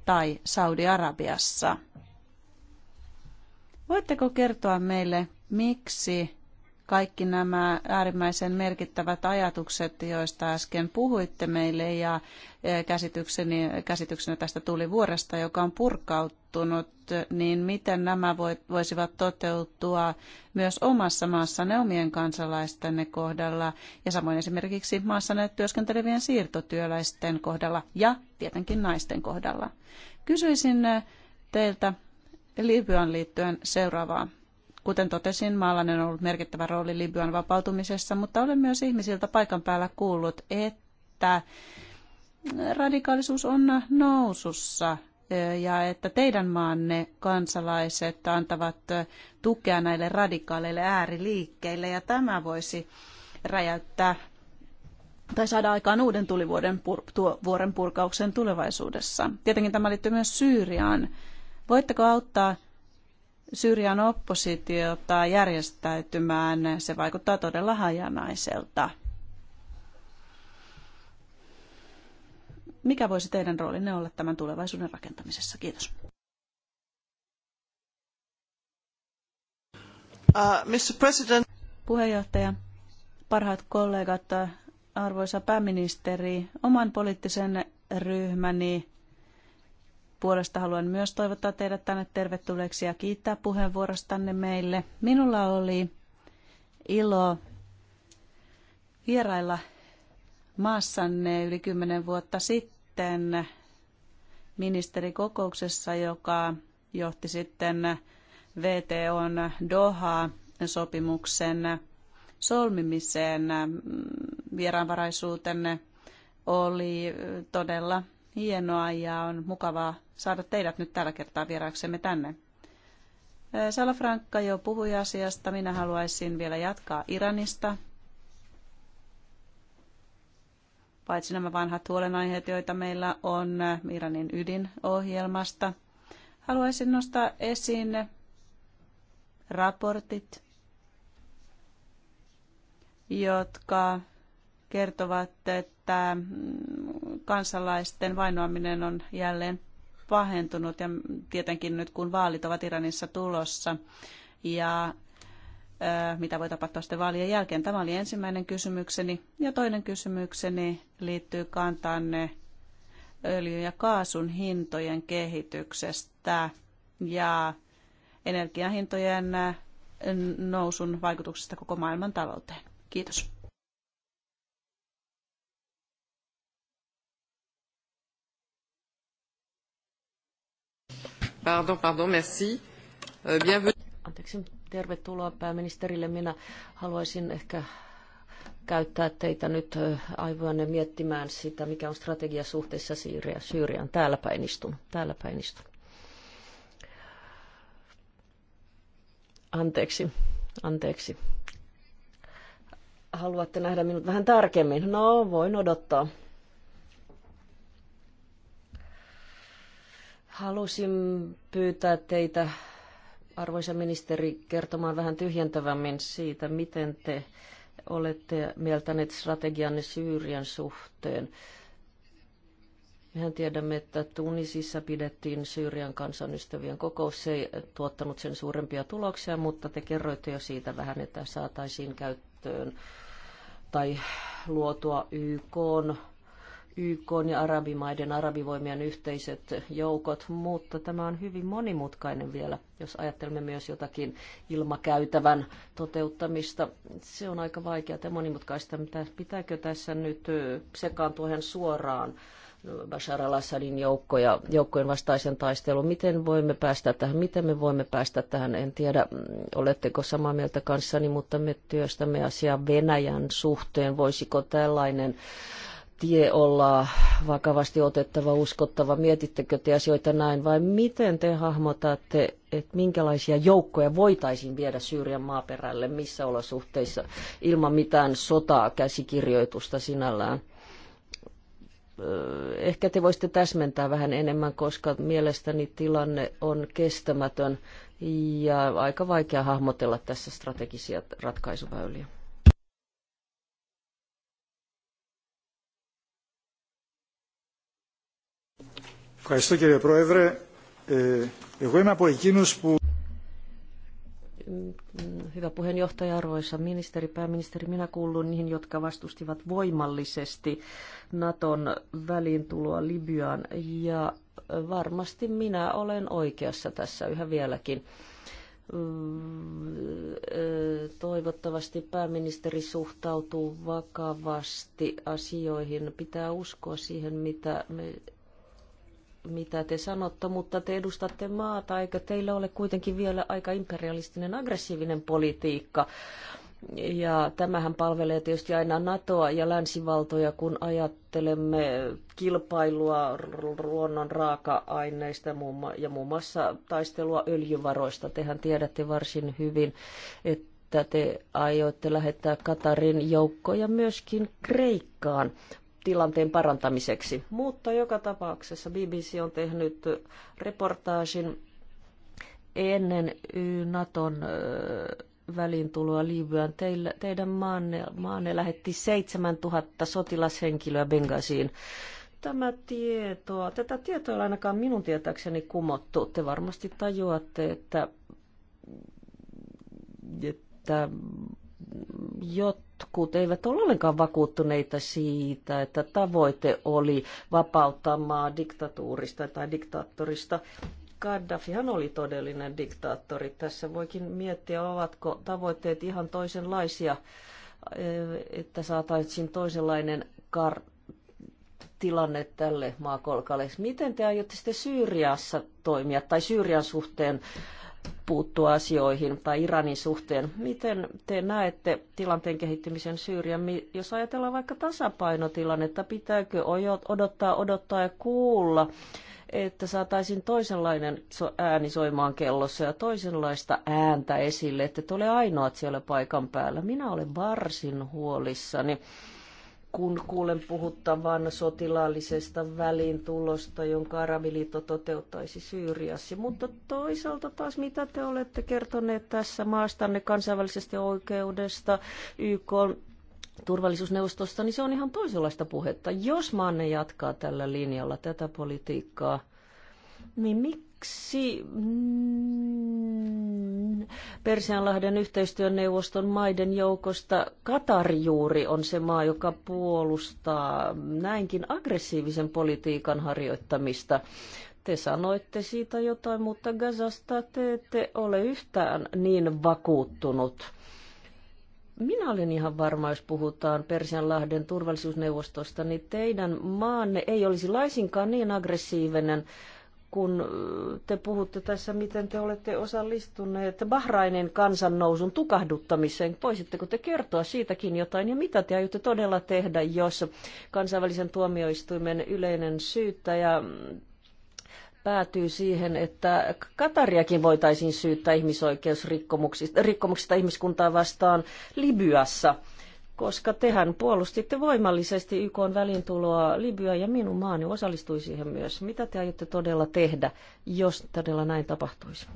tai Saudi-Arabiassa. Voitteko kertoa meille, miksi kaikki nämä äärimmäisen merkittävät ajatukset, joista äsken puhuitte meille ja e, käsitykseni, käsityksenä tästä tuli vuoresta, joka on purkautunut, niin miten nämä voisivat toteutua myös omassa maassanne omien kansalaistenne kohdalla ja samoin esimerkiksi maassanne työskentelevien siirtotyöläisten kohdalla ja tietenkin naisten kohdalla. Kysyisin e, teiltä Libyan liittyen seuraavaa Kuten totesin, maalainen on ollut merkittävä rooli Libyan vapautumisessa, mutta olen myös ihmisiltä paikan päällä kuullut, että radikaalisuus on nousussa ja että teidän maanne kansalaiset antavat tukea näille radikaaleille ääriliikkeille ja tämä voisi räjäyttää tai saada aikaan uuden tulivuoden pur, tuo, vuoren purkauksen tulevaisuudessa. Tietenkin tämä liittyy myös Syyriaan. Voitteko auttaa Syyrian oppositiota järjestäytymään, se vaikuttaa todella hajanaiselta. Mikä voisi teidän roolinne olla tämän tulevaisuuden rakentamisessa? Kiitos. Uh, Mr. President. Puheenjohtaja, parhaat kollegat, arvoisa pääministeri, oman poliittisen ryhmäni puolesta haluan myös toivottaa teidät tänne tervetulleeksi ja kiittää puheenvuorostanne meille. Minulla oli ilo vierailla maassanne yli kymmenen vuotta sitten ministerikokouksessa, joka johti sitten VTOn Doha-sopimuksen solmimiseen. Vieraanvaraisuutenne oli todella hienoa ja on mukavaa saada teidät nyt tällä kertaa vieraaksemme tänne. Frankka jo puhui asiasta. Minä haluaisin vielä jatkaa Iranista. Paitsi nämä vanhat huolenaiheet, joita meillä on Iranin ydinohjelmasta. Haluaisin nostaa esiin raportit, jotka kertovat, että mm, kansalaisten vainoaminen on jälleen pahentunut ja tietenkin nyt kun vaalit ovat Iranissa tulossa ja mitä voi tapahtua sitten vaalien jälkeen. Tämä oli ensimmäinen kysymykseni. Ja toinen kysymykseni liittyy kantaanne öljyn ja kaasun hintojen kehityksestä ja energiahintojen nousun vaikutuksesta koko maailman talouteen. Kiitos. Pardon, pardon, merci. Euh, bienvenue. Anteeksi, tervetuloa pääministerille. Minä haluaisin ehkä käyttää teitä nyt aivoanne miettimään sitä, mikä on strategia suhteessa Syyriaan. Syyriaan. Täällä päin istun. Täällä päin istun. Anteeksi, anteeksi. Haluatte nähdä minut vähän tarkemmin? No, voin odottaa. Halusin pyytää teitä, arvoisa ministeri, kertomaan vähän tyhjentävämmin siitä, miten te olette mieltäneet strategianne Syyrian suhteen. Mehän tiedämme, että Tunisissa pidettiin Syyrian kansanystävien kokous. Se ei tuottanut sen suurempia tuloksia, mutta te kerroitte jo siitä vähän, että saataisiin käyttöön tai luotua YK YK ja arabimaiden, arabivoimien yhteiset joukot, mutta tämä on hyvin monimutkainen vielä, jos ajattelemme myös jotakin ilmakäytävän toteuttamista. Se on aika vaikeaa ja monimutkaista. Pitääkö tässä nyt sekaantua ihan suoraan? No, Bashar al-Assadin joukkoja, joukkojen vastaisen taistelun. Miten voimme päästä tähän? Miten me voimme päästä tähän? En tiedä, mm, oletteko samaa mieltä kanssani, mutta me työstämme asiaa Venäjän suhteen. Voisiko tällainen tie olla vakavasti otettava, uskottava? Mietittekö te asioita näin vai miten te hahmotatte, että minkälaisia joukkoja voitaisiin viedä Syyrian maaperälle, missä olosuhteissa, ilman mitään sotaa käsikirjoitusta sinällään? Öö, ehkä te voisitte täsmentää vähän enemmän, koska mielestäni tilanne on kestämätön ja aika vaikea hahmotella tässä strategisia ratkaisuväyliä. Ευχαριστώ κύριε Πρόεδρε. εγώ είμαι από εκείνους που... Hyvä puheenjohtaja, arvoisa ministeri, pääministeri, minä kuulun niihin, jotka vastustivat voimallisesti Naton väliintuloa Libyaan ja varmasti minä olen oikeassa tässä yhä vieläkin toivottavasti pääministeri suhtautuu vakavasti asioihin. Pitää uskoa siihen, mitä me mitä te sanotte, mutta te edustatte maata, eikö teillä ole kuitenkin vielä aika imperialistinen, aggressiivinen politiikka. Ja tämähän palvelee tietysti aina NATOa ja länsivaltoja, kun ajattelemme kilpailua luonnon raaka-aineista ja muun muassa taistelua öljyvaroista. Tehän tiedätte varsin hyvin, että te aiotte lähettää Katarin joukkoja myöskin Kreikkaan tilanteen parantamiseksi. Mutta joka tapauksessa BBC on tehnyt reportaasin ennen Naton välintuloa Libyaan. teidän maanne, maanne lähetti 7000 sotilashenkilöä Bengasiin. Tämä tietoa, tätä tietoa ei ainakaan minun tietääkseni kumottu. Te varmasti tajuatte, että, että jotkut eivät ole ollenkaan vakuuttuneita siitä, että tavoite oli vapauttaa maa diktatuurista tai diktaattorista. Gaddafihan oli todellinen diktaattori. Tässä voikin miettiä, ovatko tavoitteet ihan toisenlaisia, että saataisiin toisenlainen kar- tilanne tälle maakolkalle. Miten te aiotte sitten Syyriassa toimia tai Syyrian suhteen puuttua asioihin tai Iranin suhteen. Miten te näette tilanteen kehittymisen Syyrian, jos ajatellaan vaikka tasapainotilannetta, pitääkö odottaa, odottaa ja kuulla, että saataisiin toisenlainen ääni soimaan kellossa ja toisenlaista ääntä esille, että te ole ainoat siellä paikan päällä. Minä olen varsin huolissani kun kuulen puhuttavan sotilaallisesta väliintulosta, jonka Arabiliitto toteuttaisi Syyriassa. Mutta toisaalta taas, mitä te olette kertoneet tässä maastanne kansainvälisestä oikeudesta, YK turvallisuusneuvostosta, niin se on ihan toisenlaista puhetta. Jos maanne jatkaa tällä linjalla tätä politiikkaa, niin mikä miksi mm, Persianlahden yhteistyöneuvoston maiden joukosta Katar juuri on se maa, joka puolustaa näinkin aggressiivisen politiikan harjoittamista? Te sanoitte siitä jotain, mutta Gazasta te ette ole yhtään niin vakuuttunut. Minä olen ihan varma, jos puhutaan Persianlahden turvallisuusneuvostosta, niin teidän maanne ei olisi laisinkaan niin aggressiivinen kun te puhutte tässä, miten te olette osallistuneet Bahrainin kansannousun tukahduttamiseen. Voisitteko te kertoa siitäkin jotain ja mitä te aiotte todella tehdä, jos kansainvälisen tuomioistuimen yleinen syyttäjä päätyy siihen, että Katariakin voitaisiin syyttää ihmisoikeusrikkomuksista rikkomuksista ihmiskuntaa vastaan Libyassa – koska tehän puolustitte voimallisesti YK välintuloa Libya ja minun maani osallistui siihen myös. Mitä te aiotte todella tehdä, jos todella näin tapahtuisi?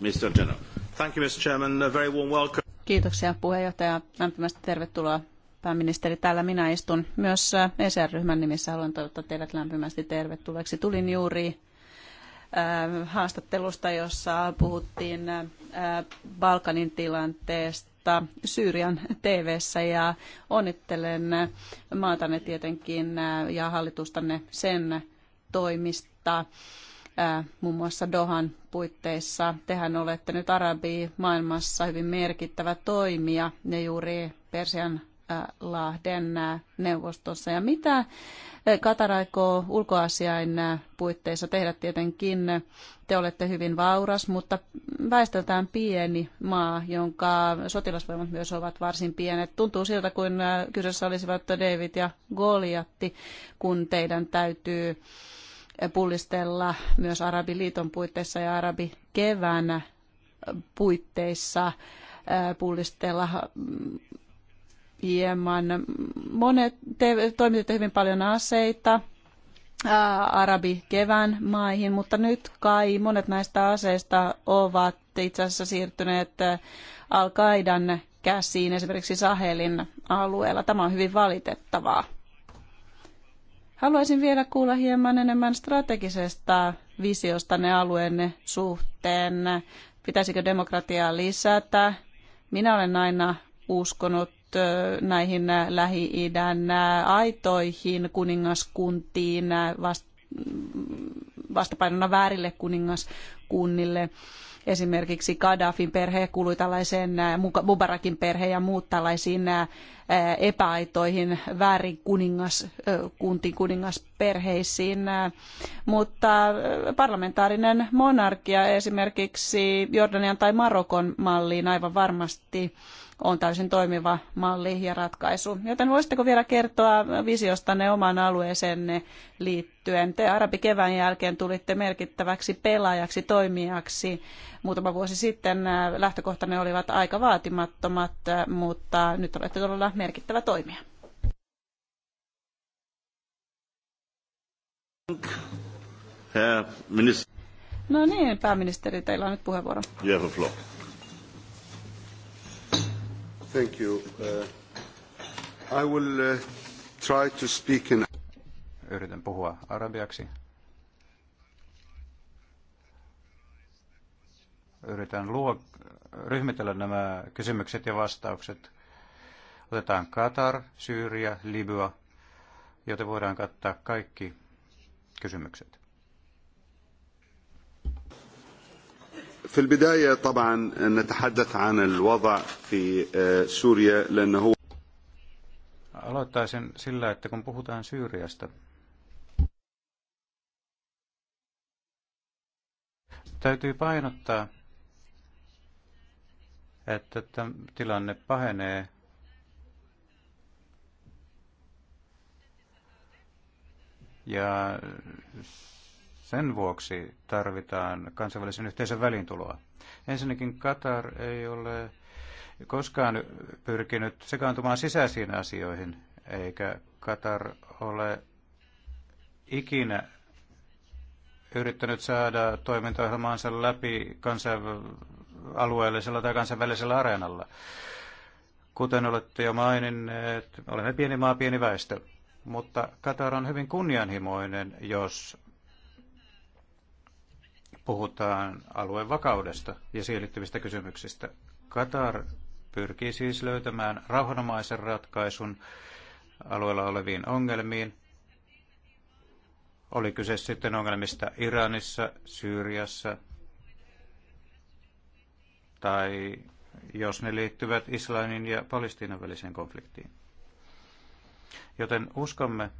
Mr. Thank you, Mr. Chairman. A very warm welcome. Kiitoksia puheenjohtaja. Lämpimästi tervetuloa pääministeri. Täällä minä istun myös äh, ECR-ryhmän nimissä. Haluan toivottaa teidät lämpimästi tervetulleeksi. Tulin juuri äh, haastattelusta, jossa puhuttiin äh, Balkanin tilanteesta vuotta Syyrian tv ja onnittelen maatanne tietenkin äh, ja hallitustanne sen toimista äh, muun muassa Dohan puitteissa. Tehän olette nyt arabi maailmassa hyvin merkittävä toimija ja juuri Persian Lahden neuvostossa. Ja mitä Katar aikoo ulkoasiain puitteissa tehdä tietenkin? Te olette hyvin vauras, mutta väestöltään pieni maa, jonka sotilasvoimat myös ovat varsin pienet. Tuntuu siltä, kuin kyseessä olisivat David ja Goliatti, kun teidän täytyy pullistella myös Arabiliiton puitteissa ja Arabi kevään puitteissa pullistella hieman. Monet te, toimitette hyvin paljon aseita arabi kevään maihin, mutta nyt kai monet näistä aseista ovat itse asiassa siirtyneet Al-Qaidan käsiin esimerkiksi Sahelin alueella. Tämä on hyvin valitettavaa. Haluaisin vielä kuulla hieman enemmän strategisesta visiosta ne alueenne suhteen. Pitäisikö demokratiaa lisätä? Minä olen aina uskonut näihin Lähi-idän aitoihin kuningaskuntiin vastapainona väärille kuningaskunnille. Esimerkiksi Gaddafin perhe kuului tällaiseen, Mubarakin perhe ja muut tällaisiin epäaitoihin väärin kuningaskuntiin, kuningasperheisiin. Mutta parlamentaarinen monarkia esimerkiksi Jordanian tai Marokon malliin aivan varmasti on täysin toimiva malli ja ratkaisu. Joten voisitteko vielä kertoa visiostanne omaan alueeseenne liittyen? Te arabikevään jälkeen tulitte merkittäväksi pelaajaksi, toimijaksi. Muutama vuosi sitten äh, lähtökohtanne olivat aika vaatimattomat, äh, mutta nyt olette todella merkittävä toimija. No niin, pääministeri, teillä on nyt puheenvuoro. You have a floor. Thank you. Uh, I will uh, try to speak in... Yritän puhua arabiaksi. Yritän luo, ryhmitellä nämä kysymykset ja vastaukset. Otetaan Katar, Syyria, Libya, joten voidaan kattaa kaikki kysymykset. في البداية طبعا نتحدث عن الوضع في سوريا لأنه Aloittaisin sillä, että kun puhutaan Syyriasta, täytyy painottaa, että tilanne pahenee ja sen vuoksi tarvitaan kansainvälisen yhteisön välintuloa. Ensinnäkin Katar ei ole koskaan pyrkinyt sekaantumaan sisäisiin asioihin, eikä Katar ole ikinä yrittänyt saada toimintaohjelmaansa läpi kansainv- alueellisella tai kansainvälisellä areenalla. Kuten olette jo maininneet, olemme pieni maa, pieni väestö. Mutta Katar on hyvin kunnianhimoinen, jos puhutaan alueen vakaudesta ja siihen liittyvistä kysymyksistä. Katar pyrkii siis löytämään rauhanomaisen ratkaisun alueella oleviin ongelmiin. Oli kyse sitten ongelmista Iranissa, Syyriassa tai jos ne liittyvät Israelin ja Palestiinan väliseen konfliktiin. Joten uskomme,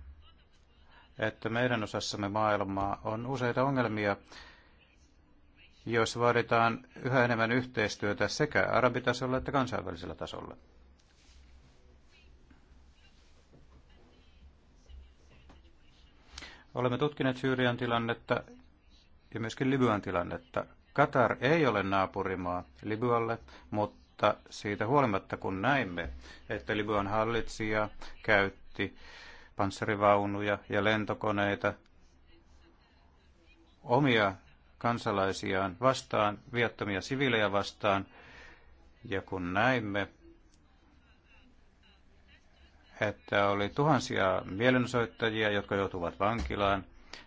että meidän osassamme maailmaa on useita ongelmia, jos vaaditaan yhä enemmän yhteistyötä sekä arabitasolla että kansainvälisellä tasolla. Olemme tutkineet Syyrian tilannetta ja myöskin Libyan tilannetta. Katar ei ole naapurimaa Libyalle, mutta siitä huolimatta kun näimme, että Libyan hallitsija käytti panssarivaunuja ja lentokoneita omia kansalaisiaan vastaan, viattomia siviilejä vastaan. Ja kun näimme, että oli tuhansia mielenosoittajia, jotka joutuvat vankilaan,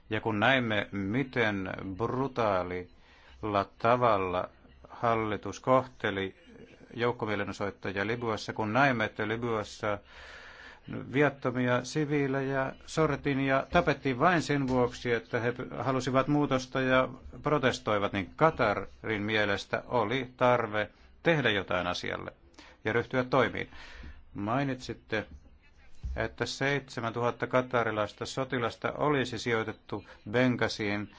ja kun näimme, miten brutaalilla tavalla hallitus kohteli joukkomielenosoittajia Libyassa, kun näimme, että Libyassa viattomia siviilejä sortin ja tapettiin vain sen vuoksi, että he halusivat muutosta ja protestoivat, niin Katarin mielestä oli tarve tehdä jotain asialle ja ryhtyä toimiin. Mainitsitte, että 7000 katarilaista sotilasta olisi sijoitettu Benkasiin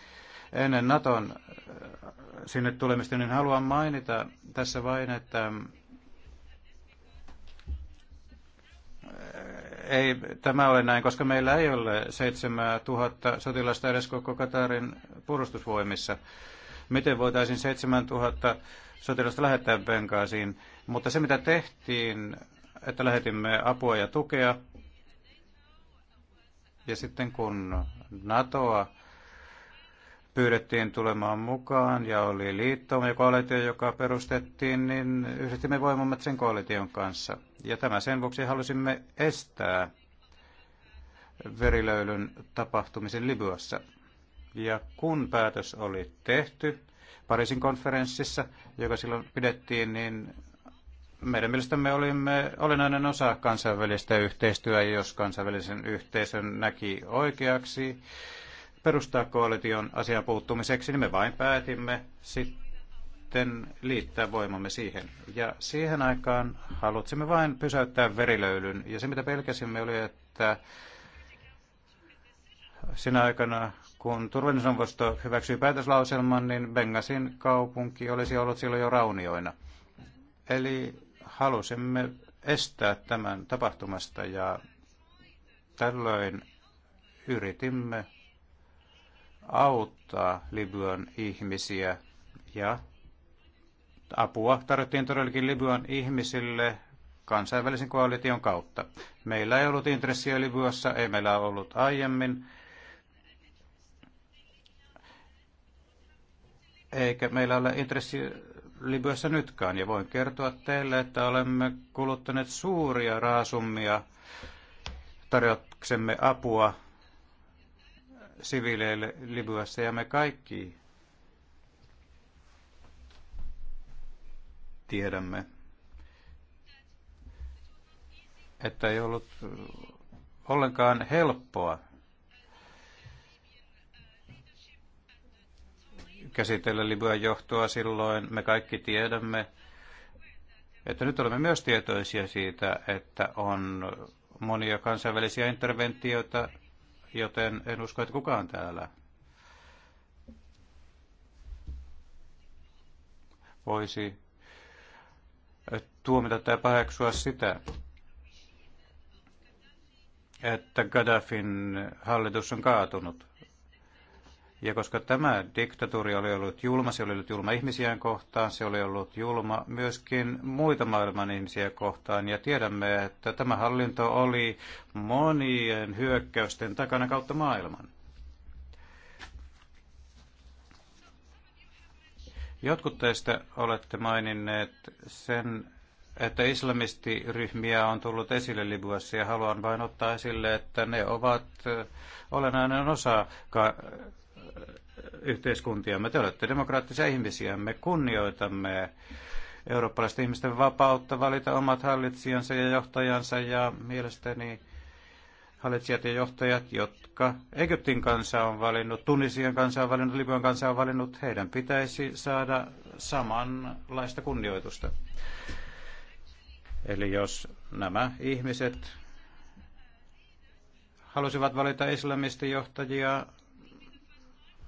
ennen Naton äh, sinne tulemista, niin haluan mainita tässä vain, että ei tämä ole näin, koska meillä ei ole 7000 sotilasta edes koko Katarin puolustusvoimissa. Miten voitaisiin 7000 sotilasta lähettää Benghaziin? Mutta se mitä tehtiin, että lähetimme apua ja tukea, ja sitten kun NATOa pyydettiin tulemaan mukaan ja oli liitto, ja koalitio, joka perustettiin, niin yhdistimme voimamme sen koalition kanssa. Ja tämä sen vuoksi halusimme estää verilöylyn tapahtumisen Libyassa. Ja kun päätös oli tehty Pariisin konferenssissa, joka silloin pidettiin, niin meidän mielestämme olimme olennainen osa kansainvälistä yhteistyötä, jos kansainvälisen yhteisön näki oikeaksi perustaa koalition asiaan puuttumiseksi, niin me vain päätimme sitten liittää voimamme siihen. Ja siihen aikaan halutsimme vain pysäyttää verilöylyn. Ja se, mitä pelkäsimme, oli, että sinä aikana, kun turvallisuusneuvosto hyväksyi päätöslauselman, niin Bengasin kaupunki olisi ollut silloin jo raunioina. Eli halusimme estää tämän tapahtumasta ja tällöin yritimme auttaa Libyan ihmisiä ja apua tarjottiin todellakin Libyan ihmisille kansainvälisen koalition kautta. Meillä ei ollut intressiä Libyassa, ei meillä ollut aiemmin, eikä meillä ole intressiä Libyassa nytkään. Ja voin kertoa teille, että olemme kuluttaneet suuria raasummia tarjoksemme apua siviileille Libyassa ja me kaikki tiedämme, että ei ollut ollenkaan helppoa käsitellä Libyan johtoa silloin. Me kaikki tiedämme, että nyt olemme myös tietoisia siitä, että on monia kansainvälisiä interventioita joten en usko, että kukaan täällä voisi eh, tuomita tai paheksua sitä, että Gaddafin hallitus on kaatunut. Ja koska tämä diktatuuri oli ollut julma, se oli ollut julma ihmisiään kohtaan, se oli ollut julma myöskin muita maailman ihmisiä kohtaan. Ja tiedämme, että tämä hallinto oli monien hyökkäysten takana kautta maailman. Jotkut teistä olette maininneet sen, että islamistiryhmiä on tullut esille Libyassa ja haluan vain ottaa esille, että ne ovat olennainen osa yhteiskuntiamme. Te olette demokraattisia ihmisiä. Me kunnioitamme eurooppalaisten ihmisten vapautta valita omat hallitsijansa ja johtajansa ja mielestäni hallitsijat ja johtajat, jotka Egyptin kanssa on valinnut, Tunisian kanssa on valinnut, Libyan kanssa on valinnut, heidän pitäisi saada samanlaista kunnioitusta. Eli jos nämä ihmiset halusivat valita islamistijohtajia,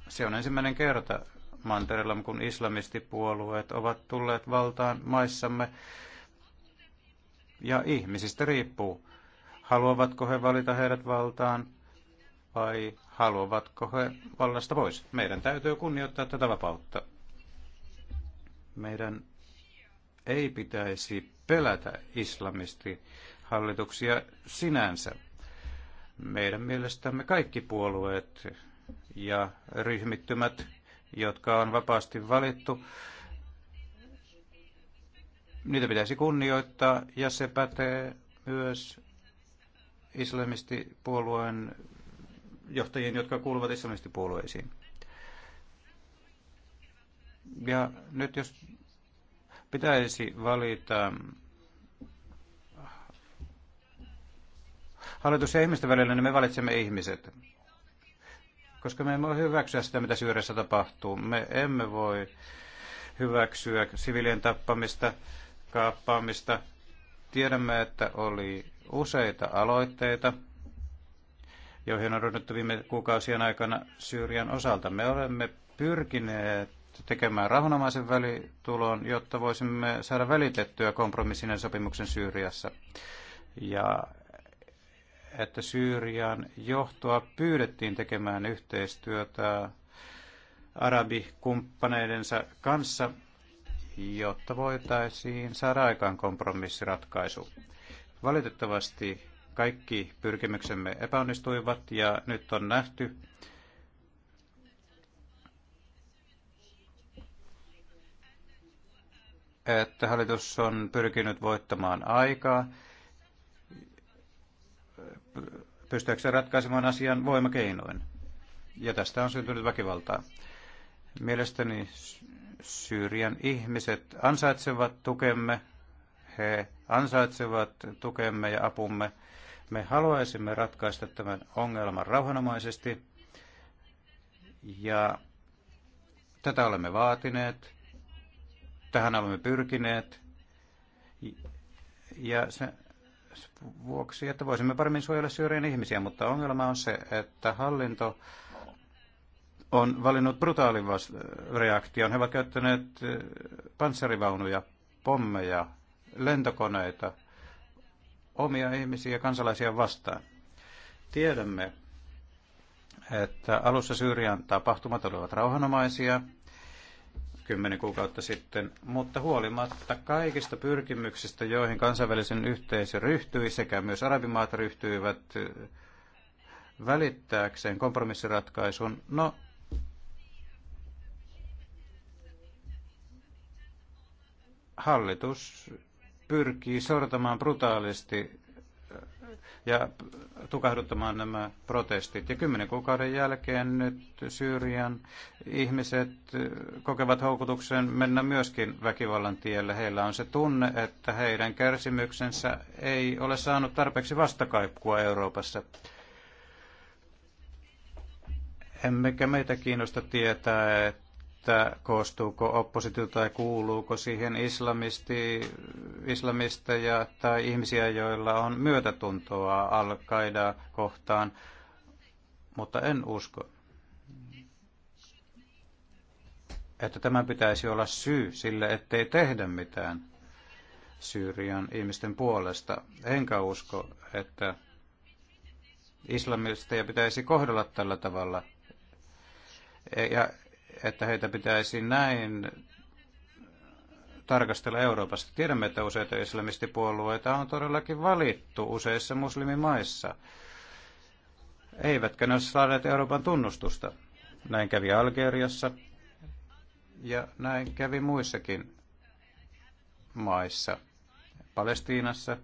se on ensimmäinen kerta mantereella, kun islamistipuolueet ovat tulleet valtaan maissamme. Ja ihmisistä riippuu, haluavatko he valita heidät valtaan vai haluavatko he vallasta pois. Meidän täytyy kunnioittaa tätä vapautta. Meidän ei pitäisi pelätä islamistihallituksia sinänsä. Meidän mielestämme kaikki puolueet ja ryhmittymät, jotka on vapaasti valittu, niitä pitäisi kunnioittaa ja se pätee myös islamistipuolueen johtajien, jotka kuuluvat islamistipuolueisiin. Ja nyt jos pitäisi valita hallitus ja ihmisten välillä, niin me valitsemme ihmiset koska me emme voi hyväksyä sitä, mitä Syyriassa tapahtuu. Me emme voi hyväksyä sivilien tappamista, kaappaamista. Tiedämme, että oli useita aloitteita, joihin on ryhdytty viime kuukausien aikana Syyrian osalta. Me olemme pyrkineet tekemään rauhanomaisen välitulon, jotta voisimme saada välitettyä kompromissinen sopimuksen Syyriassa. Ja että Syyrian johtoa pyydettiin tekemään yhteistyötä arabikumppaneidensa kanssa, jotta voitaisiin saada aikaan kompromissiratkaisu. Valitettavasti kaikki pyrkimyksemme epäonnistuivat ja nyt on nähty, että hallitus on pyrkinyt voittamaan aikaa pystyäkseen ratkaisemaan asian voimakeinoin. Ja tästä on syntynyt väkivaltaa. Mielestäni Syyrian ihmiset ansaitsevat tukemme, he ansaitsevat tukemme ja apumme. Me haluaisimme ratkaista tämän ongelman rauhanomaisesti ja tätä olemme vaatineet, tähän olemme pyrkineet ja se, vuoksi, että voisimme paremmin suojella syyrien ihmisiä, mutta ongelma on se, että hallinto on valinnut brutaalin reaktion. He ovat käyttäneet eh, panssarivaunuja, pommeja, lentokoneita omia ihmisiä ja kansalaisia vastaan. Tiedämme, että alussa Syyrian tapahtumat olivat rauhanomaisia, kymmenen kuukautta sitten, mutta huolimatta kaikista pyrkimyksistä, joihin kansainvälisen yhteisö ryhtyi sekä myös arabimaat ryhtyivät eh, välittääkseen kompromissiratkaisun, no hallitus pyrkii sortamaan brutaalisti ja tukahduttamaan nämä protestit. Ja kymmenen kuukauden jälkeen nyt Syyrian ihmiset kokevat houkutuksen mennä myöskin väkivallan tielle. Heillä on se tunne, että heidän kärsimyksensä ei ole saanut tarpeeksi vastakaikkua Euroopassa. Emmekä meitä kiinnosta tietää, että että koostuuko oppositio tai kuuluuko siihen islamisti, islamisteja tai ihmisiä, joilla on myötätuntoa al kohtaan, mutta en usko, että tämä pitäisi olla syy sille, ettei tehdä mitään Syyrian ihmisten puolesta. Enkä usko, että islamisteja pitäisi kohdella tällä tavalla. Ja että heitä pitäisi näin tarkastella Euroopassa Tiedämme, että useita islamistipuolueita on todellakin valittu useissa muslimimaissa. Eivätkä ne ole saaneet Euroopan tunnustusta. Näin kävi Algeriassa ja näin kävi muissakin maissa. Palestiinassa.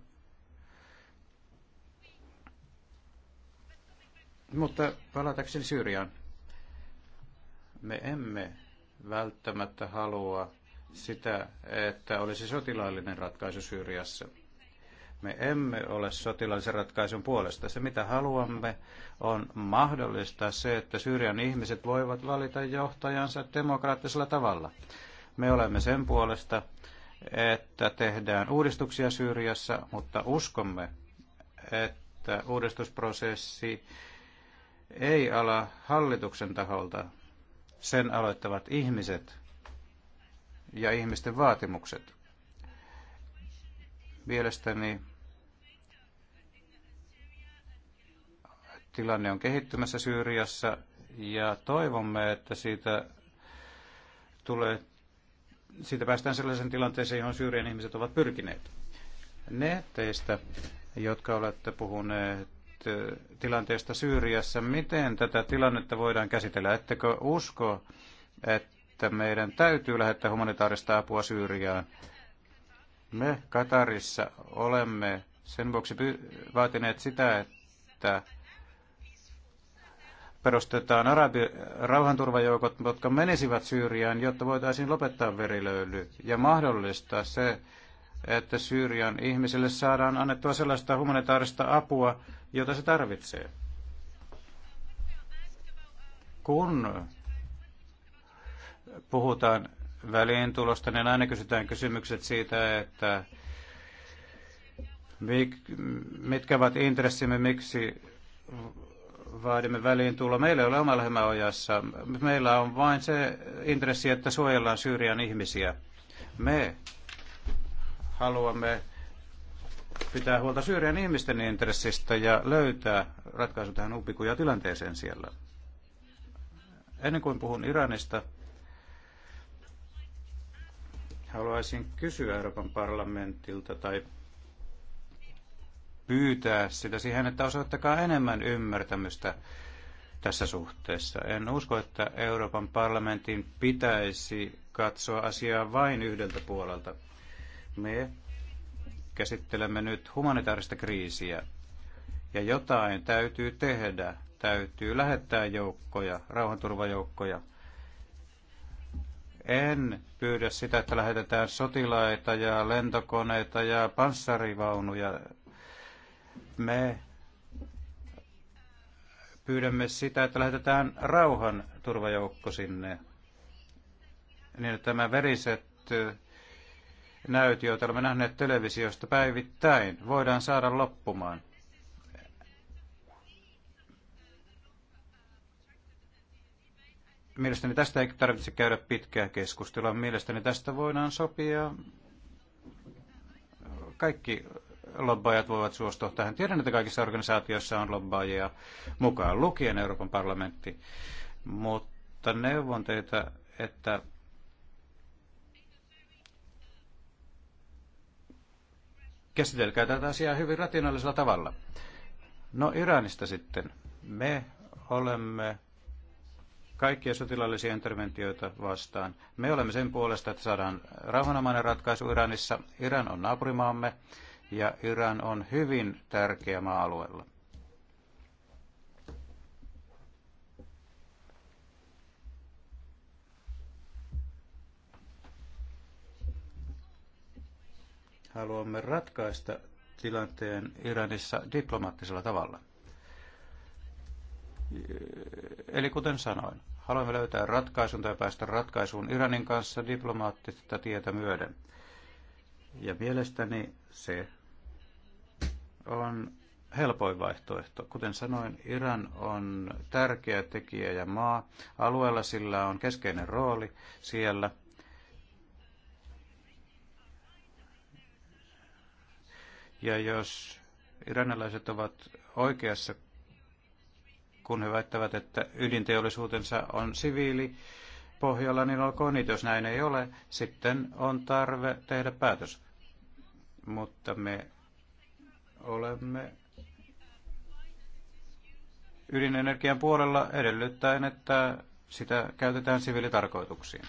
Mutta palatakseni Syyriaan. Me emme välttämättä halua sitä, että olisi sotilaallinen ratkaisu Syyriassa. Me emme ole sotilaallisen ratkaisun puolesta. Se, mitä haluamme, on mahdollistaa se, että Syyrian ihmiset voivat valita johtajansa demokraattisella tavalla. Me olemme sen puolesta, että tehdään uudistuksia Syyriassa, mutta uskomme, että uudistusprosessi ei ala hallituksen taholta, sen aloittavat ihmiset ja ihmisten vaatimukset. Mielestäni tilanne on kehittymässä Syyriassa ja toivomme, että siitä tulee, siitä päästään sellaisen tilanteeseen, johon Syyrian ihmiset ovat pyrkineet. Ne teistä, jotka olette puhuneet tilanteesta Syyriassa. Miten tätä tilannetta voidaan käsitellä? Ettekö usko, että meidän täytyy lähettää humanitaarista apua Syyriaan? Me Katarissa olemme sen vuoksi vaatineet sitä, että perustetaan arabi rauhanturvajoukot, jotka menisivät Syyriaan, jotta voitaisiin lopettaa verilöyly ja mahdollistaa se, että Syyrian ihmisille saadaan annettua sellaista humanitaarista apua, jota se tarvitsee. Kun puhutaan väliintulosta, niin aina kysytään kysymykset siitä, että mitkä ovat intressimme, miksi vaadimme väliintuloa. Meillä ei ole oma ojassa. Meillä on vain se intressi, että suojellaan Syyrian ihmisiä. Me haluamme pitää huolta Syyrian ihmisten intressistä ja löytää ratkaisu tähän upikuja tilanteeseen siellä. Ennen kuin puhun Iranista, haluaisin kysyä Euroopan parlamentilta tai pyytää sitä siihen, että osoittakaa enemmän ymmärtämystä tässä suhteessa. En usko, että Euroopan parlamentin pitäisi katsoa asiaa vain yhdeltä puolelta. Me käsittelemme nyt humanitaarista kriisiä ja jotain täytyy tehdä. Täytyy lähettää joukkoja, rauhanturvajoukkoja. En pyydä sitä, että lähetetään sotilaita ja lentokoneita ja panssarivaunuja. Me pyydämme sitä, että lähetetään rauhanturvajoukko sinne, niin että tämä veriset näyt, joita olemme nähneet televisiosta päivittäin, voidaan saada loppumaan. Mielestäni tästä ei tarvitse käydä pitkää keskustelua. Mielestäni tästä voidaan sopia. Kaikki lobbaajat voivat suostua tähän. Tiedän, että kaikissa organisaatioissa on lobbaajia mukaan lukien Euroopan parlamentti, mutta neuvon teitä, että käsitelkää tätä asiaa hyvin rationaalisella tavalla. No Iranista sitten. Me olemme kaikkia sotilaallisia interventioita vastaan. Me olemme sen puolesta, että saadaan rauhanomainen ratkaisu Iranissa. Iran on naapurimaamme ja Iran on hyvin tärkeä maa-alueella. haluamme ratkaista tilanteen Iranissa diplomaattisella tavalla. Eli kuten sanoin, haluamme löytää ratkaisun tai päästä ratkaisuun Iranin kanssa diplomaattista tietä myöden. Ja mielestäni se on helpoin vaihtoehto. Kuten sanoin, Iran on tärkeä tekijä ja maa. Alueella sillä on keskeinen rooli siellä – Ja jos iranilaiset ovat oikeassa, kun he väittävät, että ydinteollisuutensa on siviili pohjalla, niin olkoon niitä. Jos näin ei ole, sitten on tarve tehdä päätös. Mutta me olemme ydinenergian puolella edellyttäen, että sitä käytetään siviilitarkoituksiin.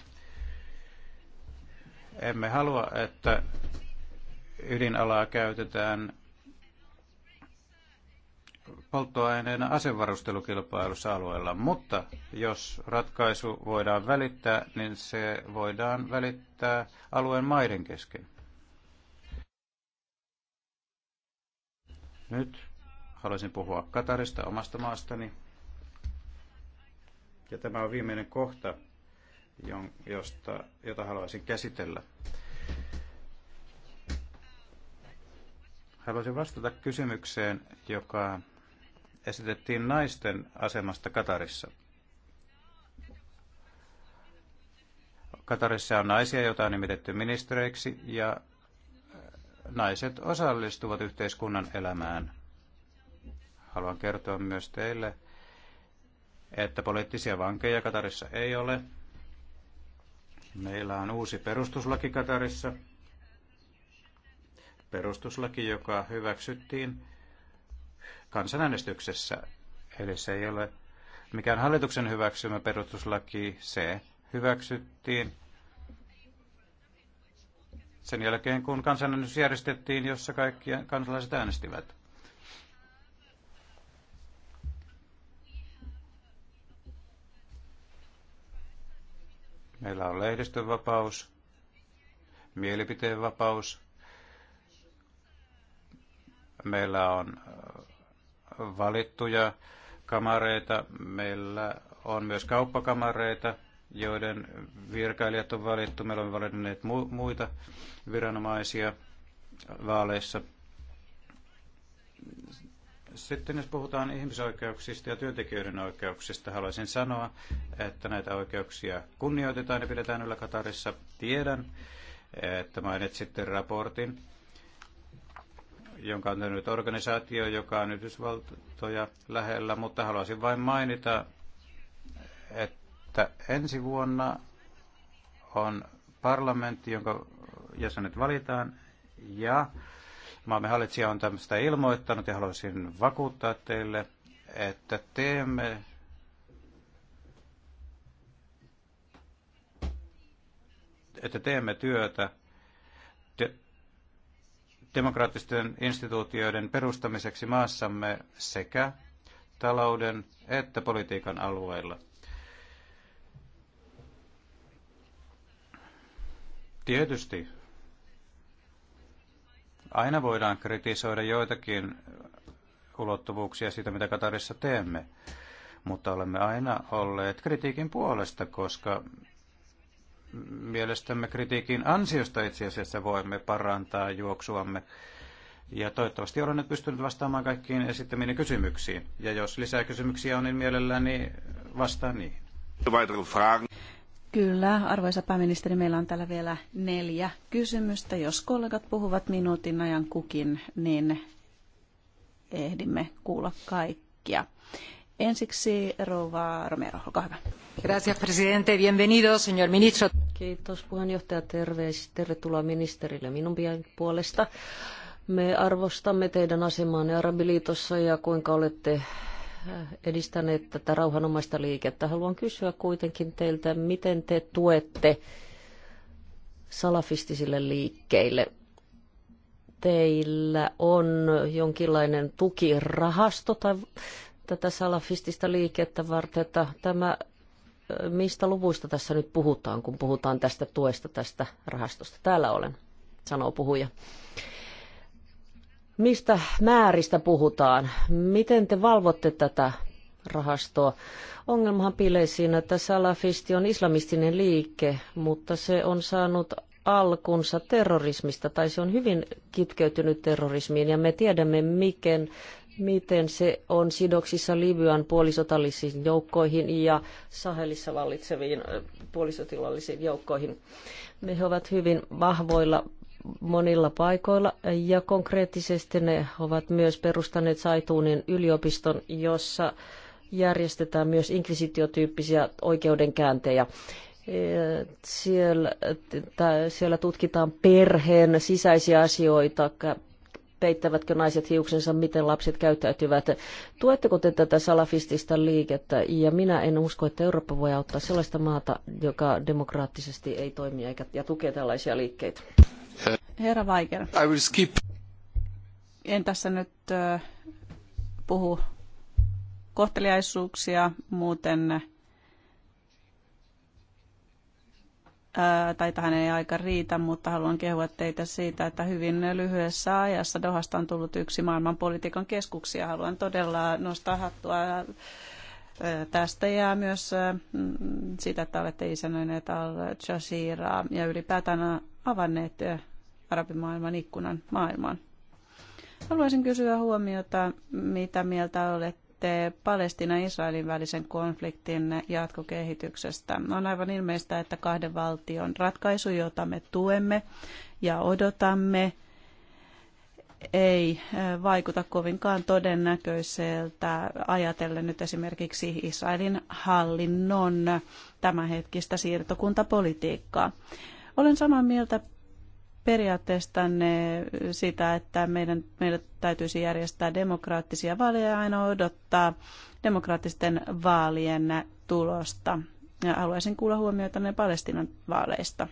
Emme halua, että ydinalaa käytetään polttoaineena asevarustelukilpailussa alueella, mutta jos ratkaisu voidaan välittää, niin se voidaan välittää alueen maiden kesken. Nyt haluaisin puhua Katarista omasta maastani. Ja tämä on viimeinen kohta, josta, jota haluaisin käsitellä. Haluaisin vastata kysymykseen, joka esitettiin naisten asemasta Katarissa. Katarissa on naisia, joita on nimitetty ministereiksi, ja naiset osallistuvat yhteiskunnan elämään. Haluan kertoa myös teille, että poliittisia vankeja Katarissa ei ole. Meillä on uusi perustuslaki Katarissa, perustuslaki, joka hyväksyttiin kansanäänestyksessä. Eli se ei ole mikään hallituksen hyväksymä perustuslaki, se hyväksyttiin sen jälkeen, kun kansanäänestys järjestettiin, jossa kaikki kansalaiset äänestivät. Meillä on lehdistönvapaus, mielipiteenvapaus, Meillä on valittuja kamareita, meillä on myös kauppakamareita, joiden virkailijat on valittu. Meillä on valinneet mu- muita viranomaisia vaaleissa. Sitten jos puhutaan ihmisoikeuksista ja työntekijöiden oikeuksista, haluaisin sanoa, että näitä oikeuksia kunnioitetaan ja pidetään yllä Katarissa. Tiedän, että mainitsitte raportin jonka on tehnyt organisaatio, joka on Yhdysvaltoja lähellä, mutta haluaisin vain mainita, että ensi vuonna on parlamentti, jonka jäsenet valitaan, ja maamme hallitsija on tämmöistä ilmoittanut, ja haluaisin vakuuttaa teille, että teemme että teemme työtä demokraattisten instituutioiden perustamiseksi maassamme sekä talouden että politiikan alueilla. Tietysti aina voidaan kritisoida joitakin ulottuvuuksia siitä, mitä Katarissa teemme, mutta olemme aina olleet kritiikin puolesta, koska mielestämme kritiikin ansiosta itse asiassa voimme parantaa juoksuamme. Ja toivottavasti olen nyt pystynyt vastaamaan kaikkiin esittämiin kysymyksiin. Ja jos lisää kysymyksiä on, niin mielelläni vastaan niihin. Kyllä, arvoisa pääministeri, meillä on täällä vielä neljä kysymystä. Jos kollegat puhuvat minuutin ajan kukin, niin ehdimme kuulla kaikkia. Ensiksi rouva Romero, olkaa hyvä. Gracias, presidente. Bienvenido, señor ministro. Kiitos puheenjohtaja. Terveys, tervetuloa ministerille minun puolesta. Me arvostamme teidän asemaanne Arabiliitossa ja kuinka olette äh, edistäneet tätä rauhanomaista liikettä. Haluan kysyä kuitenkin teiltä, miten te tuette salafistisille liikkeille? Teillä on jonkinlainen tukirahasto tai tätä salafistista liikettä varten. että Tämä, mistä luvuista tässä nyt puhutaan, kun puhutaan tästä tuesta, tästä rahastosta? Täällä olen, sanoo puhuja. Mistä määristä puhutaan? Miten te valvotte tätä rahastoa? Ongelmahan piilee siinä, että salafisti on islamistinen liike, mutta se on saanut alkunsa terrorismista, tai se on hyvin kitkeytynyt terrorismiin, ja me tiedämme, miten miten se on sidoksissa Libyan puolisotallisiin joukkoihin ja Sahelissa vallitseviin puolisotilallisiin joukkoihin. Ne ovat hyvin vahvoilla monilla paikoilla ja konkreettisesti ne ovat myös perustaneet Saituunin yliopiston, jossa järjestetään myös inkvisitiotyyppisiä oikeudenkääntejä. E, siellä, siellä tutkitaan perheen sisäisiä asioita, peittävätkö naiset hiuksensa, miten lapset käyttäytyvät. Tuetteko te tätä salafistista liikettä? Ja minä en usko, että Eurooppa voi auttaa sellaista maata, joka demokraattisesti ei toimi eikä, ja tukee tällaisia liikkeitä. Herra Weiger. I will skip. En tässä nyt puhu kohteliaisuuksia, muuten tai tähän ei aika riitä, mutta haluan kehua teitä siitä, että hyvin lyhyessä ajassa Dohasta on tullut yksi maailman politiikan keskuksia. Haluan todella nostaa hattua tästä ja myös mm, siitä, että olette isännöineet al-Jazeeraa ja ylipäätään avanneet arabimaailman ikkunan maailmaan. Haluaisin kysyä huomiota, mitä mieltä olette? lähtee Palestina Israelin välisen konfliktin jatkokehityksestä. On aivan ilmeistä, että kahden valtion ratkaisu, jota me tuemme ja odotamme, ei vaikuta kovinkaan todennäköiseltä ajatellen nyt esimerkiksi Israelin hallinnon tämänhetkistä siirtokuntapolitiikkaa. Olen samaa mieltä periaatteistanne sitä, että meidän, meidän täytyisi järjestää demokraattisia vaaleja ja aina odottaa demokraattisten vaalien tulosta. Ja haluaisin kuulla huomioita ne Palestinan vaaleista.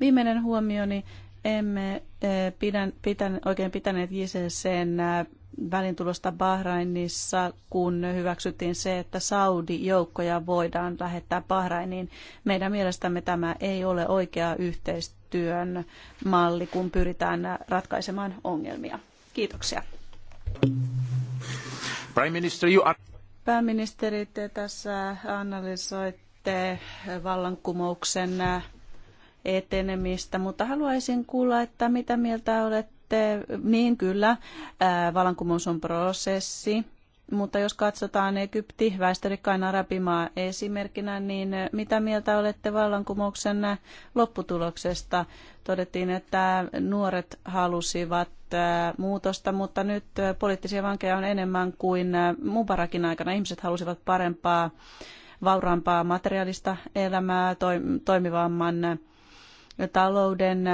Viimeinen huomioni, emme eh, pidän, pitän, oikein pitäneet JCCn eh, välintulosta Bahrainissa, kun hyväksyttiin se, että Saudi-joukkoja voidaan lähettää Bahrainiin. Meidän mielestämme tämä ei ole oikeaa yhteistyö työn malli, kun pyritään ratkaisemaan ongelmia. Kiitoksia. Prime Minister, you are... Pääministeri, te tässä analysoitte vallankumouksen etenemistä, mutta haluaisin kuulla, että mitä mieltä olette. Niin kyllä, vallankumous on prosessi, mutta jos katsotaan Egypti, väestörikkain arabimaa esimerkkinä, niin mitä mieltä olette vallankumouksen lopputuloksesta? Todettiin, että nuoret halusivat äh, muutosta, mutta nyt äh, poliittisia vankeja on enemmän kuin äh, Mubarakin aikana. Ihmiset halusivat parempaa, vauraampaa materiaalista elämää, toimivamman talouden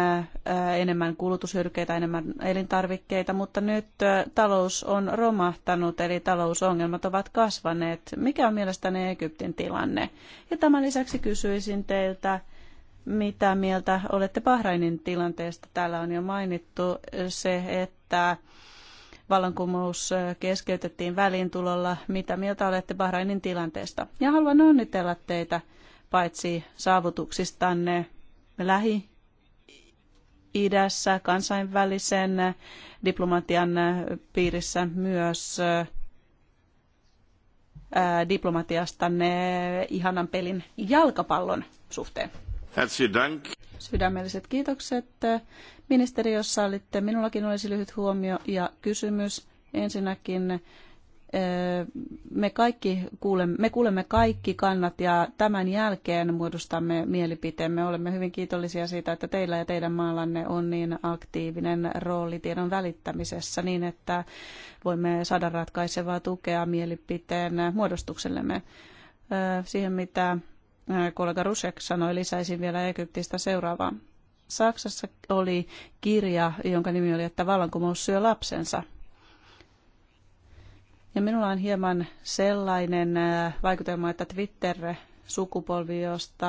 enemmän kulutusyrkeitä, enemmän elintarvikkeita, mutta nyt talous on romahtanut, eli talousongelmat ovat kasvaneet. Mikä on mielestäni Egyptin tilanne? Ja tämän lisäksi kysyisin teiltä, mitä mieltä olette Bahrainin tilanteesta? Täällä on jo mainittu se, että vallankumous keskeytettiin väliintulolla. Mitä mieltä olette Bahrainin tilanteesta? Ja haluan onnitella teitä paitsi saavutuksistanne Lähi-idässä, kansainvälisen diplomatian piirissä myös ne ihanan pelin jalkapallon suhteen. Dank. Sydämelliset kiitokset. Ministeri, jos sallitte, minullakin olisi lyhyt huomio ja kysymys. Ensinnäkin Öö, me, kaikki kuulemme, me kuulemme kaikki kannat ja tämän jälkeen muodostamme mielipiteemme. Olemme hyvin kiitollisia siitä, että teillä ja teidän maallanne on niin aktiivinen rooli tiedon välittämisessä niin, että voimme saada ratkaisevaa tukea mielipiteen muodostuksellemme. Öö, siihen, mitä öö, kollega Rusek sanoi, lisäisin vielä Egyptistä seuraavaa. Saksassa oli kirja, jonka nimi oli, että vallankumous syö lapsensa – ja minulla on hieman sellainen äh, vaikutelma, että Twitter-sukupolvi, josta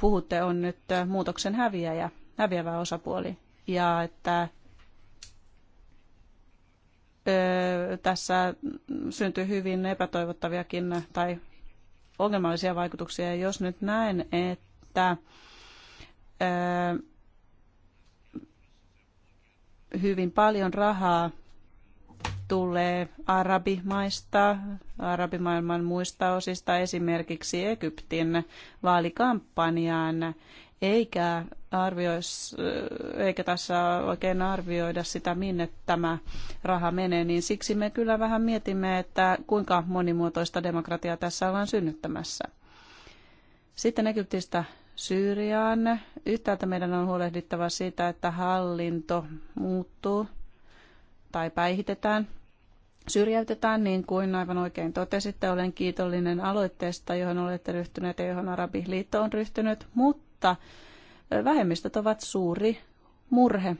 puhutte, on nyt muutoksen häviäjä, häviävä osapuoli. Ja että ö, tässä syntyy hyvin epätoivottaviakin tai ongelmallisia vaikutuksia. Ja jos nyt näen, että ö, hyvin paljon rahaa tulee arabimaista, arabimaailman muista osista, esimerkiksi Egyptin vaalikampanjaan, eikä, arvioisi, eikä tässä oikein arvioida sitä, minne tämä raha menee, niin siksi me kyllä vähän mietimme, että kuinka monimuotoista demokratiaa tässä ollaan synnyttämässä. Sitten Egyptistä Syyriaan. Yhtäältä meidän on huolehdittava siitä, että hallinto muuttuu tai päihitetään, syrjäytetään, niin kuin aivan oikein totesitte. Olen kiitollinen aloitteesta, johon olette ryhtyneet ja johon Arabiliitto on ryhtynyt, mutta vähemmistöt ovat suuri murhe,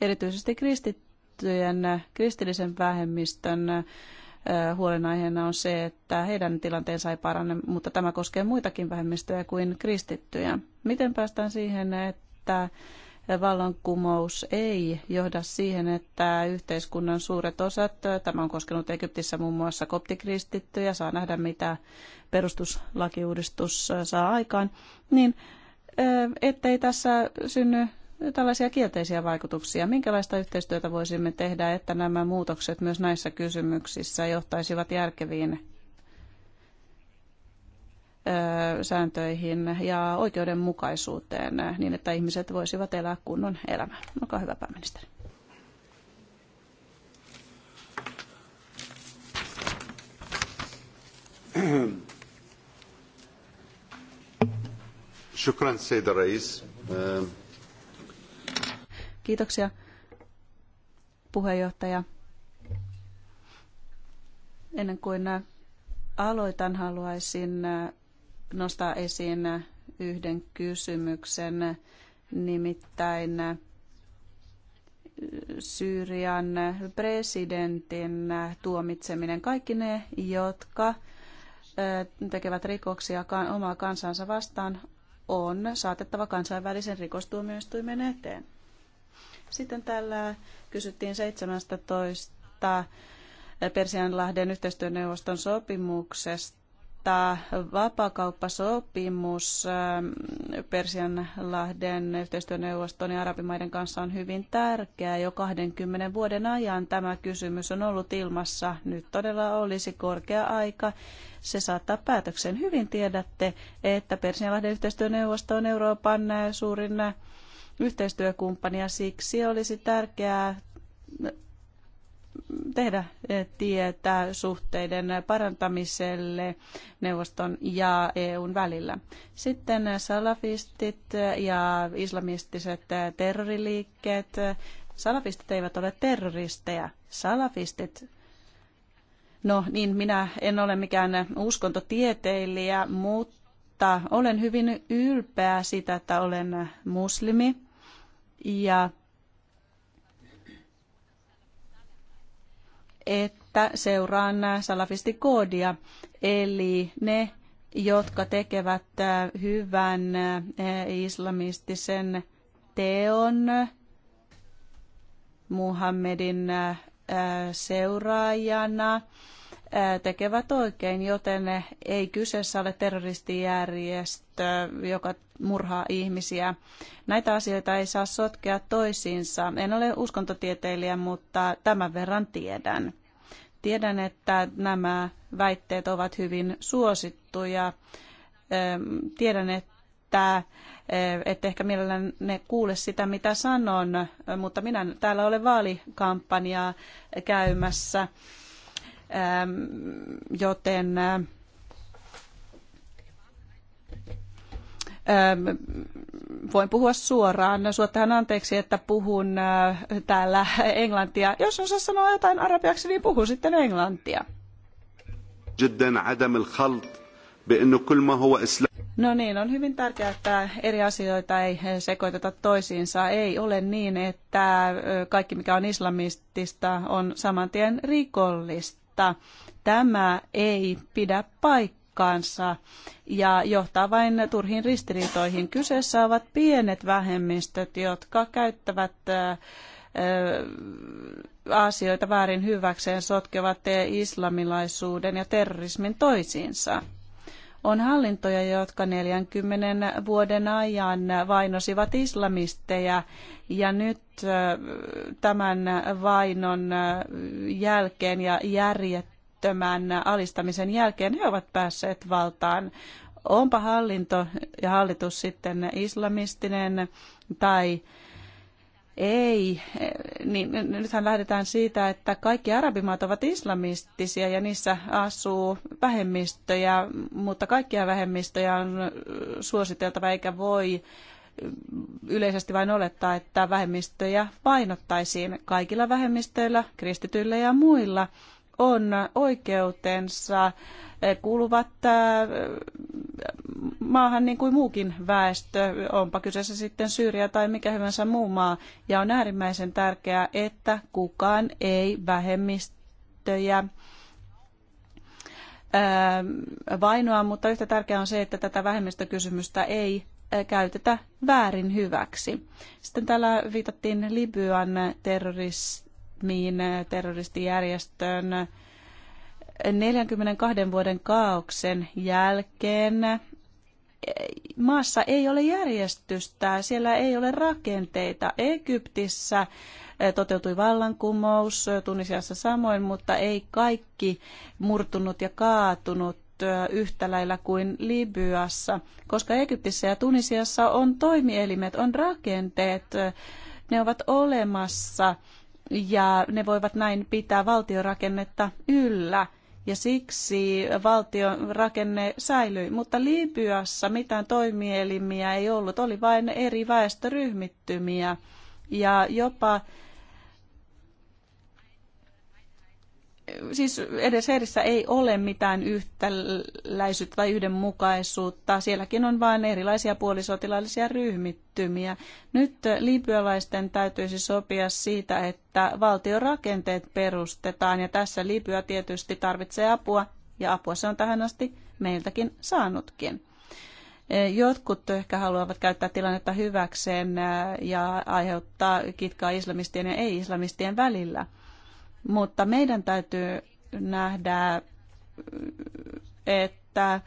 erityisesti kristittyjen, kristillisen vähemmistön huolenaiheena on se, että heidän tilanteensa ei parane, mutta tämä koskee muitakin vähemmistöjä kuin kristittyjä. Miten päästään siihen, että vallankumous ei johda siihen, että yhteiskunnan suuret osat, tämä on koskenut Egyptissä muun muassa koptikristittyjä, saa nähdä mitä perustuslakiuudistus saa aikaan, niin ettei tässä synny tällaisia kielteisiä vaikutuksia. Minkälaista yhteistyötä voisimme tehdä, että nämä muutokset myös näissä kysymyksissä johtaisivat järkeviin sääntöihin ja oikeudenmukaisuuteen niin, että ihmiset voisivat elää kunnon elämää. Olkaa hyvä pääministeri. Shukran Kiitoksia puheenjohtaja. Ennen kuin aloitan, haluaisin nostaa esiin yhden kysymyksen, nimittäin Syyrian presidentin tuomitseminen. Kaikki ne, jotka tekevät rikoksia omaa kansansa vastaan, on saatettava kansainvälisen rikostuomioistuimen eteen. Sitten täällä kysyttiin 17. Persianlahden yhteistyöneuvoston sopimuksesta tota, vapaakauppasopimus ähm, Persianlahden yhteistyöneuvoston ja arabimaiden kanssa on hyvin tärkeä. Jo 20 vuoden ajan tämä kysymys on ollut ilmassa. Nyt todella olisi korkea aika se saattaa päätöksen. Hyvin tiedätte, että Persianlahden yhteistyöneuvosto on Euroopan äh, suurin äh, yhteistyökumppani ja siksi olisi tärkeää tehdä eh, tietä suhteiden parantamiselle neuvoston ja EUn välillä. Sitten salafistit ja islamistiset terroriliikkeet. Salafistit eivät ole terroristeja. Salafistit No niin, minä en ole mikään uskontotieteilijä, mutta olen hyvin ylpeä siitä, että olen muslimi. Ja että seuraan salafistikoodia, eli ne, jotka tekevät hyvän islamistisen teon Muhammedin seuraajana, tekevät oikein, joten ei kyseessä ole terroristijärjestö, joka murhaa ihmisiä. Näitä asioita ei saa sotkea toisiinsa. En ole uskontotieteilijä, mutta tämän verran tiedän. Tiedän, että nämä väitteet ovat hyvin suosittuja. Ehm, tiedän, että eh, et ehkä mielellään ne kuule sitä, mitä sanon, mutta minä täällä olen vaalikampanjaa käymässä joten voin puhua suoraan. Suottahan anteeksi, että puhun täällä englantia. Jos osaa sanoa jotain arabiaksi, niin puhu sitten englantia. No niin, on hyvin tärkeää, että eri asioita ei sekoiteta toisiinsa. Ei ole niin, että kaikki mikä on islamistista on saman tien rikollista mutta tämä ei pidä paikkaansa ja johtaa vain turhiin ristiriitoihin. Kyseessä ovat pienet vähemmistöt, jotka käyttävät asioita väärin hyväkseen, sotkevat islamilaisuuden ja terrorismin toisiinsa. On hallintoja, jotka 40 vuoden ajan vainosivat islamisteja ja nyt tämän vainon jälkeen ja järjettömän alistamisen jälkeen he ovat päässeet valtaan. Onpa hallinto ja hallitus sitten islamistinen tai ei, niin nythän lähdetään siitä, että kaikki arabimaat ovat islamistisia ja niissä asuu vähemmistöjä, mutta kaikkia vähemmistöjä on suositeltava eikä voi yleisesti vain olettaa, että vähemmistöjä painottaisiin. Kaikilla vähemmistöillä, kristityillä ja muilla on oikeutensa, kuuluvat äh, maahan niin kuin muukin väestö, onpa kyseessä sitten Syyriä tai mikä hyvänsä muu maa. Ja on äärimmäisen tärkeää, että kukaan ei vähemmistöjä vainoa, mutta yhtä tärkeää on se, että tätä vähemmistökysymystä ei käytetä väärin hyväksi. Sitten täällä viitattiin Libyan terrorismiin, terroristijärjestöön. 42 vuoden kaauksen jälkeen maassa ei ole järjestystä, siellä ei ole rakenteita. Egyptissä toteutui vallankumous, Tunisiassa samoin, mutta ei kaikki murtunut ja kaatunut yhtä lailla kuin Libyassa, koska Egyptissä ja Tunisiassa on toimielimet, on rakenteet, ne ovat olemassa ja ne voivat näin pitää valtiorakennetta yllä ja siksi valtion rakenne säilyi. Mutta Libyassa mitään toimielimiä ei ollut, oli vain eri väestöryhmittymiä ja jopa siis edes erissä ei ole mitään yhtäläisyyttä tai yhdenmukaisuutta. Sielläkin on vain erilaisia puolisotilaallisia ryhmittymiä. Nyt libyalaisten täytyisi sopia siitä, että valtiorakenteet perustetaan ja tässä Libya tietysti tarvitsee apua ja apua se on tähän asti meiltäkin saanutkin. Jotkut ehkä haluavat käyttää tilannetta hyväkseen äh, ja aiheuttaa kitkaa islamistien ja ei-islamistien välillä – mutta meidän täytyy nähdä, että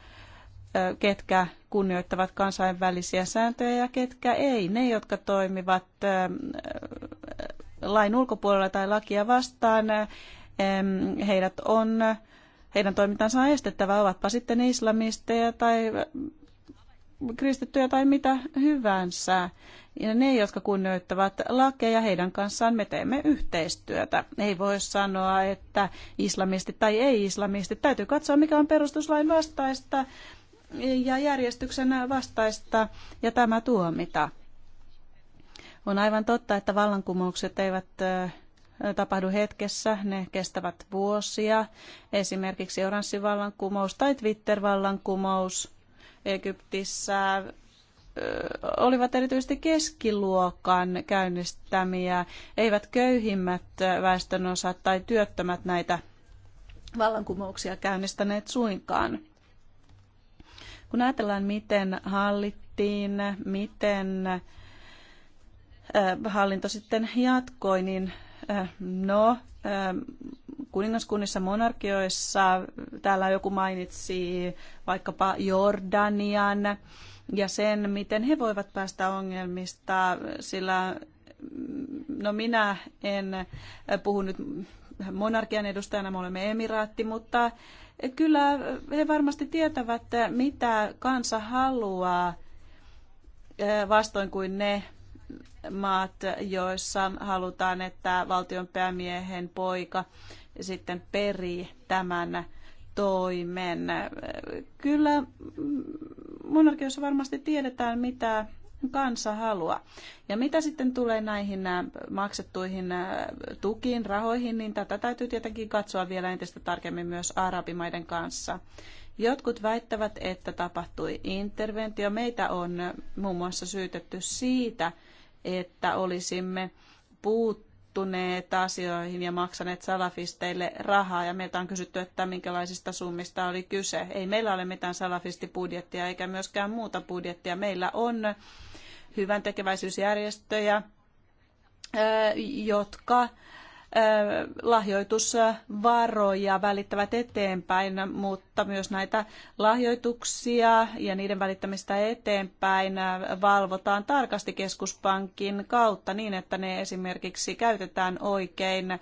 ketkä kunnioittavat kansainvälisiä sääntöjä ja ketkä ei. Ne, jotka toimivat lain ulkopuolella tai lakia vastaan, heidät on, heidän toimintansa on estettävä, ovatpa sitten islamisteja tai kristittyjä tai mitä hyvänsä. Ja ne, jotka kunnioittavat lakeja, heidän kanssaan me teemme yhteistyötä. Ei voi sanoa, että islamistit tai ei-islamistit. Täytyy katsoa, mikä on perustuslain vastaista ja järjestyksen vastaista ja tämä tuomita. On aivan totta, että vallankumoukset eivät tapahdu hetkessä, ne kestävät vuosia. Esimerkiksi oranssivallankumous tai Twitter-vallankumous Egyptissä olivat erityisesti keskiluokan käynnistämiä, eivät köyhimmät väestönosat tai työttömät näitä vallankumouksia käynnistäneet suinkaan. Kun ajatellaan, miten hallittiin, miten hallinto sitten jatkoi, niin no, kuningaskunnissa monarkioissa, täällä joku mainitsi vaikkapa Jordanian ja sen, miten he voivat päästä ongelmista, sillä no minä en puhu nyt monarkian edustajana, me olemme emiraatti, mutta kyllä he varmasti tietävät, mitä kansa haluaa eh, vastoin kuin ne maat, joissa halutaan, että valtion päämiehen poika sitten peri tämän toimen. Kyllä mm, monarkiossa varmasti tiedetään, mitä kansa haluaa Ja mitä sitten tulee näihin äh, maksettuihin äh, tukiin, rahoihin, niin tätä täytyy tietenkin katsoa vielä entistä tarkemmin myös arabimaiden kanssa. Jotkut väittävät, että tapahtui interventio. Meitä on äh, muun muassa syytetty siitä, että olisimme puuttuneet puuttuneet asioihin ja maksaneet salafisteille rahaa. Ja meiltä on kysytty, että minkälaisista summista oli kyse. Ei meillä ole mitään salafistibudjettia eikä myöskään muuta budjettia. Meillä on hyvän tekeväisyysjärjestöjä, jotka lahjoitusvaroja välittävät eteenpäin, mutta myös näitä lahjoituksia ja niiden välittämistä eteenpäin valvotaan tarkasti keskuspankin kautta niin, että ne esimerkiksi käytetään oikein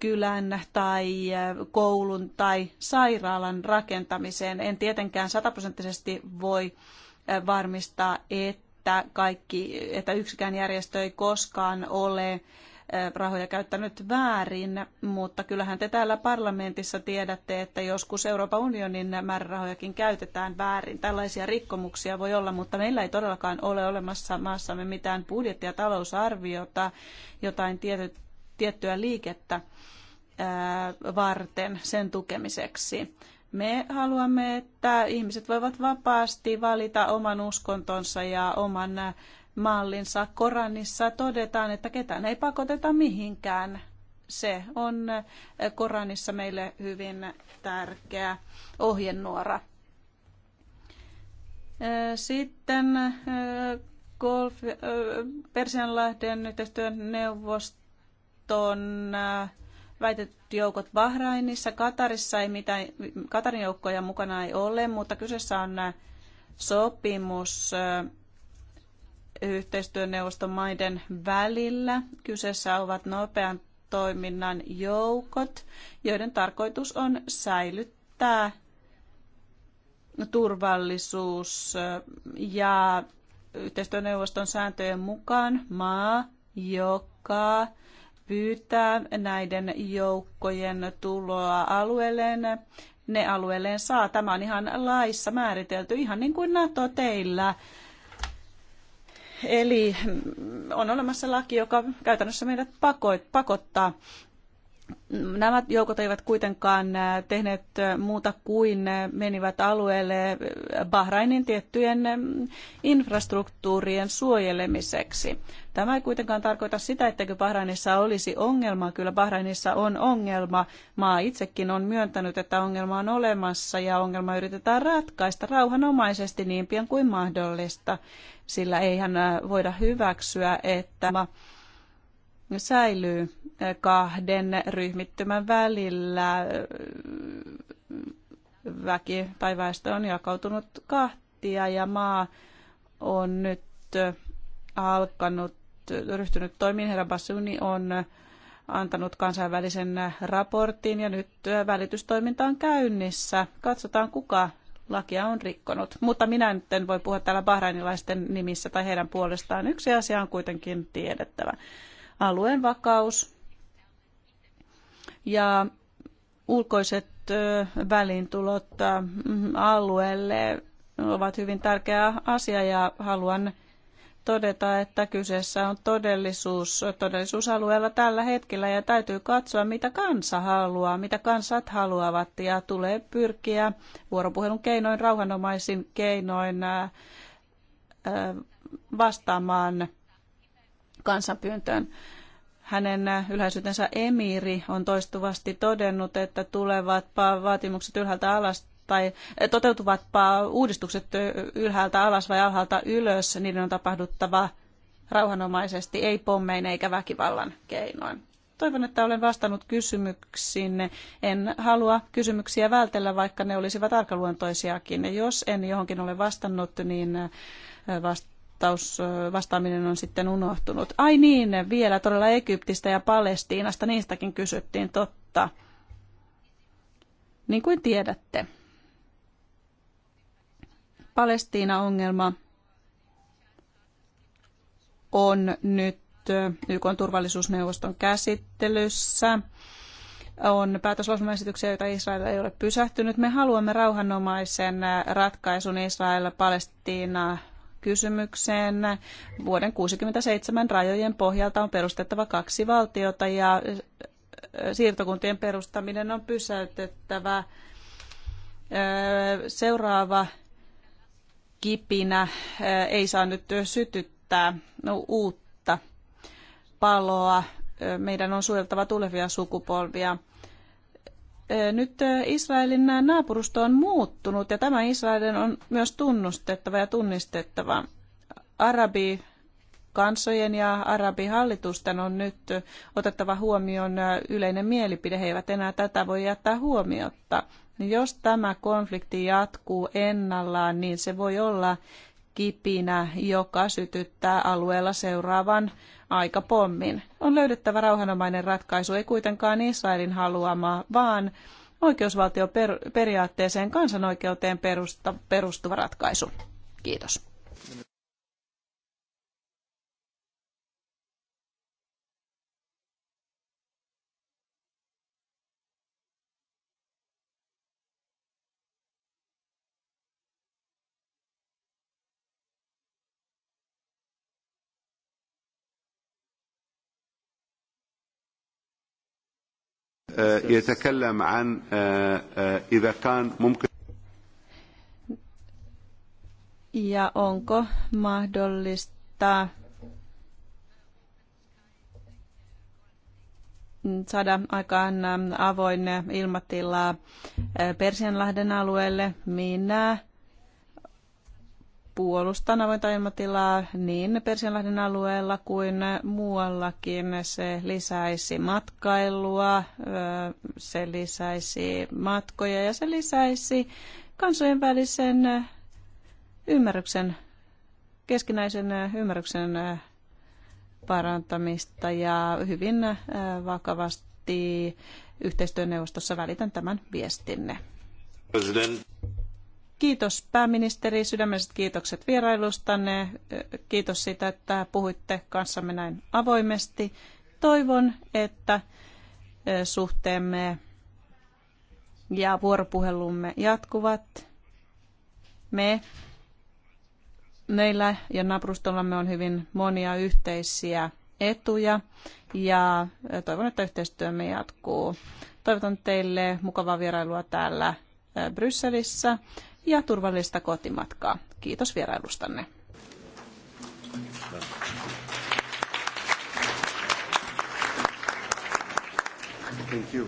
kylän tai koulun tai sairaalan rakentamiseen. En tietenkään sataprosenttisesti voi varmistaa, että kaikki, että yksikään järjestö ei koskaan ole rahoja käyttänyt väärin, mutta kyllähän te täällä parlamentissa tiedätte, että joskus Euroopan unionin määrärahojakin käytetään väärin. Tällaisia rikkomuksia voi olla, mutta meillä ei todellakaan ole olemassa maassamme mitään budjettia, talousarviota, jotain tiety, tiettyä liikettä varten sen tukemiseksi. Me haluamme, että ihmiset voivat vapaasti valita oman uskontonsa ja oman mallinsa. Koranissa todetaan, että ketään ei pakoteta mihinkään. Se on eh, Koranissa meille hyvin tärkeä ohjenuora. Eh, sitten eh, Golf, Persianlahden yhteistyön neuvoston väitetyt joukot Bahrainissa. Katarissa ei mitään, Katarin joukkoja mukana ei ole, mutta kyseessä on sopimus yhteistyöneuvoston maiden välillä. Kyseessä ovat nopean toiminnan joukot, joiden tarkoitus on säilyttää turvallisuus ja yhteistyöneuvoston sääntöjen mukaan maa, joka pyytää näiden joukkojen tuloa alueelleen, ne alueelleen saa. Tämä on ihan laissa määritelty, ihan niin kuin NATO teillä Eli on olemassa laki, joka käytännössä meidät pakottaa Nämä joukot eivät kuitenkaan tehneet muuta kuin menivät alueelle Bahrainin tiettyjen infrastruktuurien suojelemiseksi. Tämä ei kuitenkaan tarkoita sitä, etteikö Bahrainissa olisi ongelma. Kyllä Bahrainissa on ongelma. Maa itsekin on myöntänyt, että ongelma on olemassa ja ongelma yritetään ratkaista rauhanomaisesti niin pian kuin mahdollista, sillä eihän voida hyväksyä, että säilyy eh, kahden ryhmittymän välillä. Eh, väki tai väestö on jakautunut kahtia ja maa on nyt eh, alkanut, ryhtynyt toimiin. Herra Bassuni on antanut kansainvälisen raportin ja nyt välitystoiminta on käynnissä. Katsotaan, kuka lakia on rikkonut. Mutta minä nyt en voi puhua täällä bahrainilaisten nimissä tai heidän puolestaan. Yksi asia on kuitenkin tiedettävä alueen vakaus ja ulkoiset välintulot alueelle ovat hyvin tärkeä asia ja haluan todeta, että kyseessä on todellisuus todellisuusalueella tällä hetkellä ja täytyy katsoa, mitä kansa haluaa, mitä kansat haluavat ja tulee pyrkiä vuoropuhelun keinoin, rauhanomaisin keinoin vastaamaan kansanpyyntöön. Hänen äh, ylhäisyytensä emiiri on toistuvasti todennut, että tulevatpa vaatimukset ylhäältä alas tai äh, toteutuvatpa uudistukset äh, ylhäältä alas vai alhaalta ylös, niiden on tapahduttava rauhanomaisesti, ei pommein eikä väkivallan keinoin. Toivon, että olen vastannut kysymyksiin. En halua kysymyksiä vältellä, vaikka ne olisivat arkaluontoisiakin. Jos en johonkin ole vastannut, niin vasta vastaus, vastaaminen on sitten unohtunut. Ai niin, vielä todella Egyptistä ja Palestiinasta, niistäkin kysyttiin totta. Niin kuin tiedätte, Palestiina-ongelma on nyt YK turvallisuusneuvoston käsittelyssä. On päätöslausumaesityksiä, joita Israel ei ole pysähtynyt. Me haluamme rauhanomaisen ratkaisun Israel-Palestiina kysymykseen. Vuoden 67 rajojen pohjalta on perustettava kaksi valtiota ja siirtokuntien perustaminen on pysäytettävä. Seuraava kipinä ei saa nyt sytyttää uutta paloa. Meidän on suojeltava tulevia sukupolvia nyt Israelin naapurusto on muuttunut ja tämä Israelin on myös tunnustettava ja tunnistettava. Arabi kansojen ja arabihallitusten on nyt otettava huomioon yleinen mielipide. He eivät enää tätä voi jättää huomiotta. Jos tämä konflikti jatkuu ennallaan, niin se voi olla kipinä, joka sytyttää alueella seuraavan aikapommin. On löydettävä rauhanomainen ratkaisu, ei kuitenkaan Israelin haluama, vaan oikeusvaltioperiaatteeseen kansanoikeuteen perustuva ratkaisu. Kiitos. يتكلم عن إذا كان ممكن أونكو onko mahdollista saada aikaan avoin ilmatila Persianlahden alueelle. Minä puolustan avointa ilmatilaa niin Persianlahden alueella kuin muuallakin. Se lisäisi matkailua, se lisäisi matkoja ja se lisäisi kansojen välisen ymmärryksen, keskinäisen ymmärryksen parantamista ja hyvin vakavasti yhteistyöneuvostossa välitän tämän viestinne. President. Kiitos pääministeri, sydämelliset kiitokset vierailustanne. Kiitos siitä, että puhuitte kanssamme näin avoimesti. Toivon, että suhteemme ja vuoropuhelumme jatkuvat. Me, meillä ja naapurustollamme on hyvin monia yhteisiä etuja ja toivon, että yhteistyömme jatkuu. Toivotan teille mukavaa vierailua täällä Brysselissä ja turvallista kotimatkaa. Kiitos vierailustanne. Thank you.